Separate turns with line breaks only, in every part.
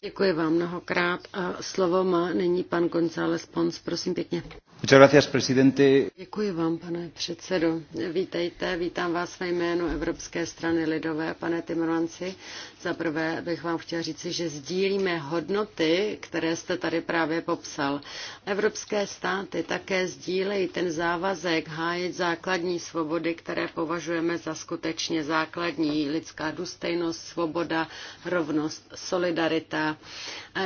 Děkuji vám mnohokrát a slovo má nyní pan González Pons, prosím pěkně. Děkuji vám, pane předsedo. Vítejte, vítám vás ve jménu Evropské strany lidové, pane Timranci. Za prvé bych vám chtěla říci, že sdílíme hodnoty, které jste tady právě popsal. Evropské státy také sdílejí ten závazek hájit základní svobody, které považujeme za skutečně základní. Lidská důstojnost, svoboda, rovnost, solidarita,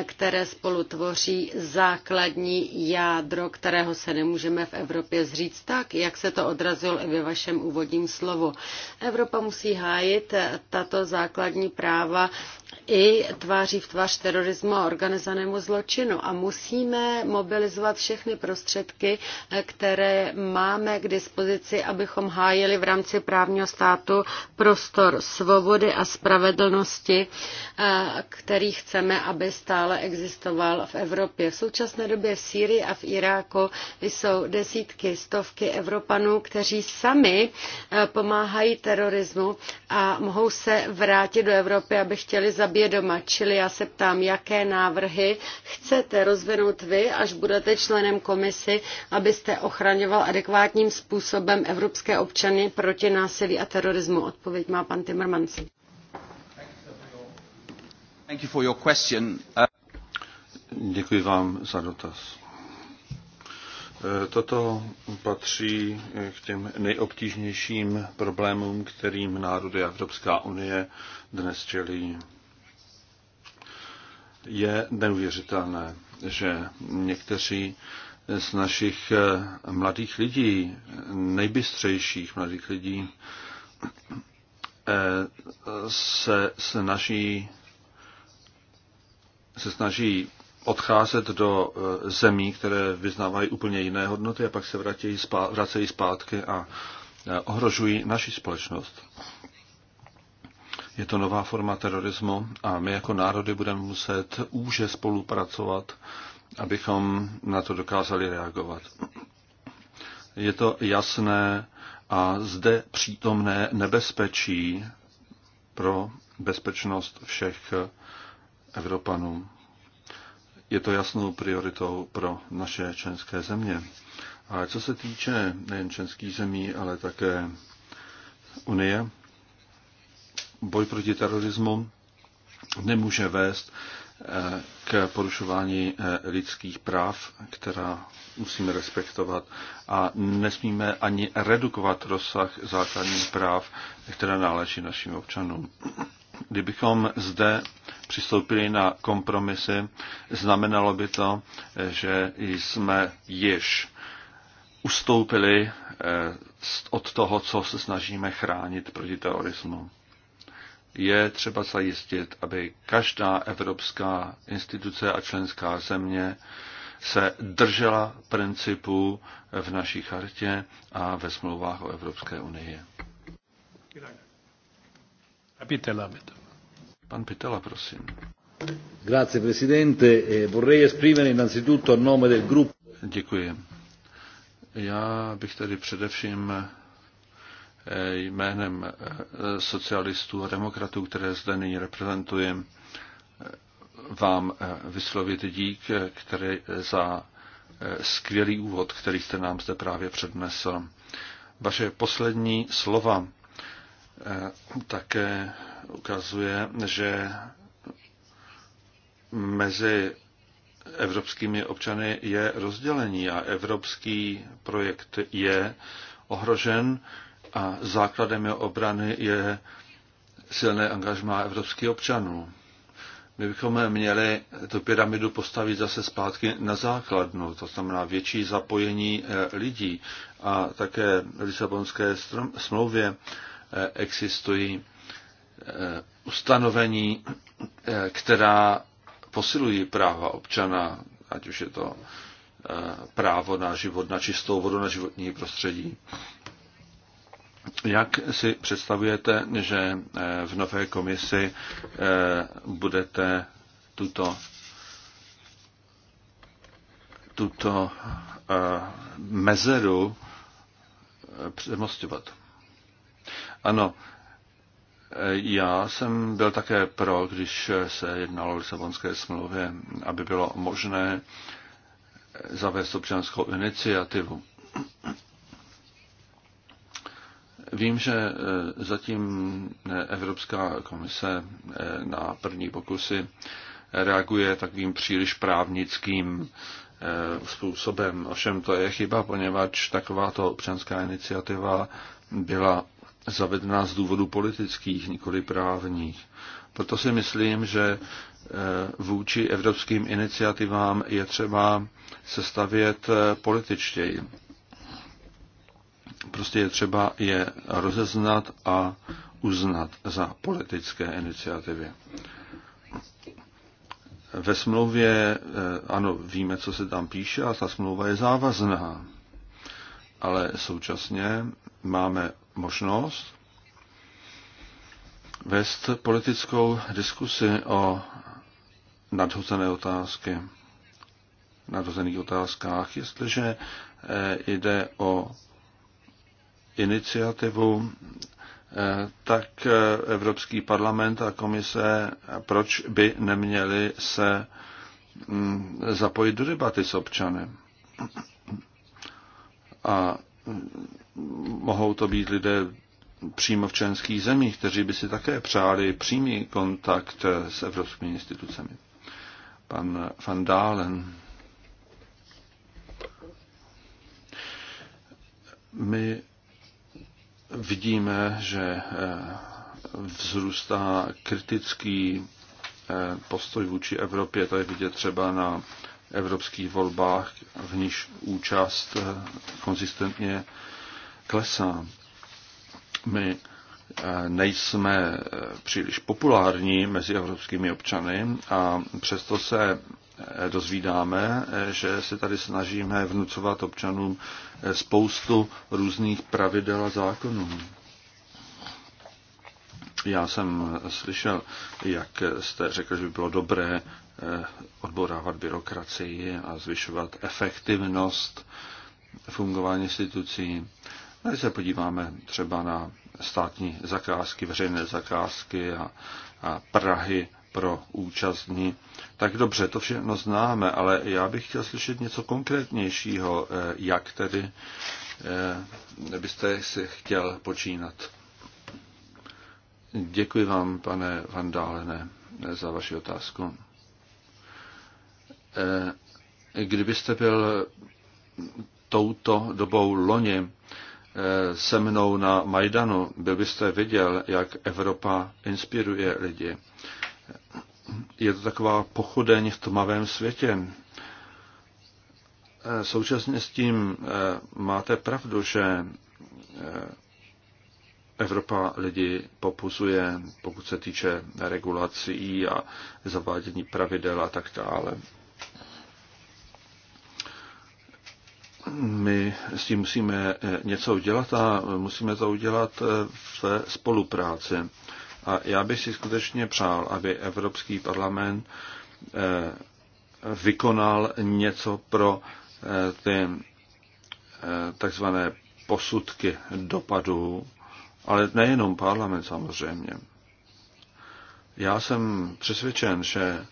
které spolu tvoří základní jádro, kterého se nemůžeme v Evropě zřídit říct tak, jak se to odrazilo i ve vašem úvodním slovu. Evropa musí hájit tato základní práva i tváří v tvář terorismu a organizovanému zločinu. A musíme mobilizovat všechny prostředky, eh, které máme k dispozici, abychom hájili v rámci právního státu prostor svobody a spravedlnosti, eh, který chceme, aby stále existoval v Evropě. V současné době v Sýrii a v Iráku jsou desítky, stovky Evropanů, kteří sami eh, pomáhají terorismu a mohou se vrátit do Evropy, aby chtěli zabije doma. Čili já se ptám, jaké návrhy chcete rozvinout vy, až budete členem komisy, abyste ochraňoval adekvátním způsobem evropské občany proti násilí a terorismu. Odpověď má pan Timmermans.
Uh, Děkuji vám za dotaz. Eh, toto patří eh, k těm nejobtížnějším problémům, kterým národy Evropská unie dnes čelí. Je neuvěřitelné, že někteří z našich eh, mladých lidí, nejbystřejších mladých lidí, eh, se snaží, se snaží odcházet do eh, zemí, které vyznávají úplně jiné hodnoty a pak se vracejí zpátky a ohrožují naši společnost. Je to nová forma terorismu a my jako národy budeme muset úže spolupracovat, abychom na to dokázali reagovat. Je to jasné a zde přítomné nebezpečí pro bezpečnost všech Evropanů. Je to jasnou prioritou pro naše členské země. A co se týče nejen členských zemí, ale také Unie, boj proti terorismu nemůže vést eh, k porušování eh, lidských práv, která musíme respektovat a nesmíme ani redukovat rozsah základních práv, které náleží našim občanům. Kdybychom zde přistoupili na kompromisy, znamenalo by to, eh, že jsme již ustoupili od toho, co se snažíme chránit proti terorismu je třeba zajistit, aby každá evropská instituce a členská země se držela principů v naší chartě a ve smlouvách o Evropské unii. Pan Pitela, prosím. Grazie Presidente, eh, vorrei esprimere innanzitutto a nome del gruppo. Děkuji. Já bych tady především jménem eh, socialistů a demokratů, které zde nyní reprezentuji, eh, vám eh, vyslovit dík který za skvělý úvod, který jste nám zde právě přednesl. Vaše poslední slova také ukazuje, že mezi evropskými občany je rozdělení a evropský projekt je ohrožen a základem jeho obrany je silné angažmá evropských občanů. My bychom měli tu pyramidu postavit zase zpátky na základnu, to znamená větší zapojení eh, lidí a také v Lisabonské smlouvě eh, existují eh, ustanovení, která posilují práva občana, ať už je to právo na život, na čistou vodu, na životní prostředí jak si představujete, že eh, v nové komisi eh, budete tuto, tuto eh, mezeru přemostovat? Ano, já jsem byl také pro, když se jednalo o Lisabonské smlouvě, aby bylo možné zavést občanskou iniciativu. Vím, že eh, zatím eh, Evropská komise eh, na první pokusy reaguje takovým příliš právnickým způsobem. Ovšem to je chyba, poněvadž takováto občanská iniciativa byla zavedena z důvodu politických, nikoli právních. Proto si myslím, že vůči evropským iniciativám je třeba se stavět političtěji. Prostě je třeba je rozeznat a uznat za politické iniciativy. Ve smlouvě, eh, ano, víme, co se tam píše a ta smlouva je závazná, ale současně máme možnost vést politickou diskusi o nadhozené otázky, nadhozených otázkách, jestliže eh, jde o iniciativu, eh, tak eh, Evropský parlament a komise, proč by neměli se mm, zapojit do debaty s občany. A mm, mohou to být lidé přímo v členských zemích, kteří by si také přáli přímý kontakt eh, s evropskými institucemi. Pan Van Dalen. My vidíme, že eh, vzrůstá kritický eh, postoj vůči Evropě. To je vidět třeba na evropských volbách, v níž účast eh, konzistentně klesá. My nejsme příliš populární mezi evropskými občany a přesto se dozvídáme, že se tady snažíme vnucovat občanům spoustu různých pravidel a zákonů. Já jsem slyšel, jak jste řekl, že by bylo dobré eh, odborávat byrokracii a zvyšovat efektivnost fungování institucí. Když se podíváme třeba na státní zakázky, veřejné zakázky a, a Prahy pro účastní. Tak dobře, to všechno známe, ale já bych chtěl slyšet něco konkrétnějšího, eh, jak tedy eh, byste si chtěl počínat. Děkuji vám, pane Vandálené, za vaši otázku. Eh, kdybyste byl touto dobou loni se mnou na Majdanu, byl byste viděl, jak Evropa inspiruje lidi je to taková pochodeň v tmavém světě. Eh, současně s tím eh, máte pravdu, že eh, Evropa lidi popuzuje, pokud se týče regulací a zavádění pravidel a tak dále. My s tím musíme něco udělat a musíme to udělat ve spolupráci. A já bych si skutečně přál, aby Evropský parlament eh, vykonal něco pro eh, ty eh, takzvané posudky dopadů, ale nejenom parlament samozřejmě. Já jsem přesvědčen, že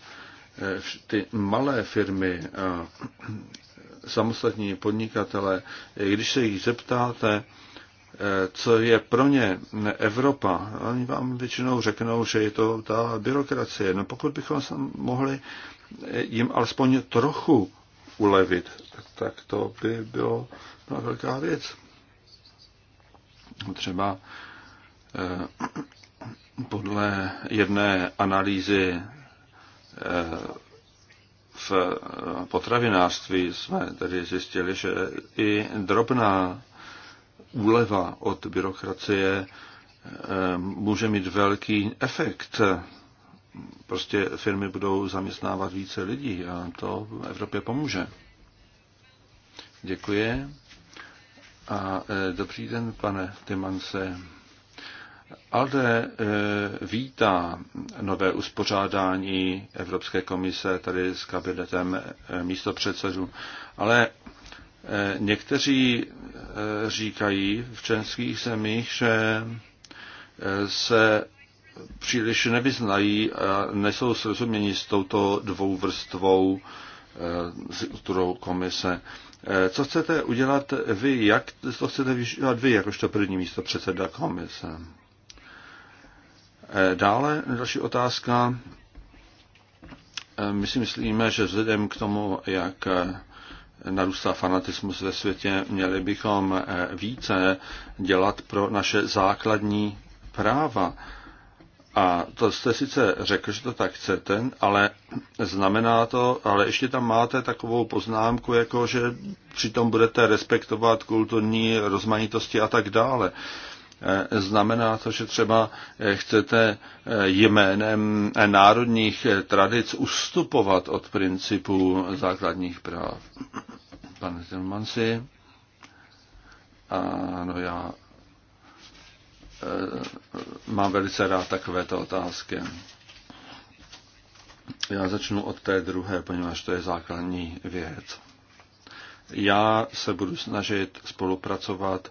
ty malé firmy, samostatní podnikatele, když se jich zeptáte, co je pro ně Evropa, oni vám většinou řeknou, že je to ta byrokracie. No pokud bychom se mohli jim alespoň trochu ulevit, tak to by bylo byla velká věc. Třeba eh, podle jedné analýzy eh, v potravinářství jsme tedy zjistili, že i drobná úleva od byrokracie eh, může mít velký efekt. Prostě firmy budou zaměstnávat více lidí a to Evropě pomůže. Děkuji. A eh, dobrý den, pane Timance. ALDE eh, vítá nové uspořádání Evropské komise tady s kabinetem místopředsedů, ale Eh, někteří eh, říkají v členských zemích, že eh, se příliš nevyznají a nejsou srozuměni s touto dvouvrstvou strukturou komise. Co chcete udělat vy, jak to chcete udělat vy, jakožto první místo předseda komise? Dále další otázka. My si myslíme, že vzhledem k tomu, jak narůstá fanatismus ve světě, měli bychom eh, více dělat pro naše základní práva. A to jste sice řekl, že to tak chcete, ale znamená to, ale ještě tam máte takovou poznámku, jako že přitom budete respektovat kulturní rozmanitosti a tak dále. Eh, znamená to, že třeba eh, chcete eh, jménem národních tradic ustupovat od principů základních práv. Pane Tilmansi, ano, já mám velice rád takovéto otázky. Já začnu od té druhé, poněvadž to je základní věc. Já se budu snažit spolupracovat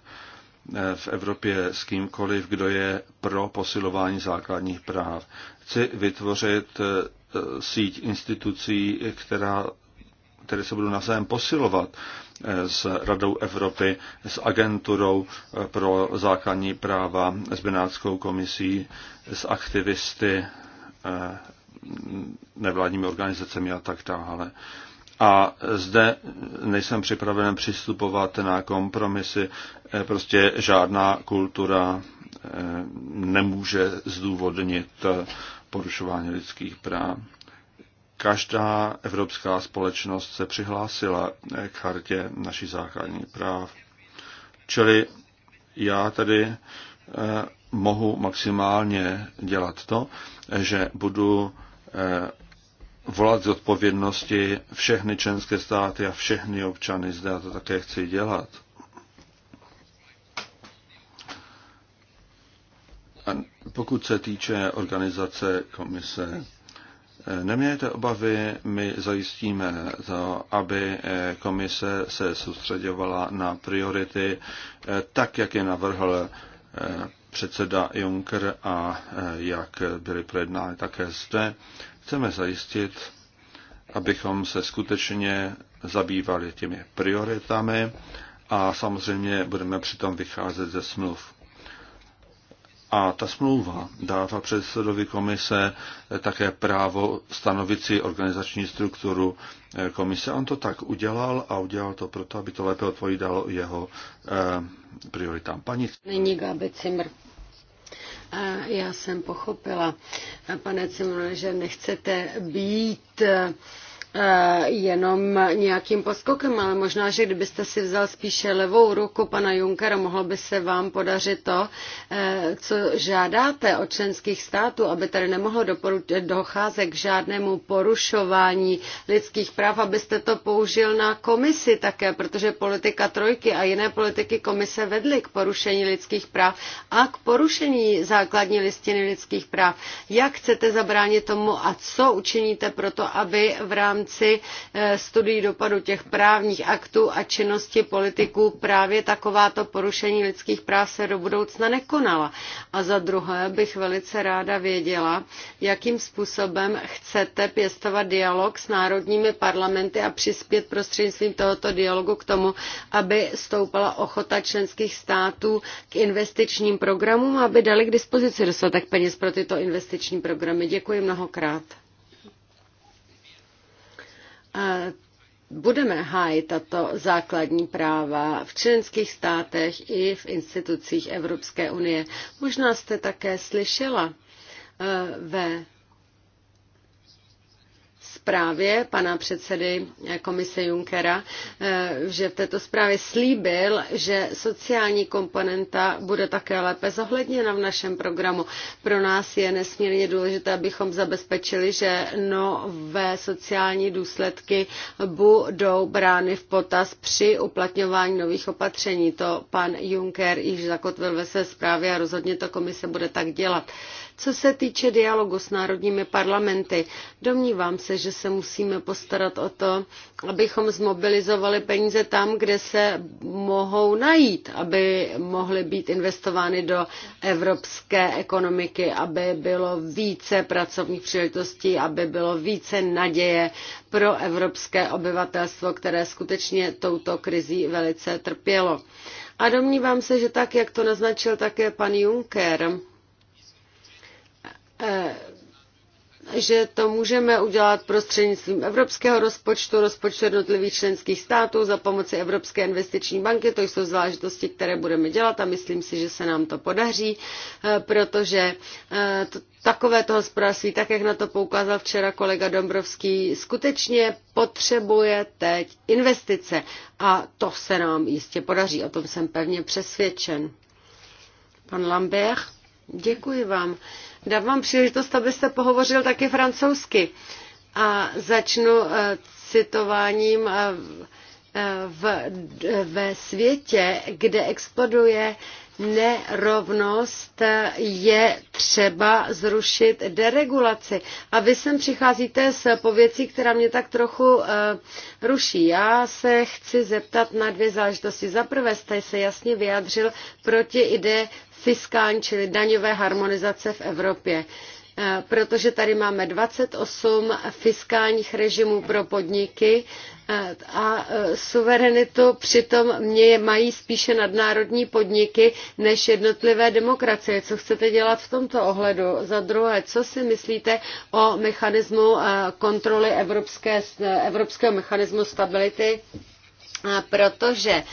v Evropě s kýmkoliv, kdo je pro posilování základních práv. Chci vytvořit eh, síť institucí, která, které se budou navzájem posilovat eh, s Radou Evropy, s agenturou eh, pro základní práva, s Benátskou komisí, s aktivisty, nevládními organizacemi a tak dále. A zde nejsem připraven přistupovat na kompromisy. Eh, prostě žádná kultura eh, nemůže zdůvodnit eh, porušování lidských práv. Každá evropská společnost se přihlásila k chartě naší základní práv. Čili já tady mohu maximálně dělat to, že budu volat z odpovědnosti všechny členské státy a všechny občany. Zde já to také chci dělat. A pokud se týče organizace komise, nemějte obavy, my zajistíme to, aby komise se soustředovala na priority tak, jak je navrhl eh, předseda Juncker a eh, jak byly projednány také zde. Chceme zajistit, abychom se skutečně zabývali těmi prioritami a samozřejmě budeme přitom vycházet ze smluv. A ta smlouva dává předsedovi komise také právo stanovit si organizační strukturu komise. On to tak udělal a udělal to proto, aby to lépe odpovídalo jeho eh, prioritám. Paní.
Nyní Gábe Cimr. Já jsem pochopila, pane Cimone, že nechcete být Eh, jenom nějakým poskokem, ale možná, že kdybyste si vzal spíše levou ruku pana Junkera, mohlo by se vám podařit to, eh, co žádáte od členských států, aby tady nemohlo docházet k žádnému porušování lidských práv, abyste to použil na komisi také, protože politika trojky a jiné politiky komise vedly k porušení lidských práv a k porušení základní listiny lidských práv. Jak chcete zabránit tomu a co učiníte proto, aby v rámci rámci eh, studií dopadu těch právních aktů a činnosti politiků právě takováto porušení lidských práv se do budoucna nekonala. A za druhé bych velice ráda věděla, jakým způsobem chcete pěstovat dialog s národními parlamenty a přispět prostřednictvím tohoto dialogu k tomu, aby stoupala ochota členských států k investičním programům, aby dali k dispozici dostatek peněz pro tyto investiční programy. Děkuji mnohokrát budeme hájit tato základní práva v členských státech i v institucích Evropské unie. Možná jste také slyšela eh, ve zprávě pana předsedy komise Junckera, eh, že v této zprávě slíbil, že sociální komponenta bude také lépe zohledněna v našem programu. Pro nás je nesmírně důležité, abychom zabezpečili, že nové sociální důsledky budou brány v potaz při uplatňování nových opatření. To pan Juncker již zakotvil ve své zprávě a rozhodně to komise bude tak dělat. Co se týče dialogu s národními parlamenty, domnívám se, že se musíme postarat o to, abychom zmobilizovali peníze tam, kde se mohou najít, aby mohly být investovány do evropské ekonomiky, aby bylo více pracovních příležitostí, aby bylo více naděje pro evropské obyvatelstvo, které skutečně touto krizí velice trpělo. A domnívám se, že tak, jak to naznačil také pan Juncker, Eh, že to můžeme udělat prostřednictvím evropského rozpočtu, rozpočtu jednotlivých členských států za pomoci Evropské investiční banky. To jsou záležitosti, které budeme dělat a myslím si, že se nám to podaří, eh, protože eh, to, takové toho hospodářství, tak jak na to poukázal včera kolega Dombrovský, skutečně potřebuje teď investice a to se nám jistě podaří, o tom jsem pevně přesvědčen. Pan Lambert, děkuji vám. Dám vám příležitost, abyste pohovořil taky francouzsky. A začnu eh, citováním eh, v, eh, ve světě, kde exploduje nerovnost, je třeba zrušit deregulaci. A vy sem přicházíte s pověcí, která mě tak trochu uh, ruší. Já se chci zeptat na dvě záležitosti. Za prvé jste se jasně vyjádřil proti ide fiskální, čili daňové harmonizace v Evropě e, protože tady máme 28 fiskálních režimů pro podniky e, a e, suverenitu přitom mě mají spíše nadnárodní podniky než jednotlivé demokracie. Co chcete dělat v tomto ohledu? Za druhé, co si myslíte o mechanismu kontroly evropské, evropského mechanismu stability? Protože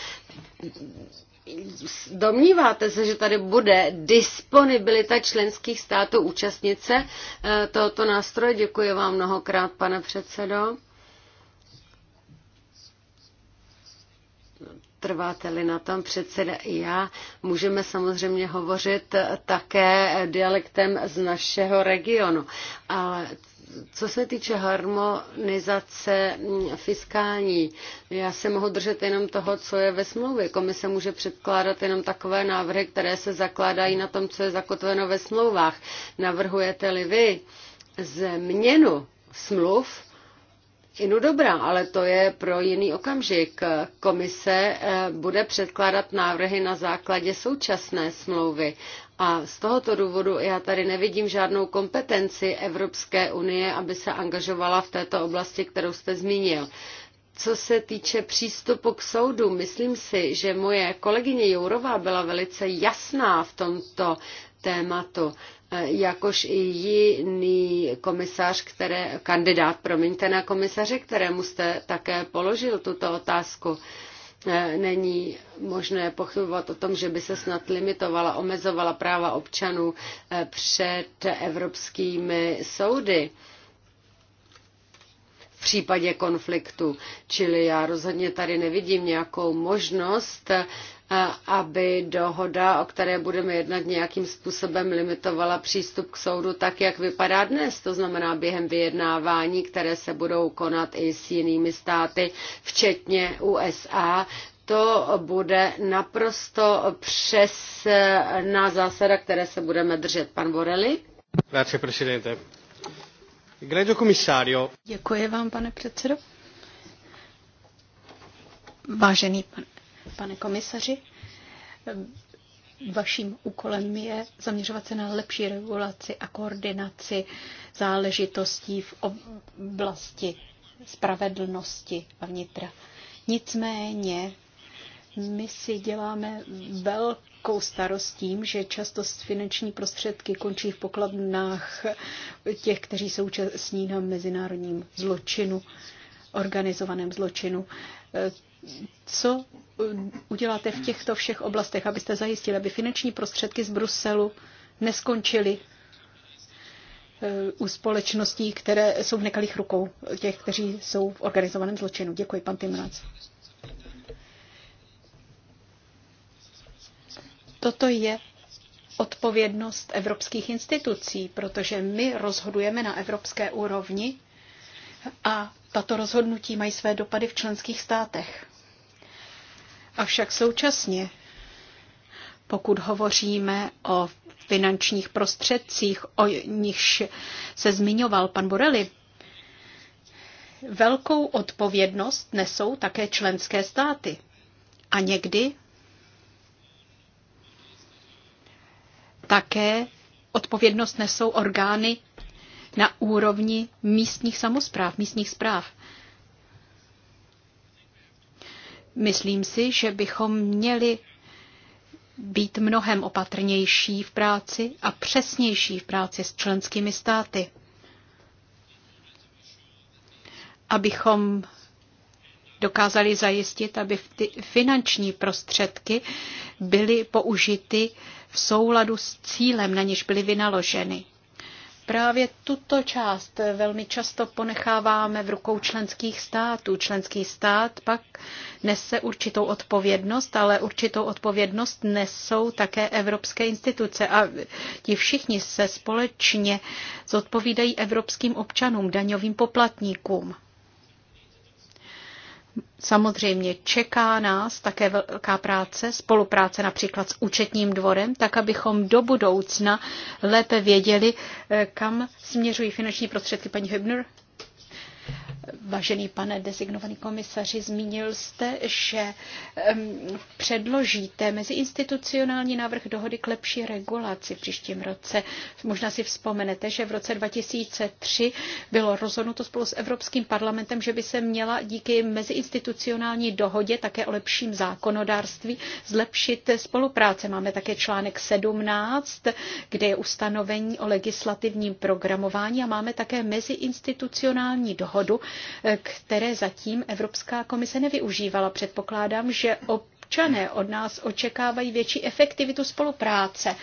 Domníváte se, že tady bude disponibilita členských států účastnice eh, tohoto nástroje? Děkuji vám mnohokrát, pane předsedo. trváte-li na tom předseda i já, můžeme samozřejmě hovořit také dialektem z našeho regionu. Ale co se týče harmonizace mm, fiskální, já se mohu držet jenom toho, co je ve smlouvě. Komise může předkládat jenom takové návrhy, které se zakládají na tom, co je zakotveno ve smlouvách. Navrhujete-li vy změnu smluv, Inu dobrá, ale to je pro jiný okamžik. Komise eh, bude předkládat návrhy na základě současné smlouvy a z tohoto důvodu já tady nevidím žádnou kompetenci Evropské unie, aby se angažovala v této oblasti, kterou jste zmínil. Co se týče přístupu k soudu, myslím si, že moje kolegyně Jourová byla velice jasná v tomto tématu, jakož i jiný komisař, které, kandidát, promiňte, na komisaře, kterému jste také položil tuto otázku. E, není možné pochybovat o tom, že by se snad limitovala, omezovala práva občanů e, před evropskými soudy v případě konfliktu. Čili já rozhodně tady nevidím nějakou možnost, eh, aby dohoda, o které budeme jednat, nějakým způsobem limitovala přístup k soudu tak, jak vypadá dnes. To znamená během vyjednávání, které se budou konat i s jinými státy, včetně USA, to bude naprosto přes na zásada, které se budeme držet. Pan Borelli? Grazie, presidente. Egregio
Děkuji vám, pane předsedo. Vážený pane komisaři, vaším úkolem je zaměřovat se na lepší regulaci a koordinaci záležitostí v oblasti spravedlnosti a vnitra. Nicméně my si děláme velké velkou starost tím, že často finanční prostředky končí v pokladnách těch, kteří jsou účastní na mezinárodním zločinu, organizovaném zločinu. Co uděláte v těchto všech oblastech, abyste zajistili, aby finanční prostředky z Bruselu neskončily eh, u společností, které jsou v nekalých rukou těch, kteří jsou v organizovaném zločinu. Děkuji, pan Timrac. Toto je odpovědnost evropských institucí, protože my rozhodujeme na evropské úrovni a tato rozhodnutí mají své dopady v členských státech. Avšak současně, pokud hovoříme o finančních prostředcích, o nichž se zmiňoval pan Borelli, velkou odpovědnost nesou také členské státy. A někdy Také odpovědnost nesou orgány na úrovni místních samozpráv, místních zpráv. Myslím si, že bychom měli být mnohem opatrnější v práci a přesnější v práci s členskými státy, abychom dokázali zajistit, aby ty finanční prostředky byly použity v souladu s cílem, na něž byly vynaloženy. Právě tuto část velmi často ponecháváme v rukou členských států. Členský stát pak nese určitou odpovědnost, ale určitou odpovědnost nesou také evropské instituce a ti všichni se společně zodpovídají evropským občanům, daňovým poplatníkům. Samozřejmě čeká nás také velká práce, spolupráce například s účetním dvorem, tak abychom do budoucna lépe věděli, eh, kam směřují finanční prostředky. Paní Hübner, Vážený pane designovaný komisaři, zmínil jste, že předložíte meziinstitucionální návrh dohody k lepší regulaci v příštím roce. Možná si vzpomenete, že v roce 2003 bylo rozhodnuto spolu s Evropským parlamentem, že by se měla díky meziinstitucionální dohodě také o lepším zákonodárství zlepšit spolupráce. Máme také článek 17, kde je ustanovení o legislativním programování a máme také meziinstitucionální dohodu, které zatím Evropská komise nevyužívala. Předpokládám, že občané od nás očekávají větší efektivitu spolupráce.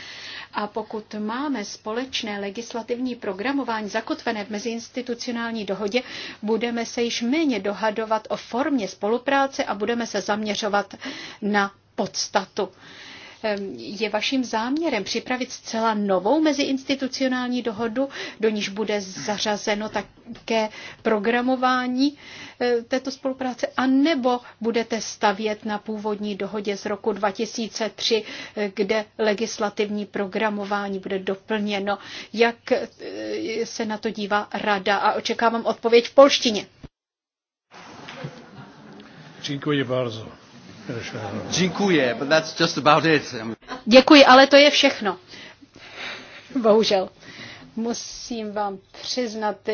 A pokud máme společné legislativní programování zakotvené v meziinstitucionální dohodě, budeme se již méně dohadovat o formě spolupráce a budeme se zaměřovat na podstatu ehm, je vaším záměrem připravit zcela novou meziinstitucionální dohodu, do níž bude zařazeno tak ke programování e, této spolupráce, anebo budete stavět na původní dohodě z roku 2003, e, kde legislativní programování bude doplněno. Jak e, se na to dívá rada a očekávám odpověď v polštině.
Děkuji, bardzo.
Děkuji, ale to je všechno. Bohužel musím vám přiznat,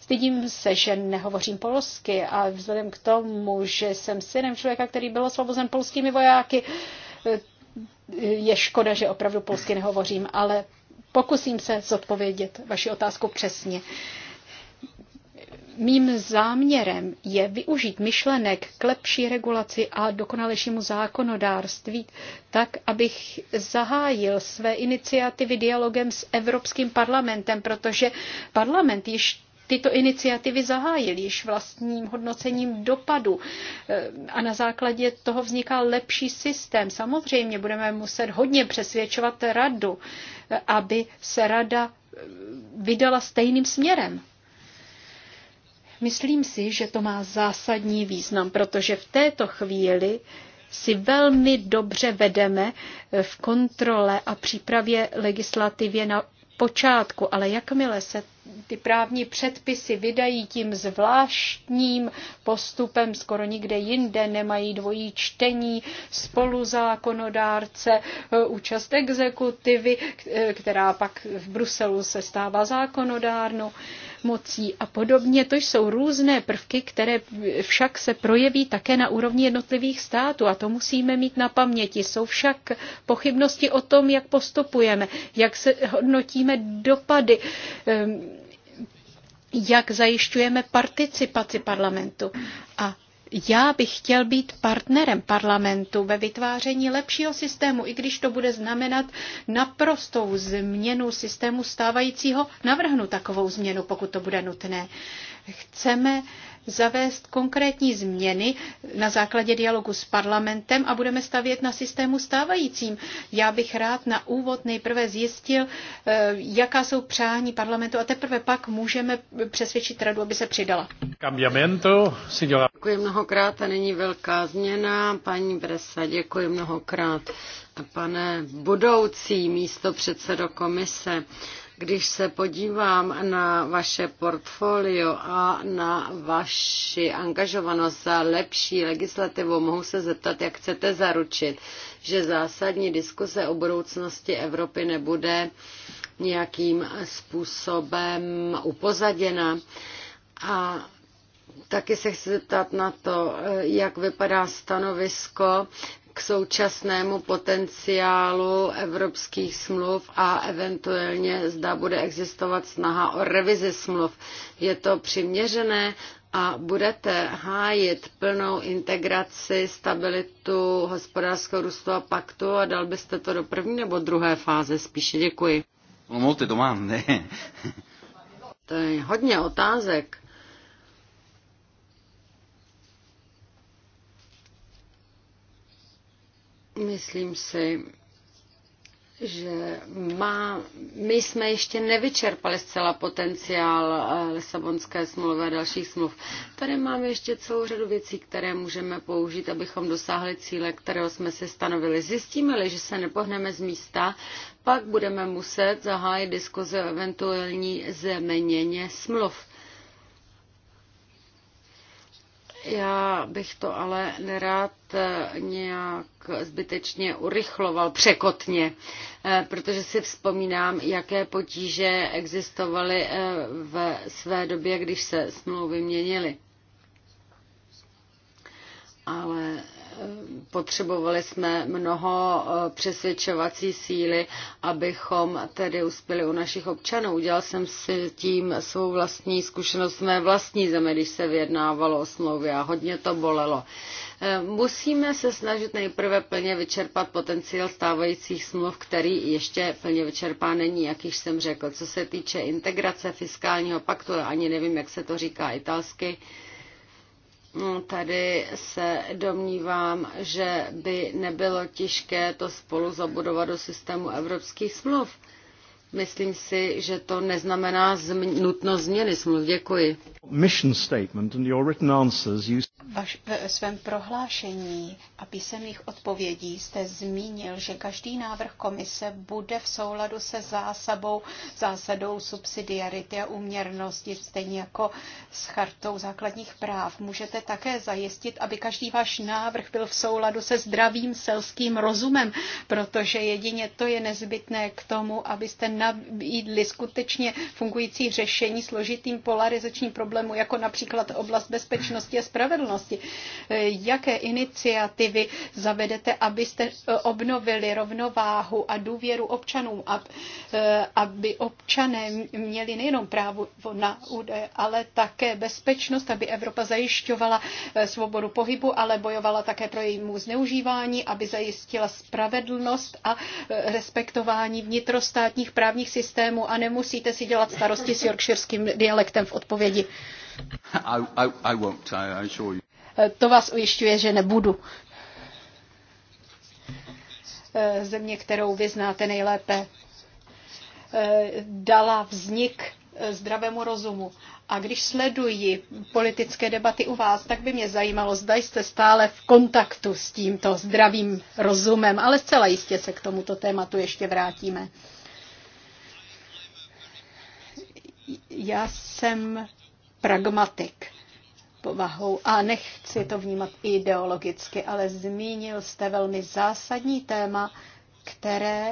stydím se, že nehovořím polsky a vzhledem k tomu, že jsem synem člověka, který byl osvobozen polskými vojáky, je škoda, že opravdu polsky nehovořím, ale pokusím se zodpovědět vaši otázku přesně mým záměrem je využít myšlenek k lepší regulaci a dokonalejšímu zákonodárství, tak abych zahájil své iniciativy dialogem s Evropským parlamentem, protože parlament již tyto iniciativy zahájil již vlastním hodnocením dopadu eh, a na základě toho vzniká lepší systém. Samozřejmě budeme muset hodně přesvědčovat radu, eh, aby se rada eh, vydala stejným směrem Myslím si, že to má zásadní význam, protože v této chvíli si velmi dobře vedeme v kontrole a přípravě legislativě na počátku, ale jakmile se ty právní předpisy vydají tím zvláštním postupem, skoro nikde jinde nemají dvojí čtení, zákonodárce, e, účast exekutivy, e, která pak v Bruselu se stává zákonodárnou mocí a podobně. To jsou různé prvky, které však se projeví také na úrovni jednotlivých států a to musíme mít na paměti. Jsou však pochybnosti o tom, jak postupujeme, jak se hodnotíme dopady, ehm, jak zajišťujeme participaci parlamentu. A já bych chtěl být partnerem parlamentu ve vytváření lepšího systému, i když to bude znamenat naprostou změnu systému stávajícího. Navrhnu takovou změnu, pokud to bude nutné. Chceme zavést konkrétní změny na základě dialogu s parlamentem a budeme stavět na systému stávajícím. Já bych rád na úvod nejprve zjistil, eh, jaká jsou přání parlamentu a teprve pak můžeme přesvědčit radu, aby se přidala.
Děkuji mnohokrát a není velká změna. Paní Bresa, děkuji mnohokrát. Pane budoucí místo předsedo komise, když se podívám na vaše portfolio a na vaši angažovanost za lepší legislativu, mohu se zeptat, jak chcete zaručit, že zásadní diskuse o budoucnosti Evropy nebude nějakým způsobem upozaděna. A taky se chci zeptat na to, jak vypadá stanovisko k současnému potenciálu evropských smluv a eventuálně zda bude existovat snaha o revizi smluv. Je to přiměřené a budete hájit plnou integraci, stabilitu hospodářského růstu a paktu a dal byste to do první nebo druhé fáze spíše? Děkuji. No, to je hodně otázek. Myslím si, že má, my jsme ještě nevyčerpali zcela potenciál eh, Lisabonské smlouvy a dalších smluv. Tady máme ještě celou řadu věcí, které můžeme použít, abychom dosáhli cíle, kterého jsme si stanovili. Zjistíme-li, že se nepohneme z místa, pak budeme muset zahájit diskuze o eventuální změně smluv. Já bych to ale nerád eh, nějak zbytečně urychloval překotně, eh, protože si vzpomínám, jaké potíže existovaly eh, v své době, když se smlouvy měnily. Ale potřebovali jsme mnoho eh, přesvědčovací síly, abychom tedy uspěli u našich občanů. Udělal jsem si tím svou vlastní zkušenost v mé vlastní zemi, když se vyjednávalo o smlouvě a hodně to bolelo. Eh, musíme se snažit nejprve plně vyčerpat potenciál stávajících smluv, který ještě plně vyčerpá není, jak již jsem řekl. Co se týče integrace fiskálního paktu, ani nevím, jak se to říká italsky, No, tady se domnívám, že by nebylo těžké to spolu zabudovat do systému evropských smluv. Myslím si, že to neznamená zm- nutnost změny smluv. Děkuji.
Mission statement and your written answers you...
Vaš, ve svém prohlášení a písemných odpovědí
jste zmínil, že každý návrh komise bude v souladu se zásadou, zásadou subsidiarity a uměrnosti, stejně jako s chartou základních práv. Můžete také zajistit, aby každý váš návrh byl v souladu se zdravým selským rozumem, protože jedině to je nezbytné k tomu, abyste nabídli skutečně fungující řešení složitým polarizačním problému, jako například oblast bezpečnosti a spravedlnosti spravedlnosti. E, jaké iniciativy zavedete, abyste e, obnovili rovnováhu a důvěru občanům, e, aby občané měli nejenom právo na údaje, ale také bezpečnost, aby Evropa zajišťovala svobodu pohybu, ale bojovala také pro jejímu zneužívání, aby zajistila spravedlnost a respektování vnitrostátních právních systémů a nemusíte si dělat starosti s yorkshireským dialektem v odpovědi. I, I, I won't, I, I you. Eh, to vás ujišťuje, že nebudu. Eh, země, kterou vy znáte nejlépe, eh, dala vznik zdravému rozumu. A když sleduji politické debaty u vás, tak by mě zajímalo, zda jste stále v kontaktu s tímto zdravým rozumem, ale zcela jistě se k tomuto tématu ještě vrátíme. Já jsem pragmatik povahou a nechci to vnímat ideologicky, ale zmínil jste velmi zásadní téma, které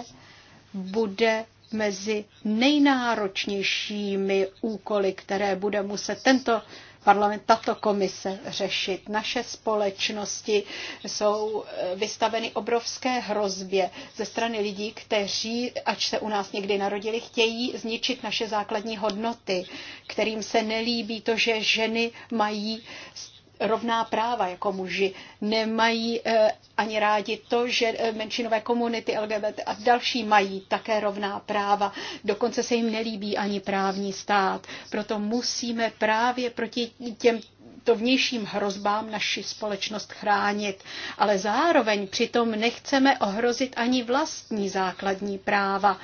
bude mezi nejnáročnějšími úkoly, které bude muset tento parlament, tato komise řešit. Naše společnosti jsou eh, vystaveny obrovské hrozbě ze strany lidí, kteří, ač se u nás někdy narodili, chtějí zničit naše základní hodnoty, kterým se nelíbí to, že ženy mají rovná práva jako muži, nemají eh, ani rádi to, že eh, menšinové komunity LGBT a další mají také rovná práva. Dokonce se jim nelíbí ani právní stát. Proto musíme právě proti těm to vnějším hrozbám naši společnost chránit, ale zároveň přitom nechceme ohrozit ani vlastní základní práva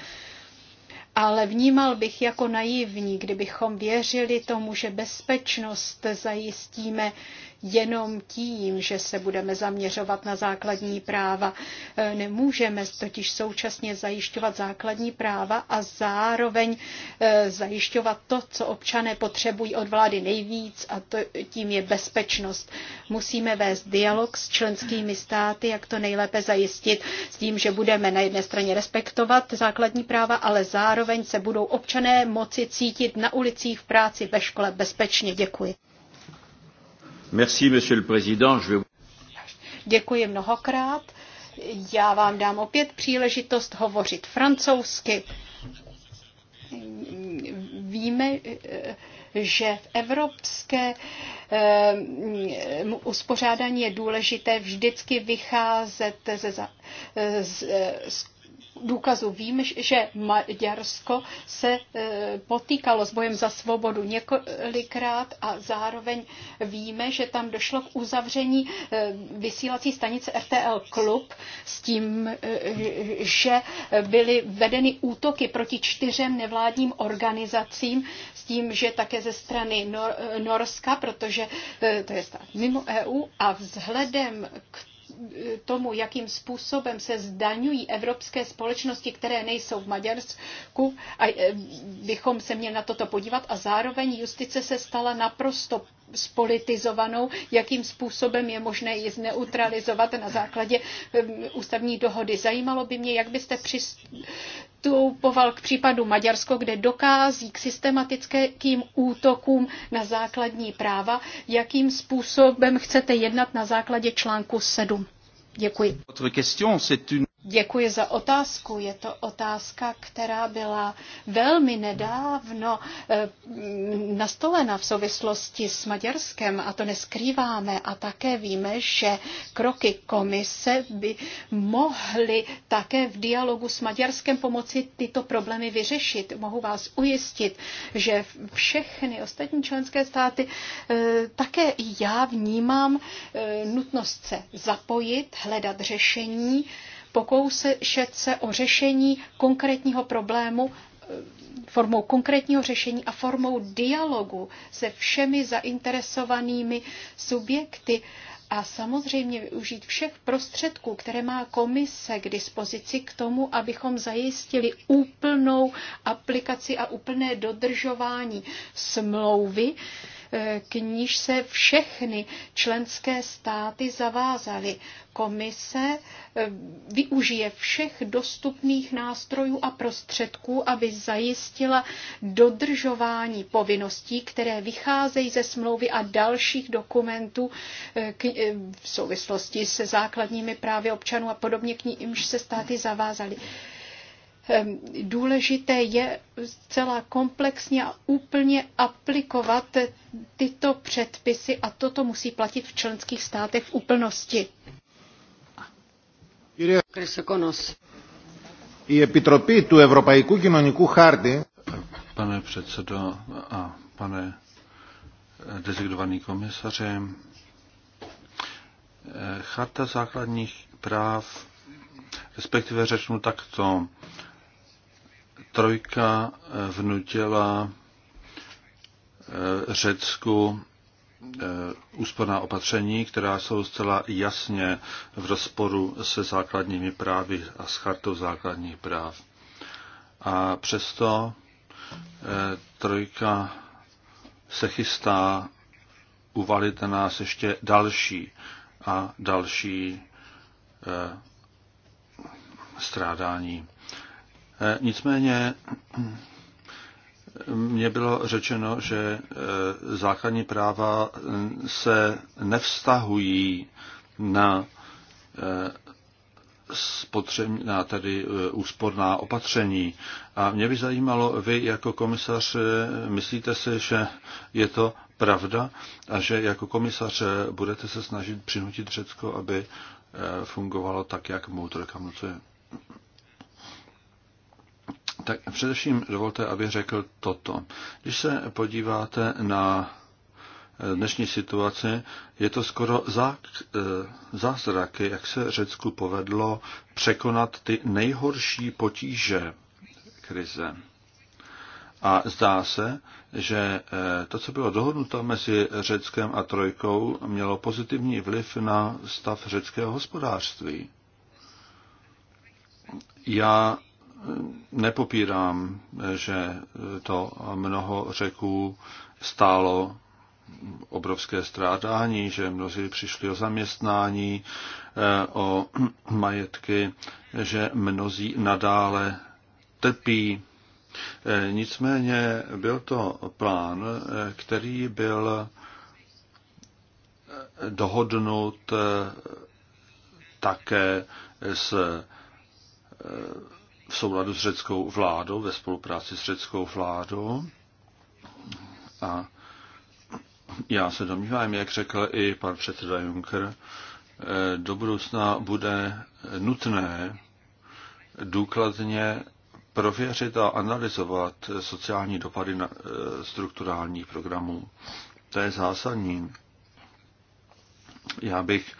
ale vnímal bych jako naivní, kdybychom věřili tomu, že bezpečnost zajistíme jenom tím, že se budeme zaměřovat na základní práva. E, nemůžeme totiž současně zajišťovat základní práva a zároveň e, zajišťovat to, co občané potřebují od vlády nejvíc a to, tím je bezpečnost. Musíme vést dialog s členskými státy, jak to nejlépe zajistit s tím, že budeme na jedné straně respektovat základní práva, ale zároveň se budou občané moci cítit na ulicích, v práci, ve škole bezpečně. Děkuji.
Merci, monsieur le président. Je...
Děkuji mnohokrát. Já vám dám opět příležitost hovořit francouzsky. Víme, že v evropské eh, uspořádání je důležité vždycky vycházet ze, z, z důkazů. Vím, že Maďarsko se e, potýkalo s bojem za svobodu několikrát a zároveň víme, že tam došlo k uzavření e, vysílací stanice RTL Klub s tím, e, že byly vedeny útoky proti čtyřem nevládním organizacím s tím, že také ze strany Norska, protože to je stát mimo EU a vzhledem k tomu, jakým způsobem se zdaňují evropské společnosti, které nejsou v Maďarsku, a e, bychom se měli na toto podívat. A zároveň justice se stala naprosto spolitizovanou, jakým způsobem je možné ji zneutralizovat na základě e, ústavní dohody. Zajímalo by mě, jak byste přist přistupoval k případu Maďarsko, kde dokází k systematickým útokům na základní práva. Jakým způsobem chcete jednat na základě článku 7? Děkuji. Děkuji za otázku. Je to otázka, která byla velmi nedávno eh, mm, nastolena v souvislosti s Maďarskem a to neskrýváme. A také víme, že kroky komise by mohly také v dialogu s Maďarskem pomoci tyto problémy vyřešit. Mohu vás ujistit, že všechny ostatní členské státy eh, také i já vnímám eh, nutnost se zapojit, hledat řešení pokoušet se o řešení konkrétního problému eh, formou konkrétního řešení a formou dialogu se všemi zainteresovanými subjekty a samozřejmě využít všech prostředků, které má komise k dispozici k tomu, abychom zajistili úplnou aplikaci a úplné dodržování smlouvy, k níž se všechny členské státy zavázaly. Komise eh, využije všech dostupných nástrojů a prostředků, aby zajistila dodržování povinností, které vycházejí ze smlouvy a dalších dokumentů eh, eh, v souvislosti se základními právy občanů a podobně, k nímž se státy zavázaly. Ehm, důležité je celá komplexně a úplně aplikovat tyto předpisy a toto musí platit v členských státech v úplnosti.
Η Επιτροπή του Ευρωπαϊκού Κοινωνικού Χάρτη
Pane předsedo a pane designovaný komisaře, eh, Charta základních práv, respektive řeknu takto, trojka eh, vnutila eh, Řecku eh, úsporná opatření, která jsou zcela jasně v rozporu se základními právy a s chartou základních práv. A přesto trojka se chystá uvalit na nás ještě další a další strádání. Eh, nicméně mně bylo řečeno, že eh, základní práva eh, se nevztahují na na tedy úsporná opatření. A mě by zajímalo, vy jako komisař, myslíte si, že je to pravda a že jako komisař budete se snažit přinutit Řecko, aby fungovalo tak, jak mu to rekomenduje? Tak především dovolte, abych řekl toto. Když se podíváte na eh, dnešní situaci, je to skoro eh, zázrak, jak se Řecku povedlo překonat ty nejhorší potíže krize. A zdá se, že eh, to, co bylo dohodnuto mezi Řeckem a Trojkou, mělo pozitivní vliv na stav řeckého hospodářství. Já nepopírám, že to mnoho řeků stálo obrovské strádání, že mnozí přišli o zaměstnání, eh, o majetky, že mnozí nadále trpí. Eh, nicméně byl to plán, eh, který byl dohodnut také s v souladu s řeckou vládou, ve spolupráci s řeckou vládou. A já se domnívám, jak řekl i pan předseda Juncker, eh, do budoucna bude nutné důkladně prověřit a analyzovat sociální dopady na eh, strukturálních programů. To je zásadní. Já bych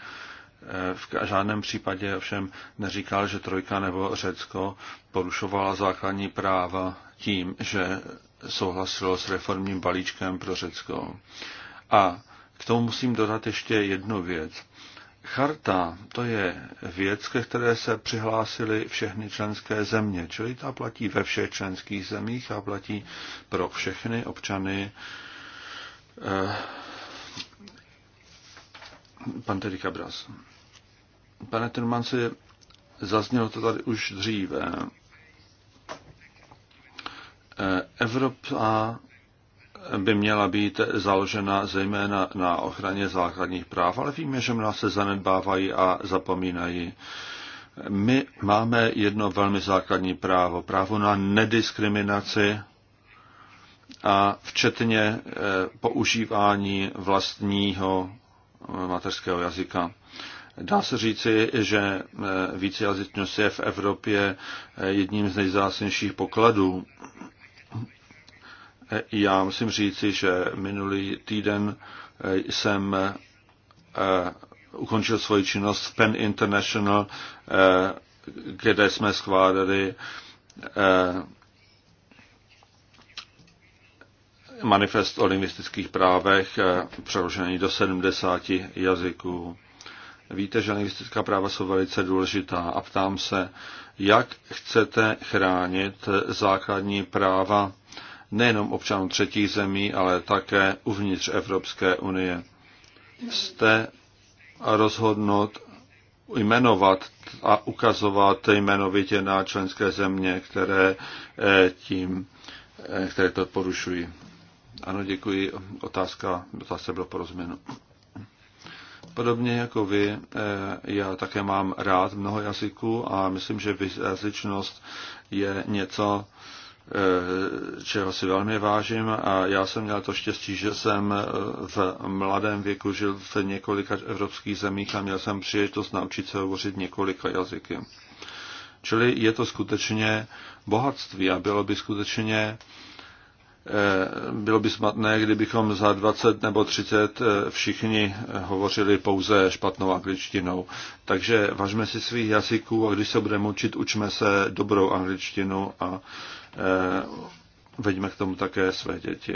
v žádném případě ovšem neříkal, že Trojka nebo Řecko porušovala základní práva tím, že souhlasilo s reformním balíčkem pro Řecko. A k tomu musím dodat ještě jednu věc. Charta to je věc, ke které se přihlásily všechny členské země, čili ta platí ve všech členských zemích a platí pro všechny občany. Eh, pan Tedy Cabras. Pane Turmanci, zaznělo to tady už dříve. Evropa by měla být založena zejména na ochraně základních práv, ale víme, že mnoha se zanedbávají a zapomínají. My máme jedno velmi základní právo, právo na nediskriminaci a včetně eh, používání vlastního mateřského jazyka. Dá se říci, že eh, vícejazyčnost je v Evropě eh, jedním z nejzásadnějších pokladů. Eh, já musím říci, že minulý týden jsem ukončil svoji činnost v Pen International, kde jsme schválili manifest o lingvistických právech přeložený do 70 jazyků. Víte, že lingvistická práva jsou velice důležitá a ptám se, jak chcete chránit základní práva nejenom občanů třetích zemí, ale také uvnitř Evropské unie. Jste rozhodnout, jmenovat a ukazovat jmenovitě na členské země, které eh, tím, eh, které to porušují. Ano, děkuji. Otázka, otázka byla porozuměna. Podobně jako vy, eh, já také mám rád mnoho jazyků a myslím, že jazyčnost je něco, eh, čeho si velmi vážím a já jsem měl to štěstí, že jsem eh, v mladém věku žil v několika evropských zemích a měl jsem příležitost naučit se hovořit několika jazyky. Čili je to skutečně bohatství a bylo by skutečně Eh, bylo by smatné, kdybychom za 20 nebo 30 eh, všichni eh, hovořili pouze špatnou angličtinou. Takže važme si svých jazyků a když se budeme učit, učme se dobrou angličtinu a veďme k tomu také své děti.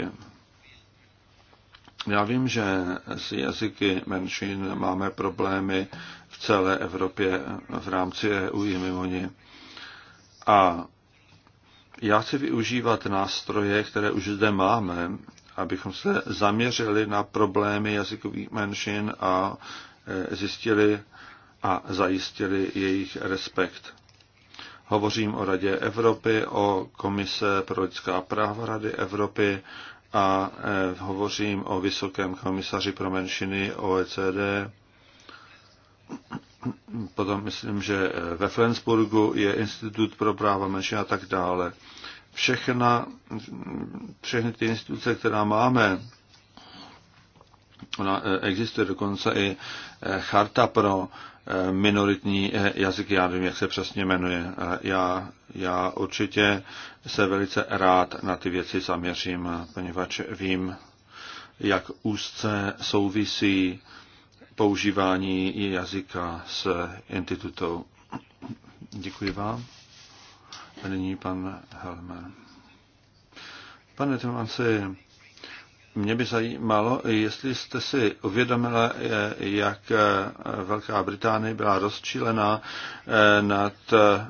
Já vím, že s jazyky menšin máme problémy v celé Evropě v rámci EU i mimo ní. A já chci využívat nástroje, které už zde máme, abychom se zaměřili na problémy jazykových menšin a e, zjistili a zajistili jejich respekt. Hovořím o Radě Evropy, o Komise pro lidská práva Rady Evropy a e, hovořím o Vysokém komisaři pro menšiny OECD potom myslím, že ve Flensburgu je Institut pro práva menšin a tak dále. Všechna, všechny ty instituce, která máme, ona eh, existuje dokonce i eh, charta pro eh, minoritní jazyky, já nevím, jak se přesně jmenuje. Já, já určitě se velice rád na ty věci zaměřím, poněvadž vím, jak úzce souvisí používání jazyka s institutou. Děkuji vám. A nyní pan Helmer. Pane Tomáci, mě by zajímalo, jestli jste si uvědomila, jak Velká Británie byla rozčilená eh, nad eh,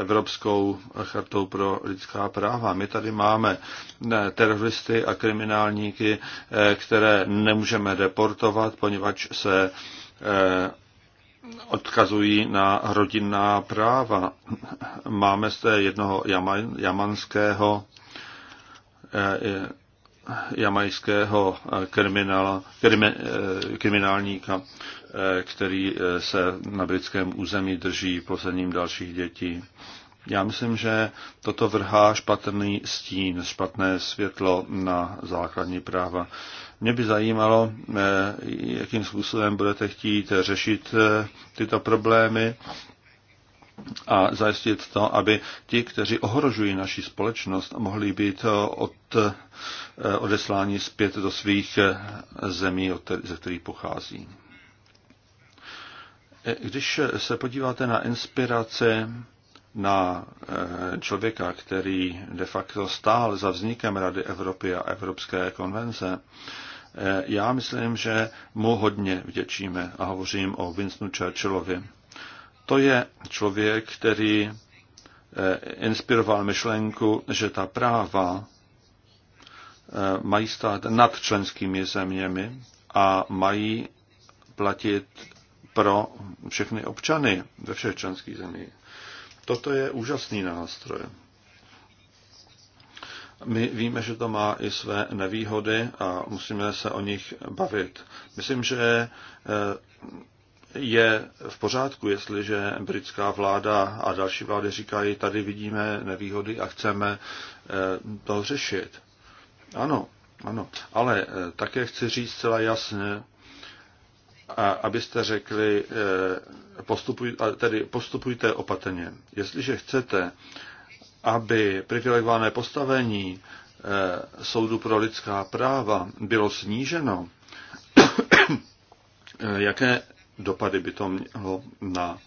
Evropskou chartou pro lidská práva. My tady máme eh, teroristy a kriminálníky, které nemůžeme deportovat, poněvadž se odkazují na rodinná práva. Máme zde jednoho jamanského jamajského eh, kriminala, krimi, eh, kriminálníka, eh, který se na britském území drží posledním dalších dětí. Já myslím, že toto vrhá špatný stín, špatné světlo na základní práva. Mě by zajímalo, jakým způsobem budete chtít řešit tyto problémy a zajistit to, aby ti, kteří ohrožují naši společnost, mohli být eh, od, eh, odesláni zpět do svých eh, zemí, ze kterých pochází. Když se podíváte na inspirace na člověka, který de facto stál za vznikem Rady Evropy a Evropské konvence, já myslím, že mu hodně vděčíme a hovořím o Winstonu Churchillovi to je člověk, který eh, inspiroval myšlenku, že ta práva eh, mají stát nad členskými zeměmi a mají platit pro všechny občany ve všech členských zemích. Toto je úžasný nástroj. My víme, že to má i své nevýhody a musíme se o nich bavit. Myslím, že eh, je v pořádku, jestliže britská vláda a další vlády říkají, tady vidíme nevýhody a chceme eh, to řešit. Ano, ano, ale eh, také chci říct zcela jasně, a abyste řekli, eh, postupuj, tedy postupujte opatrně. Jestliže chcete, aby privilegované postavení soudu pro lidská práva bylo sníženo, jaké dopady by to mělo na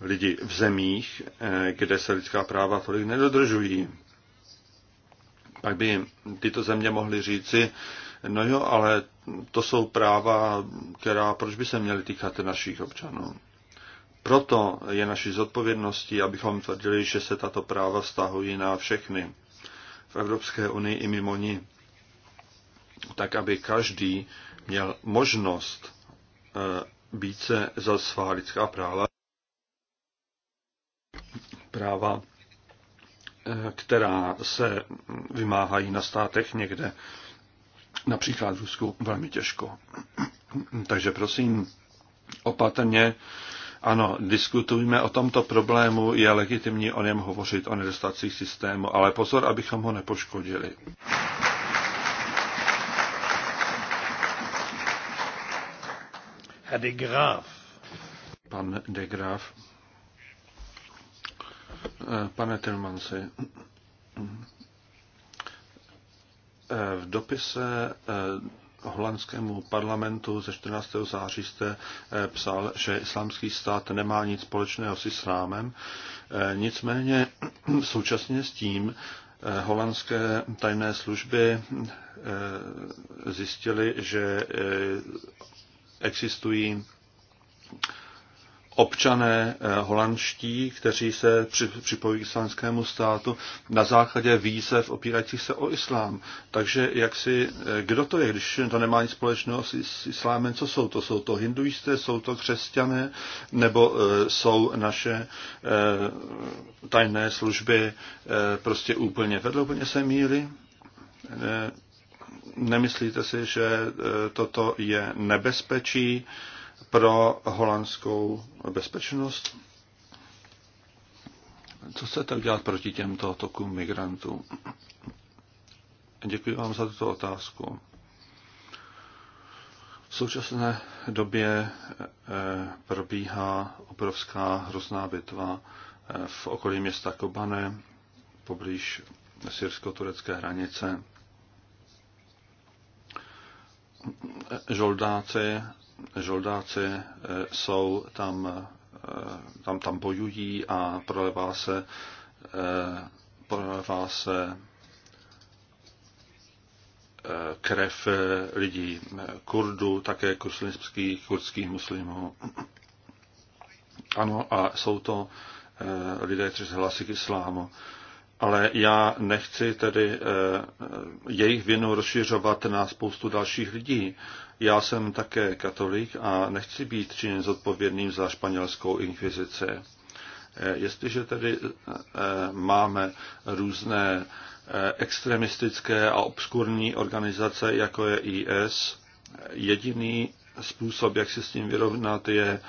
lidi v zemích, eh, kde se lidská práva tolik nedodržují. Pak by tyto země mohly říci, no jo, ale to jsou práva, která proč by se měly týkat našich občanů. Proto je naší zodpovědností, abychom tvrdili, že se tato práva vztahují na všechny v Evropské unii i mimo ní, tak aby každý měl možnost eh, více za svá lidská práva, práva, eh, která se vymáhají na státech někde, například v Rusku, velmi těžko. Takže prosím, opatrně, ano, diskutujme o tomto problému, je legitimní o něm hovořit, o nedostacích systému, ale pozor, abychom ho nepoškodili. Herr de Graaf. Pan de Graaf. Eh, pane Tilmansi, eh, v dopise eh, holandskému parlamentu ze 14. září jste psal, že islámský stát nemá nic společného s islámem. Nicméně současně s tím holandské tajné služby zjistili, že existují občané eh, holandští, kteří se připojí k islámskému státu na základě výzev opírajících se o islám. Takže jak si, eh, kdo to je, když to nemá nic společného s, islámem, co jsou to? Jsou to hinduisté, jsou to křesťané, nebo eh, jsou naše tajné služby prostě úplně vedle, úplně se míli? nemyslíte si, že e, toto je nebezpečí pro holandskou bezpečnost? Co chcete udělat proti těmto tokům migrantů? Děkuji vám za tuto otázku. V současné době e, probíhá obrovská hrozná bitva e, v okolí města Kobane, poblíž syrsko-turecké hranice žoldáci, žoldáci eh, jsou tam, eh, tam, tam bojují a prolevá se, eh, prolevá se krev lidí Kurdů, také muslimských, kurdských muslimů. Ano, a jsou to lidé, kteří se hlásí k islámu ale já nechci tedy eh, jejich vinu rozšiřovat na spoustu dalších lidí. Já jsem také katolik a nechci být činěn zodpovědným za španělskou inkvizici. Eh, jestliže tedy eh, máme různé extremistické a obskurní organizace, jako je IS, jediný způsob, jak se s tím vyrovnat, je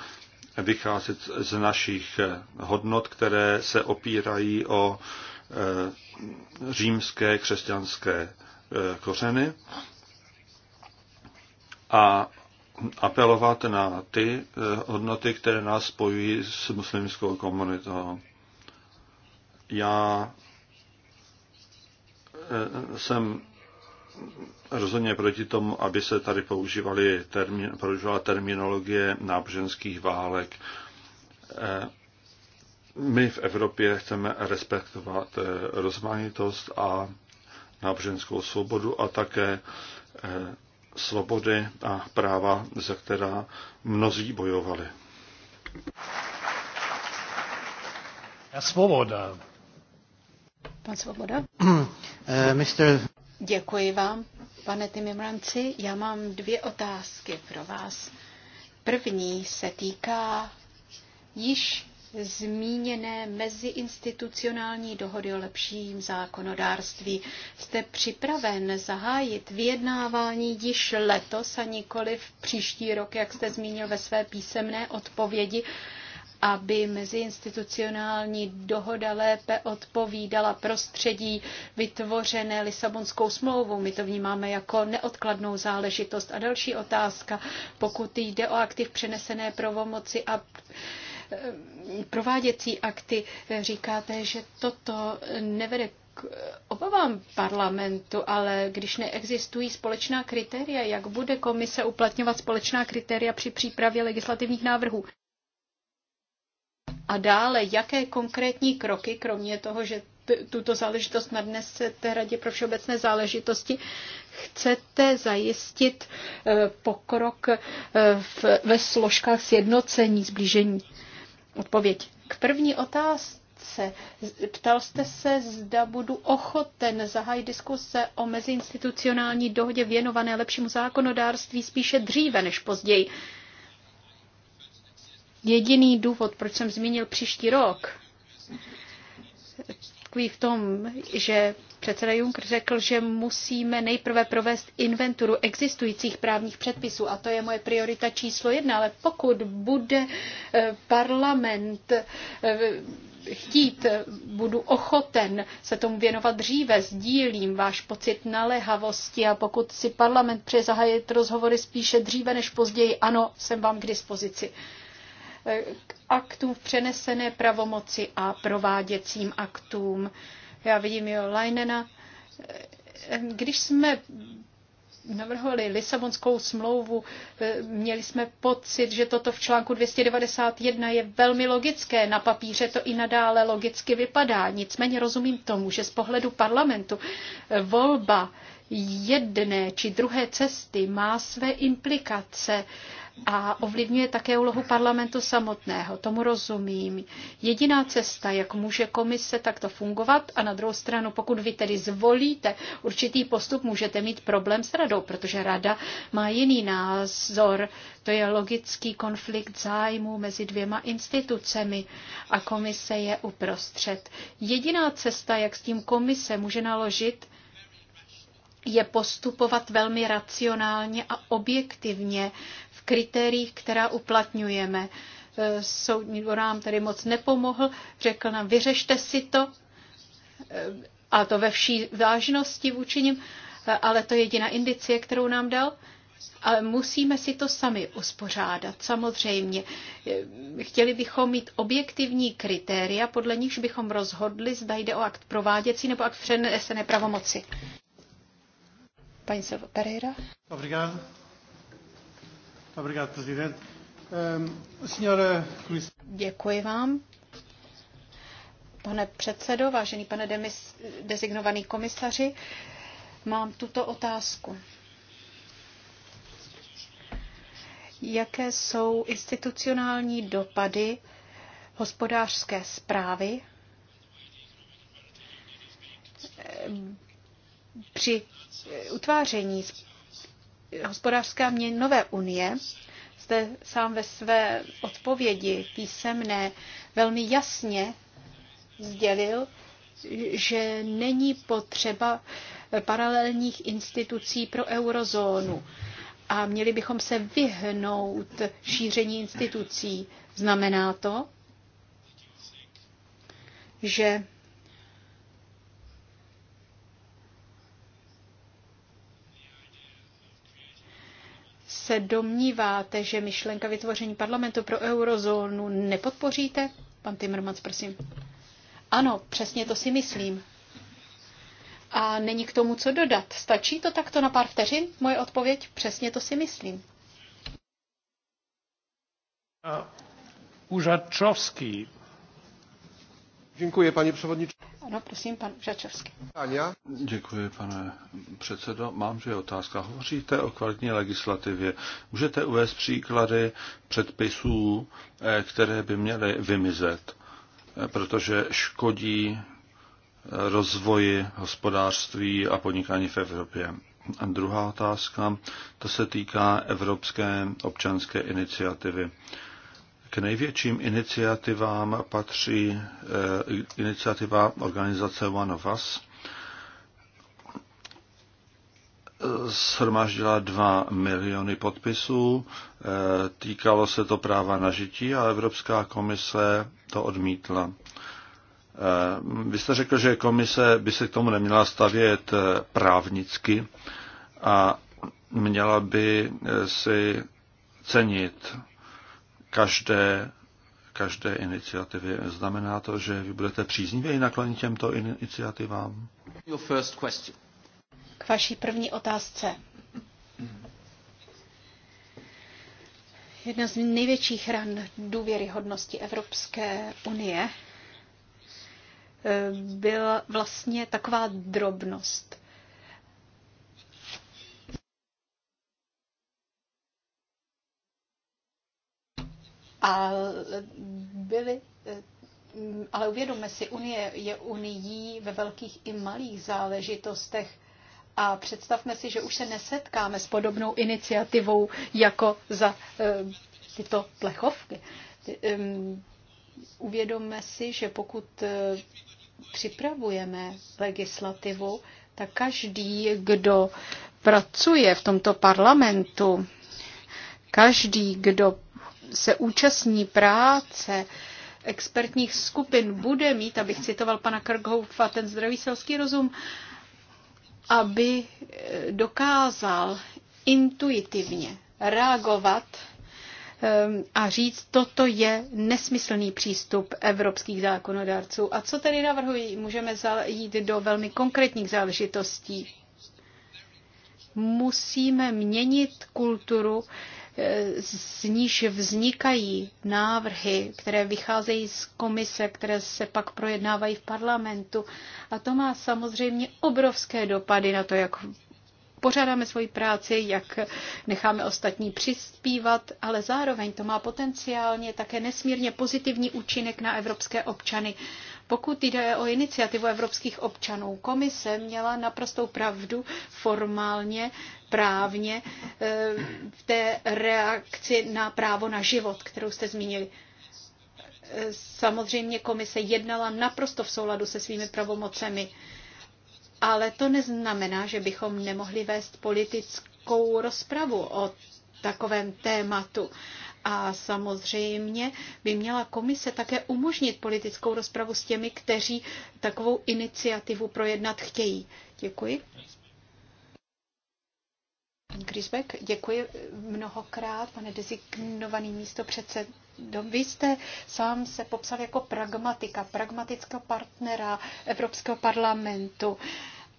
vycházet z našich hodnot, které se opírají o Eh, římské křesťanské eh, kořeny a apelovat na ty eh, hodnoty, které nás spojují s muslimskou komunitou. Já jsem rozhodně proti tomu, aby se tady používaly používala terminologie náboženských válek my v Evropě chceme respektovat eh, rozmanitost a náboženskou svobodu a také eh, svobody a práva, za která mnozí bojovali.
Svoboda. Pan Svoboda.
uh, eh, Mr.
Děkuji vám, pane Timimranci. Já mám dvě otázky pro vás. První se týká již zmíněné meziinstitucionální dohody o lepším zákonodárství. Jste připraven zahájit vyjednávání již letos a nikoli v příští rok, jak jste zmínil ve své písemné odpovědi, aby meziinstitucionální dohoda lépe odpovídala prostředí vytvořené Lisabonskou smlouvou. My to vnímáme jako neodkladnou záležitost. A další otázka, pokud jde o aktiv přenesené provomoci a Eh, prováděcí akty. Eh, říkáte, že toto nevede k obavám parlamentu, ale když neexistují společná kritéria, jak bude komise uplatňovat společná kritéria při přípravě legislativních návrhů? A dále, jaké konkrétní kroky, kromě toho, že tuto záležitost nadnesete Radě pro všeobecné záležitosti, chcete zajistit eh, pokrok v, ve složkách sjednocení, zblížení? odpověď. K první otázce. Ptal jste se, zda budu ochoten zahájit diskuse o meziinstitucionální dohodě věnované lepšímu zákonodárství spíše dříve než později. Jediný důvod, proč jsem zmínil příští rok, tkví v tom, že předseda Juncker řekl, že musíme nejprve provést inventuru existujících právních předpisů a to je moje priorita číslo jedna, ale pokud bude eh, parlament eh, chtít, eh, budu ochoten se tomu věnovat dříve, sdílím váš pocit naléhavosti a pokud si parlament přeje zahájit rozhovory spíše dříve než později, ano, jsem vám k dispozici. Eh, aktům v přenesené pravomoci a prováděcím aktům. Já vidím jo Leinena. Eh, když jsme navrhovali Lisabonskou smlouvu, eh, měli jsme pocit, že toto v článku 291 je velmi logické. Na papíře to i nadále logicky vypadá. Nicméně rozumím tomu, že z pohledu parlamentu volba jedné či druhé cesty má své implikace a ovlivňuje také úlohu parlamentu samotného. Tomu rozumím. Jediná cesta, jak může komise takto fungovat a na druhou stranu, pokud vy tedy zvolíte určitý postup, můžete mít problém s radou, protože rada má jiný názor. To je logický konflikt zájmů mezi dvěma institucemi a komise je uprostřed. Jediná cesta, jak s tím komise může naložit, je postupovat velmi racionálně a objektivně kritériích, která uplatňujeme. E, soudní dvor nám tedy moc nepomohl, řekl nám, vyřešte si to, e, a to ve vší vážnosti vůči nim, e, ale to je jediná indicie, kterou nám dal. Ale musíme si to sami uspořádat, samozřejmě. Chtěli bychom mít objektivní kritéria, podle nichž bychom rozhodli, zda jde o akt prováděcí nebo akt přenesené pravomoci. Paní Silva Pereira. Ehm, Děkuji vám. Pane předsedo, vážený pane demis, designovaný komisaři, mám tuto otázku. Jaké jsou institucionální dopady hospodářské zprávy při utváření hospodářská měnové unie, jste sám ve své odpovědi písemné velmi jasně sdělil, že není potřeba paralelních institucí pro eurozónu a měli bychom se vyhnout šíření institucí. Znamená to, že se domníváte, že myšlenka vytvoření parlamentu pro eurozónu nepodpoříte? Pan Timmermans, prosím. Ano, přesně to si myslím. A není k tomu co dodat. Stačí to takto na pár vteřin? Moje odpověď, přesně to si myslím.
Užadčovský.
Děkuji, paní předsedající. Ano, prosím, pan Žačovský.
Děkuji, pane předsedo. Mám dvě otázka. Hovoříte o kvalitní legislativě. Můžete uvést příklady předpisů, eh, které by měly vymizet, eh, protože škodí eh, rozvoji hospodářství a podnikání v Evropě. A druhá otázka, to se týká Evropské občanské iniciativy. K největším iniciativám patří eh, iniciativa organizace One of Us. Shromaždila 2 miliony podpisů, eh, týkalo se to práva na žití a Evropská komise to odmítla. Eh, vy jste řekl, že komise by se k tomu neměla stavět právnicky a měla by si cenit každé, každé iniciativy. Znamená to, že vy budete příznivěji nakloněni těmto iniciativám?
Your first question. K vaší první otázce. Jedna z největších ran důvěryhodnosti Evropské unie eh, byla vlastně taková drobnost. A eh, byly eh, ale uvědomme si, Unie je unií ve velkých i malých záležitostech. A představme si, že už se nesetkáme s podobnou iniciativou jako za eh, tyto plechovky. uvědomme si, že pokud připravujeme legislativu, tak každý, kdo pracuje v tomto parlamentu, každý, kdo se účastní práce expertních skupin bude mít, abych citoval pana Krghoufa, ten zdravý selský rozum, aby eh, dokázal intuitivně reagovat eh, a říct, toto je nesmyslný přístup evropských zákonodárců. A co tedy navrhuji? Můžeme jít do velmi konkrétních záležitostí. Musíme měnit kulturu Eh, z níž vznikají návrhy, které vycházejí z komise, které se pak projednávají v parlamentu. A to má samozřejmě obrovské dopady na to, jak pořádáme svoji práci, jak necháme ostatní přispívat, ale zároveň to má potenciálně také nesmírně pozitivní účinek na evropské občany. Pokud jde o iniciativu evropských občanů, komise měla naprostou pravdu formálně, právně eh, v té reakci na právo na život, kterou jste zmínili. Samozřejmě komise jednala naprosto v souladu se svými pravomocemi, ale to neznamená, že bychom nemohli vést politickou rozpravu o takovém tématu. A samozřejmě by měla komise také umožnit politickou rozpravu s těmi, kteří takovou iniciativu projednat chtějí. Děkuji. Grisbeck, děkuji mnohokrát, pane designovaný místo předsedo. Vy jste sám se popsal jako pragmatika, pragmatického partnera Evropského parlamentu.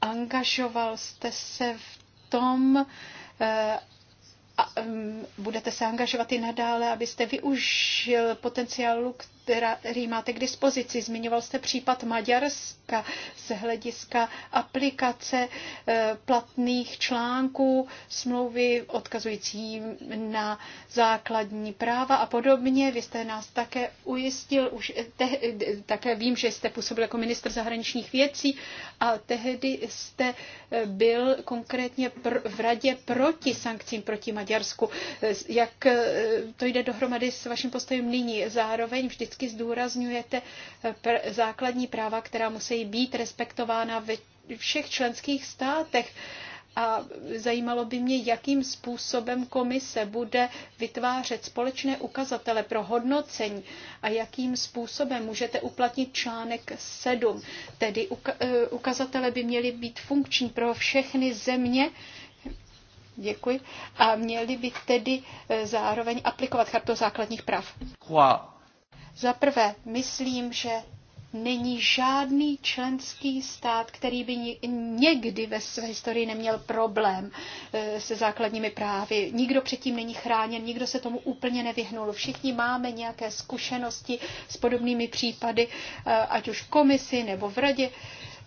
Angažoval jste se v tom, eh, a um, budete se angažovat i nadále, abyste využil potenciálu, který máte k dispozici. Zmiňoval jste případ Maďarska z hlediska aplikace eh, platných článků smlouvy odkazující na základní práva a podobně. Vy jste nás také ujistil, už eh, te, eh, také vím, že jste působil jako minister zahraničních věcí a tehdy jste byl konkrétně pr- v radě proti sankcím proti Maďarsku. Jak to jde dohromady s vaším postojem nyní? Zároveň vždy vždycky zdůrazňujete eh, základní práva, která musí být respektována ve všech členských státech. A zajímalo by mě, jakým způsobem komise bude vytvářet společné ukazatele pro hodnocení a jakým způsobem můžete uplatnit článek 7. Tedy eh, ukazatele by měly být funkční pro všechny země, Děkuji. A měli by tedy eh, zároveň aplikovat chartu základních práv. Za prvé, myslím, že není žádný členský stát, který by někdy ve své historii neměl problém eh, se základními právy. Nikdo předtím není chráněn, nikdo se tomu úplně nevyhnul. Všichni máme nějaké zkušenosti s podobnými případy, eh, ať už v komisi nebo v radě.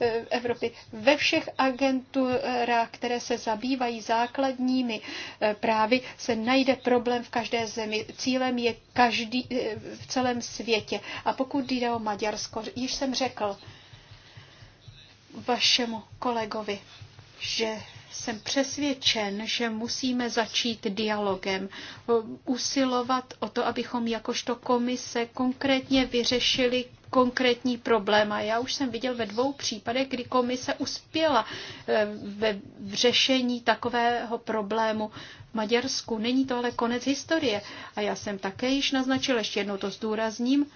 Eh, Evropy, ve všech agenturách, které se zabývají základními eh, právy, se najde problém v každé zemi. Cílem je každý eh, v celém světě. A pokud jde o Maďarsko, již jsem řekl vašemu kolegovi, že jsem přesvědčen, že musíme začít dialogem, usilovat o to, abychom jakožto komise konkrétně vyřešili konkrétní problém. A já už jsem viděl ve dvou případech, kdy komise uspěla eh, ve v řešení takového problému v Maďarsku. Není to ale konec historie. A já jsem také již naznačil, ještě jednou to zdůrazním,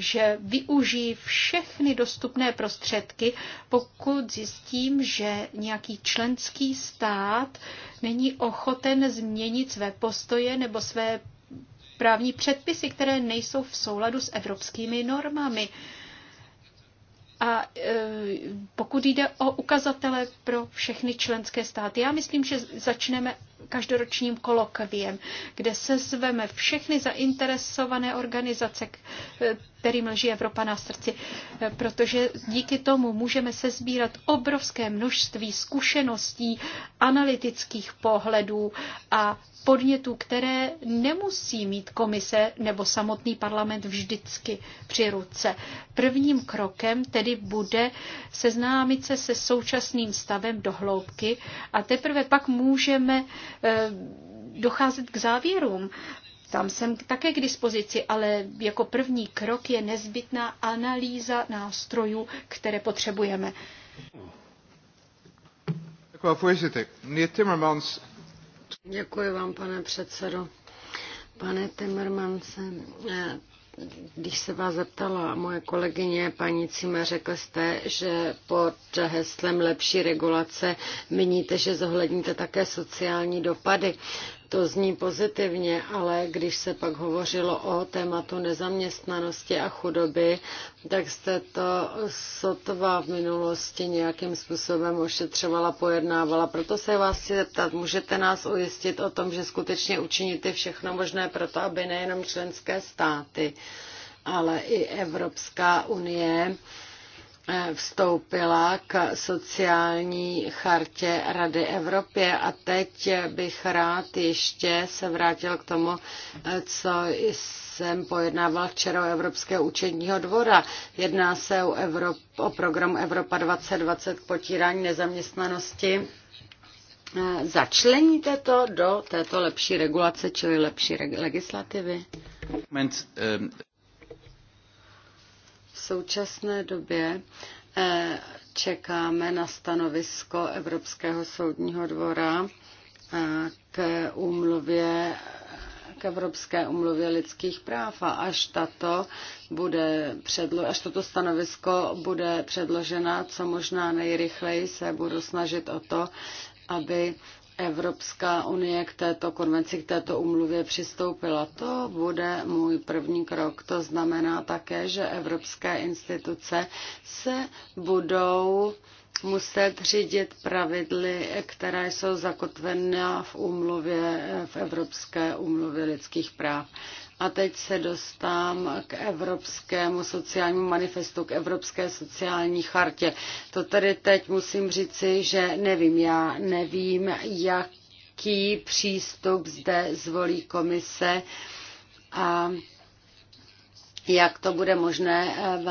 že využijí všechny dostupné prostředky, pokud zjistím, že nějaký členský stát není ochoten změnit své postoje nebo své právní předpisy, které nejsou v souladu s evropskými normami. A e, pokud jde o ukazatele pro všechny členské státy, já myslím, že začneme každoročním kolokviem, kde se zveme všechny zainteresované organizace, kterým leží Evropa na srdci, protože díky tomu můžeme se sbírat obrovské množství zkušeností, analytických pohledů a podnětů, které nemusí mít komise nebo samotný parlament vždycky při ruce. Prvním krokem tedy bude seznámit se se současným stavem dohloubky a teprve pak můžeme Eh, docházet k závěrům. Tam jsem také k dispozici, ale jako první krok je nezbytná analýza nástrojů, které potřebujeme.
Jako
Děkuji vám, pane předsedo. Pane Timmermanse, eh, když se vás zeptala moje kolegyně paní Cima, řekl jste, že pod heslem lepší regulace měníte, že zohledníte také sociální dopady. To zní pozitivně, ale když se pak hovořilo o tématu nezaměstnanosti a chudoby, tak jste to sotva v minulosti nějakým způsobem ošetřovala, pojednávala. Proto se vás chci zeptat, můžete nás ujistit o tom, že skutečně učiníte všechno možné pro to, aby nejenom členské státy, ale i Evropská unie vstoupila k sociální chartě Rady Evropy a teď bych rád ještě se vrátil k tomu, co jsem pojednával včera o Evropského účetního dvora. Jedná se o, Evrop, o program Evropa 2020 k potírání nezaměstnanosti. Začleníte to do této lepší regulace, čili lepší legislativy?
Moment, um
současné době eh, čekáme na stanovisko Evropského soudního dvora eh, k úmluvě k Evropské umluvě lidských práv a až, tato bude předlo- až toto stanovisko bude předložena, co možná nejrychleji se budu snažit o to, aby Evropská unie k této konvenci, k této umluvě přistoupila. To bude můj první krok. To znamená také, že evropské instituce se budou muset řídit pravidly, která jsou zakotvené v umluvě, v Evropské umluvě lidských práv. A teď se dostám k Evropskému sociálnímu manifestu, k Evropské sociální chartě. To tedy teď musím říci, že nevím, já nevím, jaký přístup zde zvolí komise a jak to bude možné eh,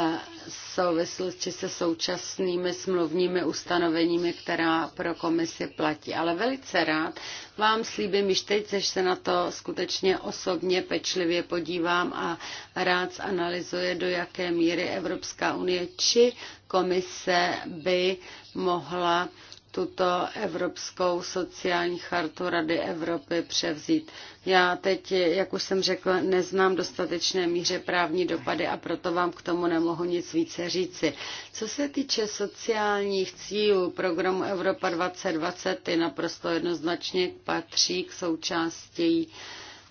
v souvislosti se současnými smluvními ustanoveními, která pro komisi platí. Ale velice rád vám slíbím již teď, že se na to skutečně osobně pečlivě podívám a rád zanalizuje, do jaké míry Evropská unie či komise by mohla tuto Evropskou sociální chartu Rady Evropy převzít. Já teď, jak už jsem řekl, neznám dostatečné míře právní dopady a proto vám k tomu nemohu nic více říci. Co se týče sociálních cílů programu Evropa 2020, ty naprosto jednoznačně patří k součástí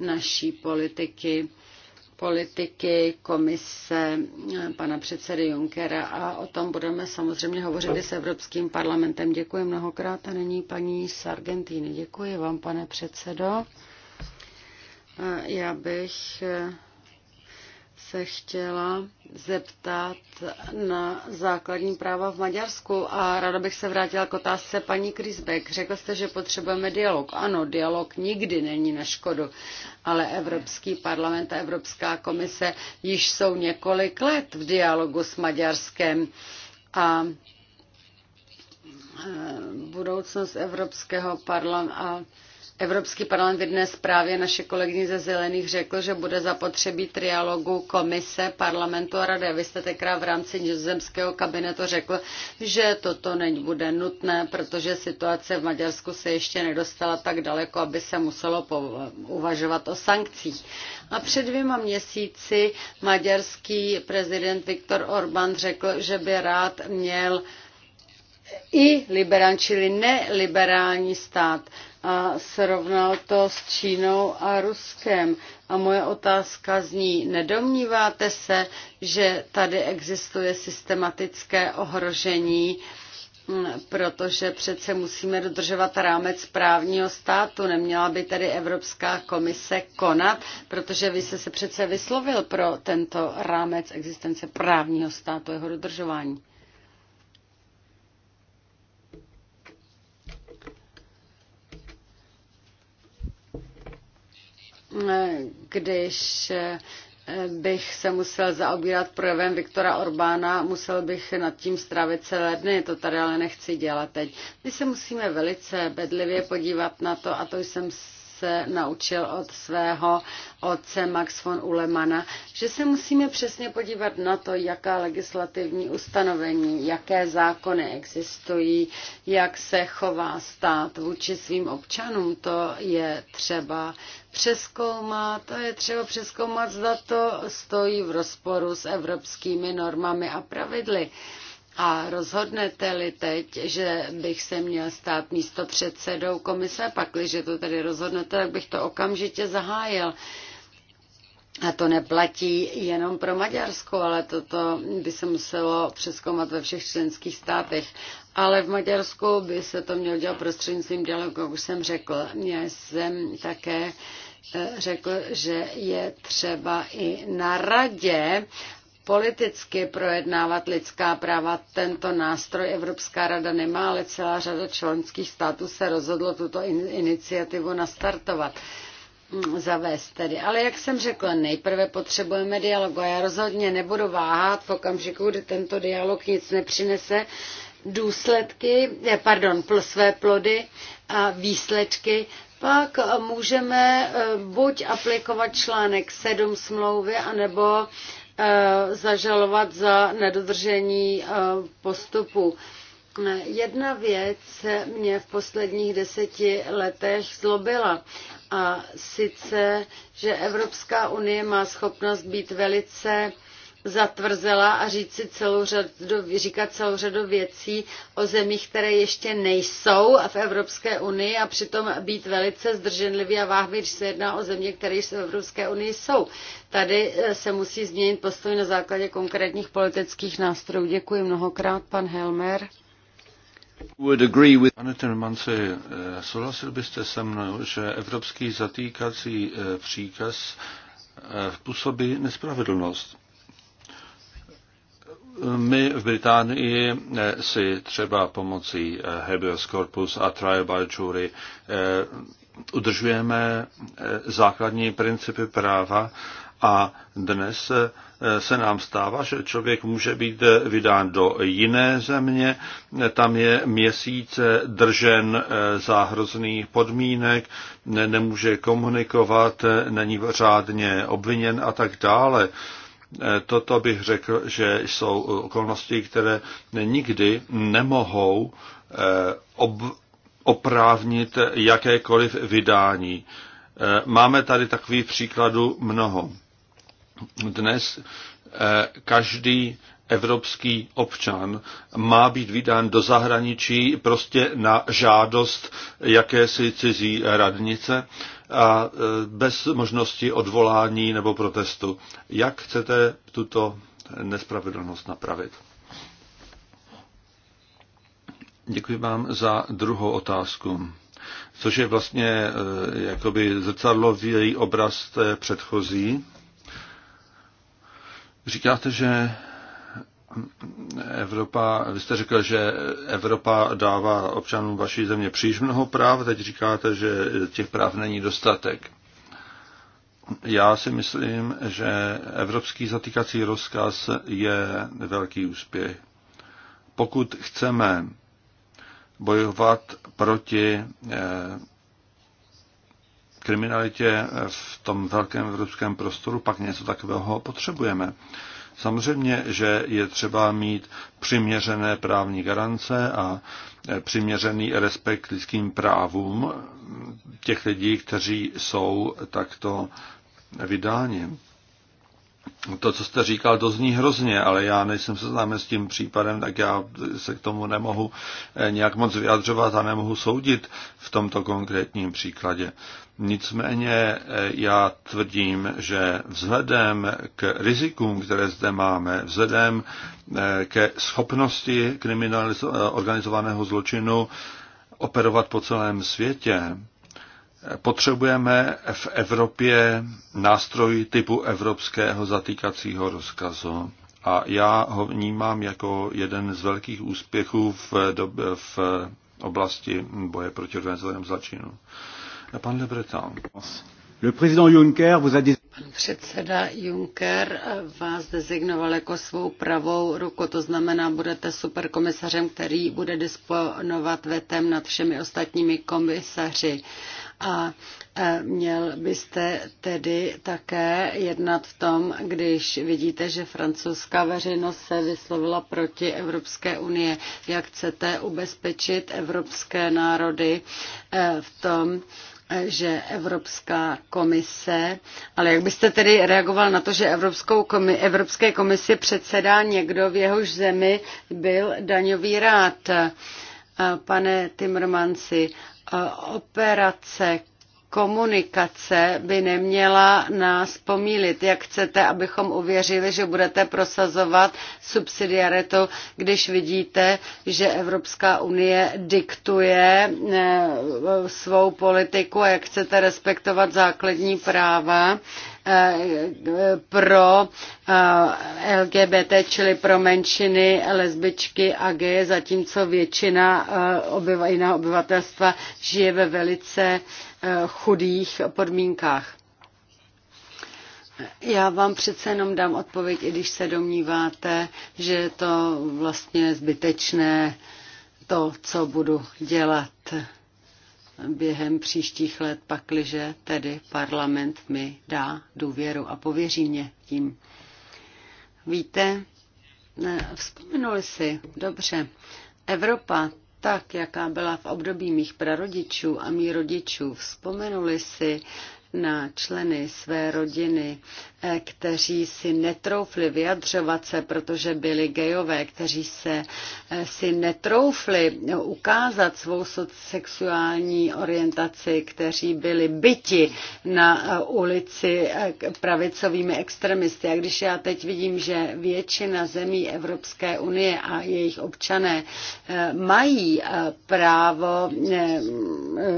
naší politiky politiky komise pana předsedy Junckera a o tom budeme samozřejmě hovořit i s Evropským parlamentem. Děkuji mnohokrát a nyní paní z Děkuji vám, pane předsedo. Já bych se chtěla zeptat na základní práva v Maďarsku a ráda bych se vrátila k otázce paní Krisbeck. Řekl jste, že potřebujeme dialog. Ano, dialog nikdy není na škodu, ale Evropský parlament a Evropská komise již jsou několik let v dialogu s Maďarskem a eh, budoucnost Evropského parlamentu Evropský parlament v jedné zprávě naše kolegyně ze Zelených řekl, že bude zapotřebí trialogu komise, parlamentu a rady. Vy jste tenkrát v rámci nizozemského kabinetu řekl, že toto není bude nutné, protože situace v Maďarsku se ještě nedostala tak daleko, aby se muselo uvažovat o sankcích. A před dvěma měsíci maďarský prezident Viktor Orbán řekl, že by rád měl i liberální, čili neliberální stát a srovnal to s Čínou a Ruskem. A moje otázka zní, nedomníváte se, že tady existuje systematické ohrožení hm, protože přece musíme dodržovat rámec právního státu. Neměla by tady Evropská komise konat, protože vy jste se přece vyslovil pro tento rámec existence právního státu, jeho dodržování. když eh, bych se musel zaobírat projevem Viktora Orbána, musel bych nad tím strávit celé dny, to tady ale nechci dělat teď. My se musíme velice bedlivě podívat na to, a to jsem se naučil od svého otce Max von Ulemana, že se musíme přesně podívat na to, jaká legislativní ustanovení, jaké zákony existují, jak se chová stát vůči svým občanům. To je třeba přeskoumat, to je třeba přeskoumat, zda to stojí v rozporu s evropskými normami a pravidly. A rozhodnete-li teď, že bych se měl stát místo předsedou komise, pakliže to tedy rozhodnete, tak bych to okamžitě zahájil. A to neplatí jenom pro Maďarsko, ale toto by se muselo přeskoumat ve všech členských státech. Ale v Maďarsku by se to mělo dělat prostřednictvím dialogu, jak už jsem řekl. Já jsem také eh, řekl, že je třeba i na radě, politicky projednávat lidská práva. Tento nástroj Evropská rada nemá, ale celá řada členských států se rozhodlo tuto iniciativu nastartovat mm, zavést tedy. Ale jak jsem řekla, nejprve potřebujeme dialogu a já rozhodně nebudu váhat v okamžiku, kdy tento dialog nic nepřinese, důsledky, eh, pardon, své plody a výsledky, pak můžeme eh, buď aplikovat článek 7 smlouvy, anebo Eh, zažalovat za nedodržení eh, postupu. Jedna věc mě v posledních deseti letech zlobila a sice, že Evropská unie má schopnost být velice zatvrzela a říct si celou řadu, říkat celou řadu věcí o zemích, které ještě nejsou v Evropské unii a přitom být velice zdrženlivý a váhavý, když se jedná o země, které již v Evropské unii jsou. Tady eh, se musí změnit postoj na základě konkrétních politických nástrojů. Děkuji mnohokrát, pan Helmer.
Pane Timmermansi, eh, souhlasil byste se mnou, že evropský zatýkací eh, příkaz působí nespravedlnost. My v Británii eh, si třeba pomocí eh, habeas corpus a trial by jury eh, udržujeme základní principy práva a dnes se nám stává, že člověk může být vydán do jiné země, tam je měsíce držen za hrozných podmínek, nemůže komunikovat, není řádně obviněn a tak dále. Eh, toto bych řekl, že jsou eh, okolnosti, které nikdy nemohou eh, ob, oprávnit jakékoliv vydání. Máme tady takových příkladů mnoho. Dnes každý evropský občan má být vydán do zahraničí prostě na žádost jakési cizí radnice a e, bez možnosti odvolání nebo protestu. Jak chcete tuto nespravedlnost napravit? Děkuji vám za druhou otázku, což je vlastně e, jakoby zrcadlový obraz té předchozí. Říkáte, že Evropa, vy jste řekl, že Evropa dává občanům vaší země příliš mnoho práv, teď říkáte, že těch práv není dostatek. Já si myslím, že evropský zatýkací rozkaz je velký úspěch. Pokud chceme bojovat proti eh, kriminalitě v tom velkém evropském prostoru, pak něco takového potřebujeme. Samozřejmě, že je třeba mít přiměřené právní garance a e, přiměřený respekt lidským právům těch lidí, kteří jsou takto vydáni to, co jste říkal, to zní hrozně, ale já nejsem seznámen s tím případem, tak já se k tomu nemohu eh, nějak moc vyjadřovat a nemohu soudit v tomto konkrétním příkladě. Nicméně eh, já tvrdím, že vzhledem k rizikům, které zde máme, vzhledem eh, ke schopnosti organizovaného zločinu operovat po celém světě, potřebujeme v Evropě nástroj typu evropského zatýkacího rozkazu. A já ho vnímám jako jeden z velkých úspěchů v, době, v oblasti boje proti organizovanému zločinu. Pan Le Breton. Le président Juncker vous a
dit... Pan předseda Juncker vás dezignoval jako svou pravou ruku, to znamená, budete superkomisařem, který bude disponovat vetem nad všemi ostatními komisaři a e, měl byste tedy také jednat v tom, když vidíte, že francouzská veřejnost se vyslovila proti Evropské unie. Jak chcete ubezpečit evropské národy e, v tom, e, že Evropská komise, ale jak byste tedy reagoval na to, že Evropskou komi, Evropské komisi předsedá někdo, v jehož zemi byl daňový rád? Pane Timrmanci, operace, komunikace by neměla nás pomílit. Jak chcete, abychom uvěřili, že budete prosazovat subsidiaritu, když vidíte, že Evropská unie diktuje eh, svou politiku a jak chcete respektovat základní práva pro eh, LGBT, čili pro menšiny, lesbičky a geje, zatímco většina eh, jiného obyvatelstva žije ve velice eh, chudých podmínkách. Já vám přece jenom dám odpověď, i když se domníváte, že je to vlastně zbytečné to, co budu dělat během příštích let, pakliže tedy parlament mi dá důvěru a pověří mě tím. Víte, vzpomenuli si, dobře, Evropa tak, jaká byla v období mých prarodičů a mých rodičů, vzpomenuli si na členy své rodiny, eh, kteří si netroufli vyjadřovat se, protože byli gejové, kteří se eh, si netroufli ukázat svou sexuální orientaci, kteří byli byti na eh, ulici pravicovými extremisty. A když já teď vidím, že většina zemí Evropské unie a jejich občané mají právo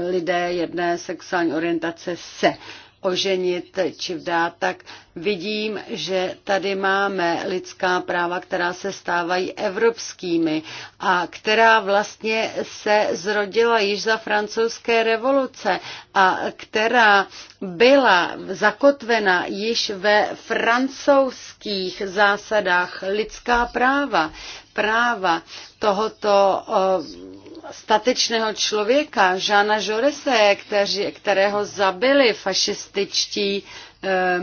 lidé jedné sexuální orientace se oženit či vdát, tak vidím, že tady máme lidská práva, která se stávají evropskými a která vlastně se zrodila již za francouzské revoluce a která byla zakotvena již ve francouzských zásadách lidská práva práva tohoto eh, statečného člověka, Žána Žorese, kteři, kterého zabili fašističtí eh,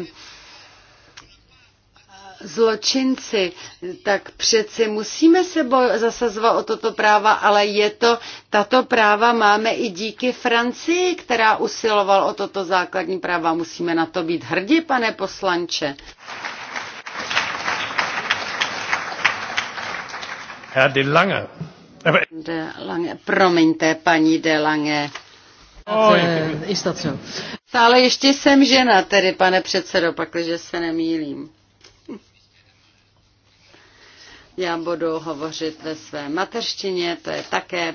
zločinci, tak přeci musíme se boj, zasazovat o toto práva, ale je to, tato práva máme i díky Francii, která usiloval o toto základní práva. Musíme na to být hrdí, pane poslanče.
Herr de Lange.
De Lange, promiňte, paní De Lange. Eh, Istace. Stále ještě jsem žena, tedy pane předsedo, pakliže se nemýlím. Já budu hovořit ve své mateřštině, to je také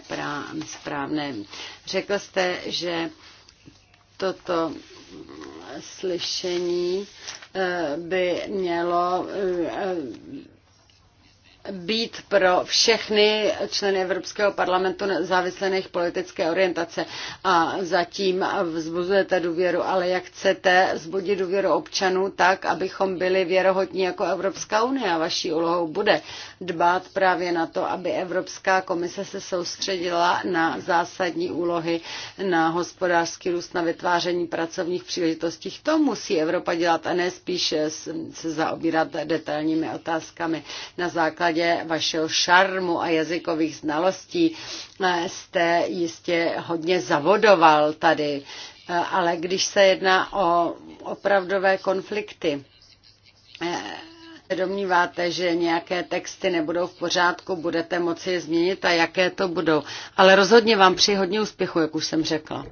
správné. Řekl jste, že toto slyšení eh, by mělo eh, být pro všechny členy Evropského parlamentu závislé na jejich politické orientace. A zatím vzbuzujete důvěru, ale jak chcete vzbudit důvěru občanů tak, abychom byli věrohodní jako Evropská unie a vaší úlohou bude dbát právě na to, aby Evropská komise se soustředila na zásadní úlohy, na hospodářský růst, na vytváření pracovních příležitostí. To musí Evropa dělat a ne spíše se zaobírat detailními otázkami na základě základě vašeho šarmu a jazykových znalostí eh, jste jistě hodně zavodoval tady, eh, ale když se jedná o opravdové konflikty, eh, domníváte, že nějaké texty nebudou v pořádku, budete moci je změnit a jaké to budou. Ale rozhodně vám přeji hodně úspěchu, jak už jsem řekla.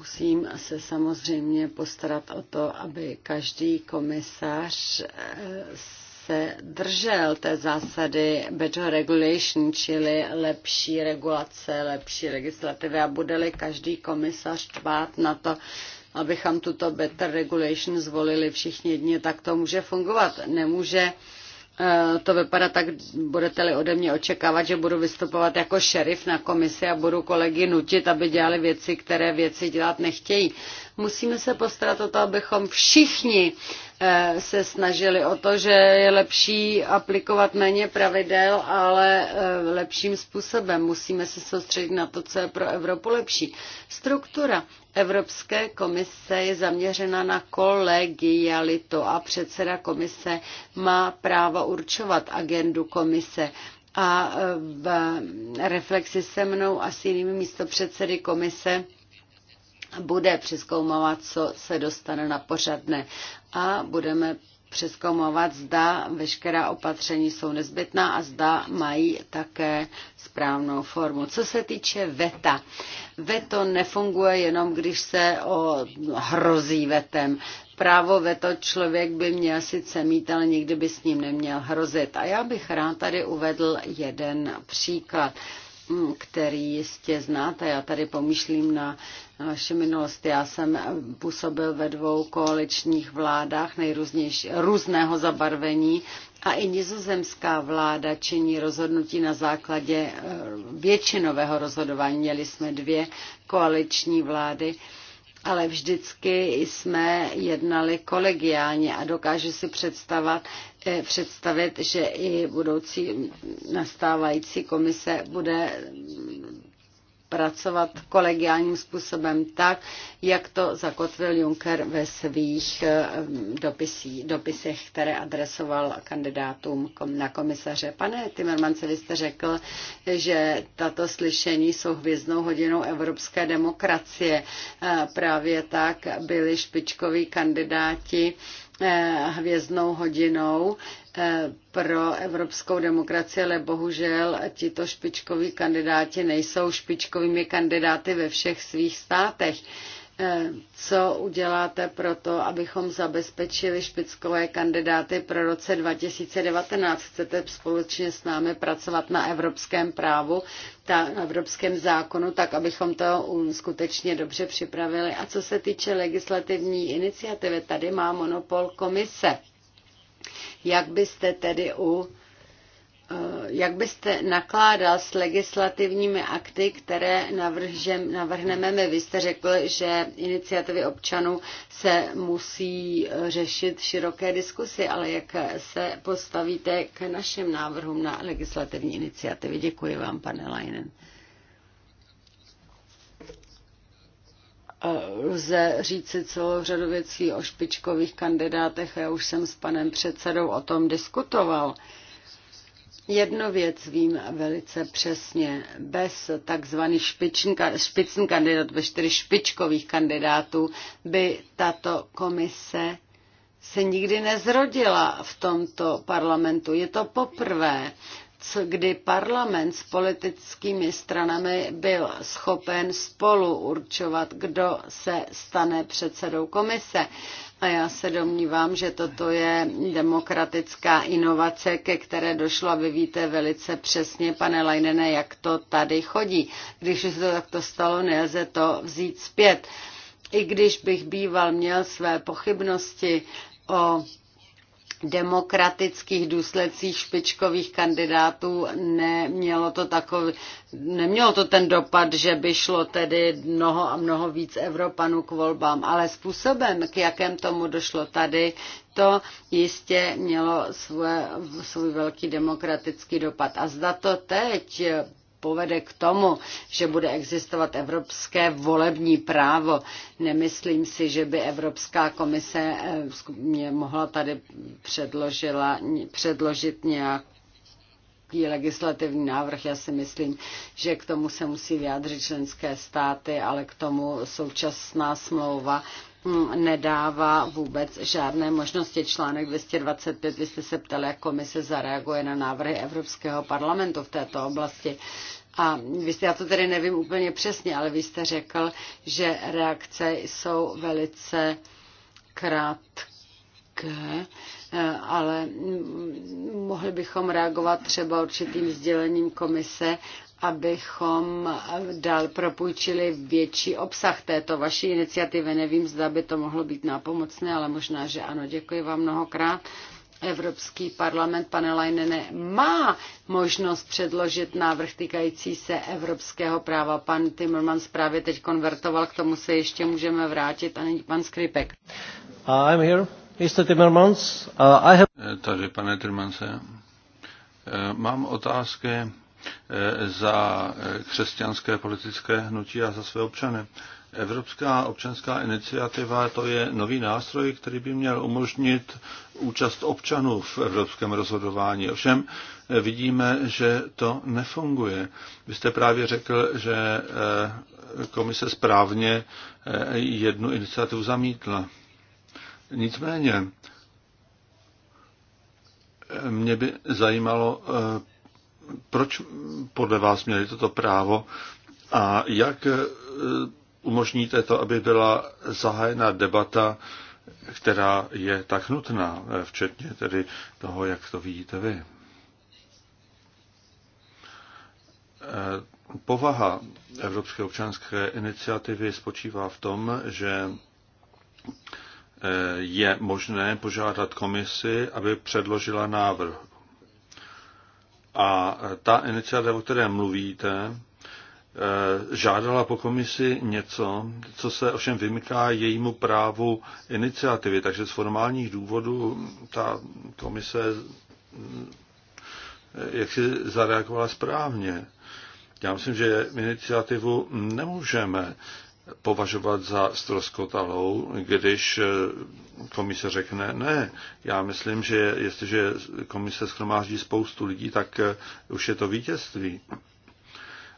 Musím se samozřejmě postarat o to, aby každý komisař eh, se držel té zásady better regulation, čili lepší regulace, lepší legislativy a bude-li každý komisař dbát na to, abychom tuto better regulation zvolili všichni jedně, tak to může fungovat. Nemůže Eh, to vypadá tak, budete-li ode mě očekávat, že budu vystupovat jako šerif na komisi a budu kolegy nutit, aby dělali věci, které věci dělat nechtějí. Musíme se postarat o to, abychom všichni eh, se snažili o to, že je lepší aplikovat méně pravidel, ale eh, lepším způsobem. Musíme se soustředit na to, co je pro Evropu lepší. Struktura Evropské komise je zaměřena na kolegialitu a předseda komise má právo určovat agendu komise a eh, v reflexi se mnou a s jinými místopředsedy komise bude přeskoumovat, co se dostane na pořadne a budeme přeskoumovat, zda veškerá opatření jsou nezbytná a zda mají také správnou formu. Co se týče veta, veto nefunguje jenom, když se o, hrozí vetem. Právo veto člověk by měl sice mít, ale nikdy by s ním neměl hrozit. A já bych rád tady uvedl jeden příklad který jistě znáte. Já tady pomýšlím na vaše minulost. Já jsem působil ve dvou koaličních vládách nejrůznější, různého zabarvení a i nizozemská vláda činí rozhodnutí na základě eh, většinového rozhodování. Měli jsme dvě koaliční vlády ale vždycky jsme jednali kolegiálně a dokážu si představit, eh, představit, že i budoucí nastávající komise bude pracovat kolegiálním způsobem tak, jak to zakotvil Juncker ve svých eh, dopisí, dopisech, které adresoval kandidátům na komisaře. Pane Timmermans, vy jste řekl, že tato slyšení jsou hvězdnou hodinou evropské demokracie. Eh, právě tak byli špičkoví kandidáti eh, hvězdnou hodinou Eh, pro evropskou demokracii, ale bohužel tito špičkoví kandidáti nejsou špičkovými kandidáty ve všech svých státech. Eh, co uděláte pro to, abychom zabezpečili špičkové kandidáty pro roce 2019? Chcete společně s námi pracovat na evropském právu, na evropském zákonu, tak abychom to um, skutečně dobře připravili? A co se týče legislativní iniciativy, tady má monopol komise jak byste tedy u eh, jak byste nakládal s legislativními akty, které navržem, navrhneme my? Vy jste řekl, že iniciativy občanů se musí eh, řešit v široké diskusi, ale jak se postavíte k našim návrhům na legislativní iniciativy? Děkuji vám, pane Leinen. lze říci celou řadu věcí o špičkových kandidátech a já už jsem s panem předsedou o tom diskutoval. Jednu věc vím velice přesně. Bez takzvaných špicn kandidátů, bez čtyři špičkových kandidátů by tato komise se nikdy nezrodila v tomto parlamentu. Je to poprvé kdy parlament s politickými stranami byl schopen spolu určovat, kdo se stane předsedou komise. A já se domnívám, že toto je demokratická inovace, ke které došlo a vy víte velice přesně, pane Lajnene, jak to tady chodí. Když se to takto stalo, nelze to vzít zpět. I když bych býval měl své pochybnosti o demokratických důsledcích špičkových kandidátů nemělo to takový, nemělo to ten dopad, že by šlo tedy mnoho a mnoho víc Evropanů k volbám, ale způsobem, k jakém tomu došlo tady, to jistě mělo svůj, svůj velký demokratický dopad. A zda to teď povede k tomu, že bude existovat evropské volební právo. Nemyslím si, že by Evropská komise eh, mě mohla tady předložila, předložit nějak legislativní návrh. Já si myslím, že k tomu se musí vyjádřit členské státy, ale k tomu současná smlouva Hm, nedává vůbec žádné možnosti. Článek 225, vy jste se ptali, jak komise zareaguje na návrhy Evropského parlamentu v této oblasti. A vy jste, já to tedy nevím úplně přesně, ale vy jste řekl, že reakce jsou velice krátké, eh, ale hm, mohli bychom reagovat třeba určitým sdělením komise abychom dál propůjčili větší obsah této vaší iniciativy. Nevím, zda by to mohlo být nápomocné, ale možná, že ano. Děkuji vám mnohokrát. Evropský parlament, pane Leinene, má možnost předložit návrh týkající se evropského práva. Pan Timmermans právě teď konvertoval, k tomu se ještě můžeme vrátit. A není pan Skripek. Uh, I'm here. Mr. Timmermans, uh,
I have... Eh, Tady, pane Timmermans. Eh, mám otázky Eh, za eh, křesťanské politické hnutí a za své občany. Evropská občanská iniciativa to je nový nástroj, který by měl umožnit účast občanů v evropském rozhodování. Ovšem eh, vidíme, že to nefunguje. Vy jste právě řekl, že komise správně jednu iniciativu zamítla. Nicméně mě by zajímalo, proč podle vás měli toto právo a jak eh, umožníte to, aby byla zahájena debata, která je tak nutná, eh, včetně tedy toho, jak to vidíte vy. Eh, povaha Evropské občanské iniciativy spočívá v tom, že je možné požádat komisi, aby předložila návrh a ta iniciativa, o které mluvíte, eh, žádala po komisi něco, co se ovšem vymyká jejímu právu iniciativy. Takže z formálních důvodů ta komise eh, jak si zareagovala správně. Já myslím, že iniciativu nemůžeme považovat za stroskotalou, když eh, komise řekne ne. Já myslím, že jestliže komise schromáždí spoustu lidí, tak eh, už je to vítězství.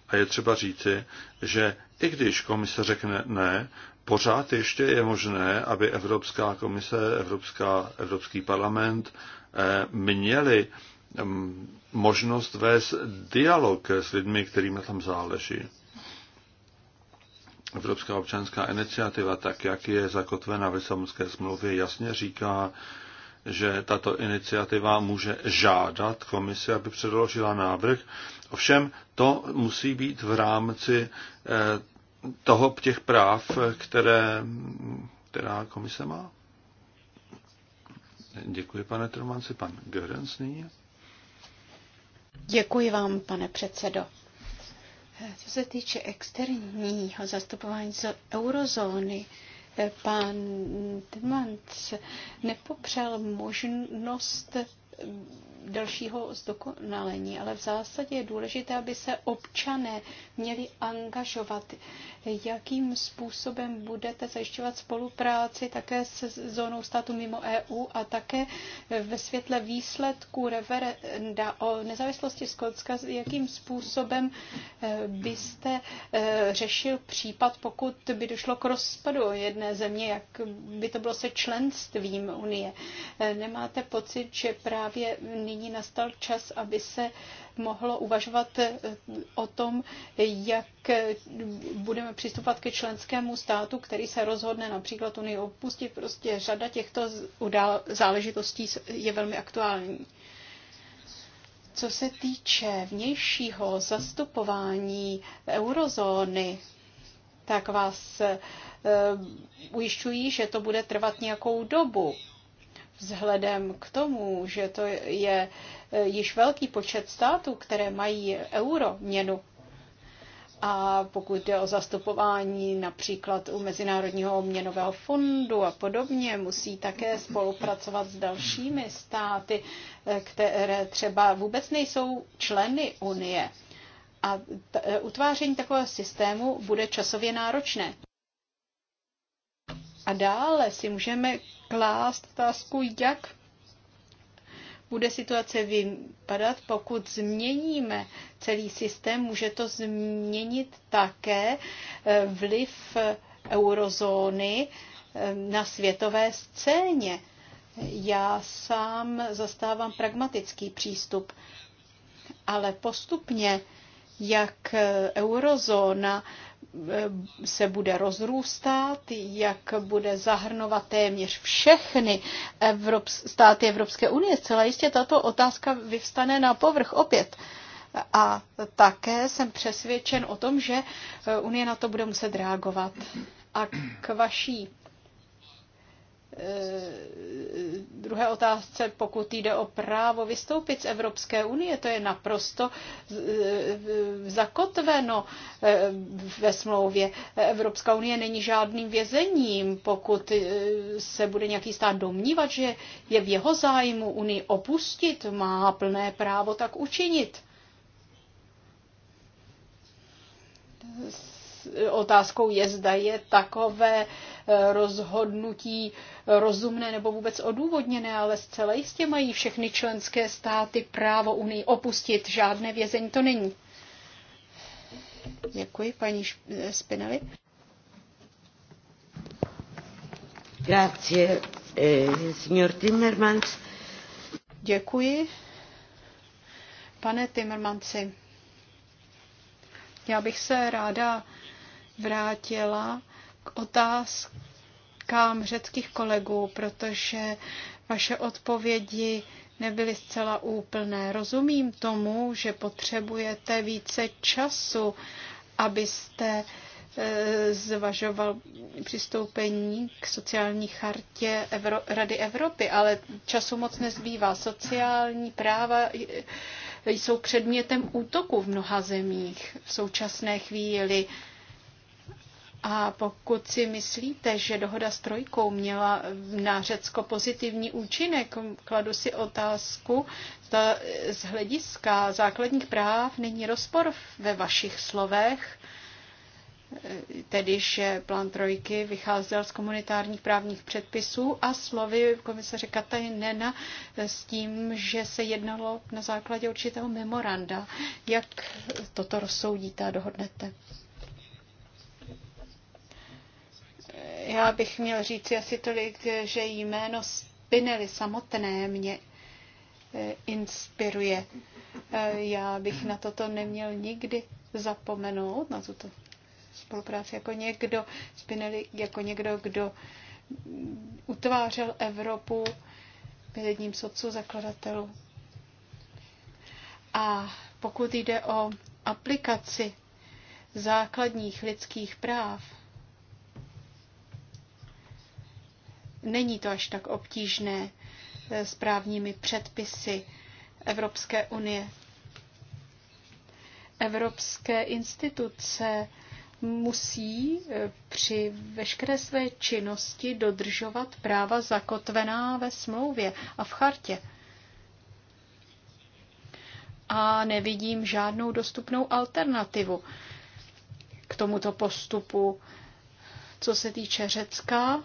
A je třeba říci, že i když komise řekne ne, pořád ještě je možné, aby Evropská komise, Evropská, Evropský parlament eh, měli mm, možnost vést dialog s lidmi, kterým tam záleží. Evropská občanská iniciativa, tak jak je zakotvena v Lisabonské smlouvě, jasně říká, že tato iniciativa může žádat komisi, aby předložila návrh. Ovšem to musí být v rámci eh, toho těch práv, které, která komise má. Děkuji, pane Tromanci. Pan Görens nyní.
Děkuji vám, pane předsedo. Co se týče externího zastupování z eurozóny, eh, pan Timant nepopřel možnost dalšího zdokonalení, ale v zásadě je důležité, aby se občané měli angažovat. Jakým způsobem budete zajišťovat spolupráci také se zónou státu mimo EU a také ve světle výsledků referenda o nezávislosti Skotska, jakým způsobem eh, byste eh, řešil případ, pokud by došlo k rozpadu jedné země, jak by to bylo se členstvím Unie. Eh, nemáte pocit, že právě nyní nastal čas, aby se mohlo uvažovat eh, o tom, jak eh, budeme přistupovat ke členskému státu, který se rozhodne například Unii opustit. Prostě řada těchto záležitostí je velmi aktuální. Co se týče vnějšího zastupování eurozóny, tak vás eh, ujišťují, že to bude trvat nějakou dobu. Vzhledem k tomu, že to je e, již velký počet států, které mají euro měnu, a pokud jde o zastupování například u Mezinárodního měnového fondu a podobně, musí také spolupracovat s dalšími státy, e, které třeba vůbec nejsou členy Unie. A e, utváření takového systému bude časově náročné. A dále si můžeme klást otázku, jak bude situace vypadat, pokud změníme celý systém, může to změnit také eh, vliv eh, eurozóny eh, na světové scéně. Já sám zastávám pragmatický přístup, ale postupně, jak eurozóna Eh, se bude rozrůstat, jak bude zahrnovat téměř všechny Evrops- státy Evropské unie. Celá jistě tato otázka vyvstane na povrch opět. A také jsem přesvědčen o tom, že eh, Unie na to bude muset reagovat. A k vaší Eh, druhé otázce, pokud jde o právo vystoupit z Evropské unie, to je naprosto eh, zakotveno eh, ve smlouvě. Evropská unie není žádným vězením, pokud se bude nějaký stát domnívat, že je v jeho zájmu unii opustit, má plné právo tak učinit otázkou je, zda je takové eh, rozhodnutí rozumné nebo vůbec odůvodněné, ale zcela jistě mají všechny členské státy právo Unii opustit. Žádné vězení to není. Děkuji, paní Spinelli.
Grazie, eh,
signor Timmermans. Děkuji. Pane Timmermansi, já bych se ráda vrátila k otázkám řeckých kolegů, protože vaše odpovědi nebyly zcela úplné. Rozumím tomu, že potřebujete více času, abyste e, zvažoval přistoupení k sociální chartě Evro- Rady Evropy, ale času moc nezbývá. Sociální práva e, jsou předmětem útoku v mnoha zemích v současné chvíli. A pokud si myslíte, že dohoda s trojkou měla na Řecko pozitivní účinek, kladu si otázku, zda z hlediska základních práv není rozpor ve vašich slovech, tedy že plán trojky vycházel z komunitárních právních předpisů a slovy komisaře Katajnena s tím, že se jednalo na základě určitého memoranda. Jak toto rozsoudíte a dohodnete? Já bych měl říct asi tolik, že jméno Spinelli samotné mě eh, inspiruje. Eh, já bych na toto neměl nikdy zapomenout, na tuto spolupráci jako někdo, Spinelli jako někdo, kdo utvářel Evropu, byl jedním z otců zakladatelů. A pokud jde o aplikaci základních lidských práv, Není to až tak obtížné eh, s právními předpisy Evropské unie. Evropské instituce musí eh, při veškeré své činnosti dodržovat práva zakotvená ve smlouvě a v chartě. A nevidím žádnou dostupnou alternativu k tomuto postupu. Co se týče Řecka,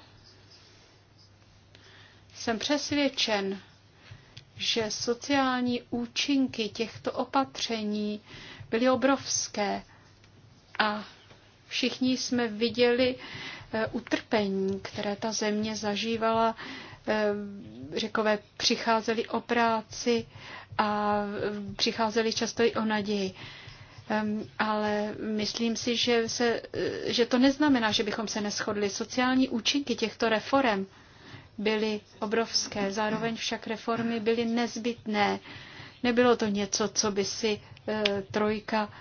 jsem přesvědčen, že sociální účinky těchto opatření byly obrovské a všichni jsme viděli eh, utrpení, které ta země zažívala. Eh, Řekové přicházeli o práci a přicházeli často i o naději. Ale myslím si, že, se, že to neznamená, že bychom se neschodli. Sociální účinky těchto reform byly obrovské, zároveň však reformy byly nezbytné. Nebylo to něco, co by si e, trojka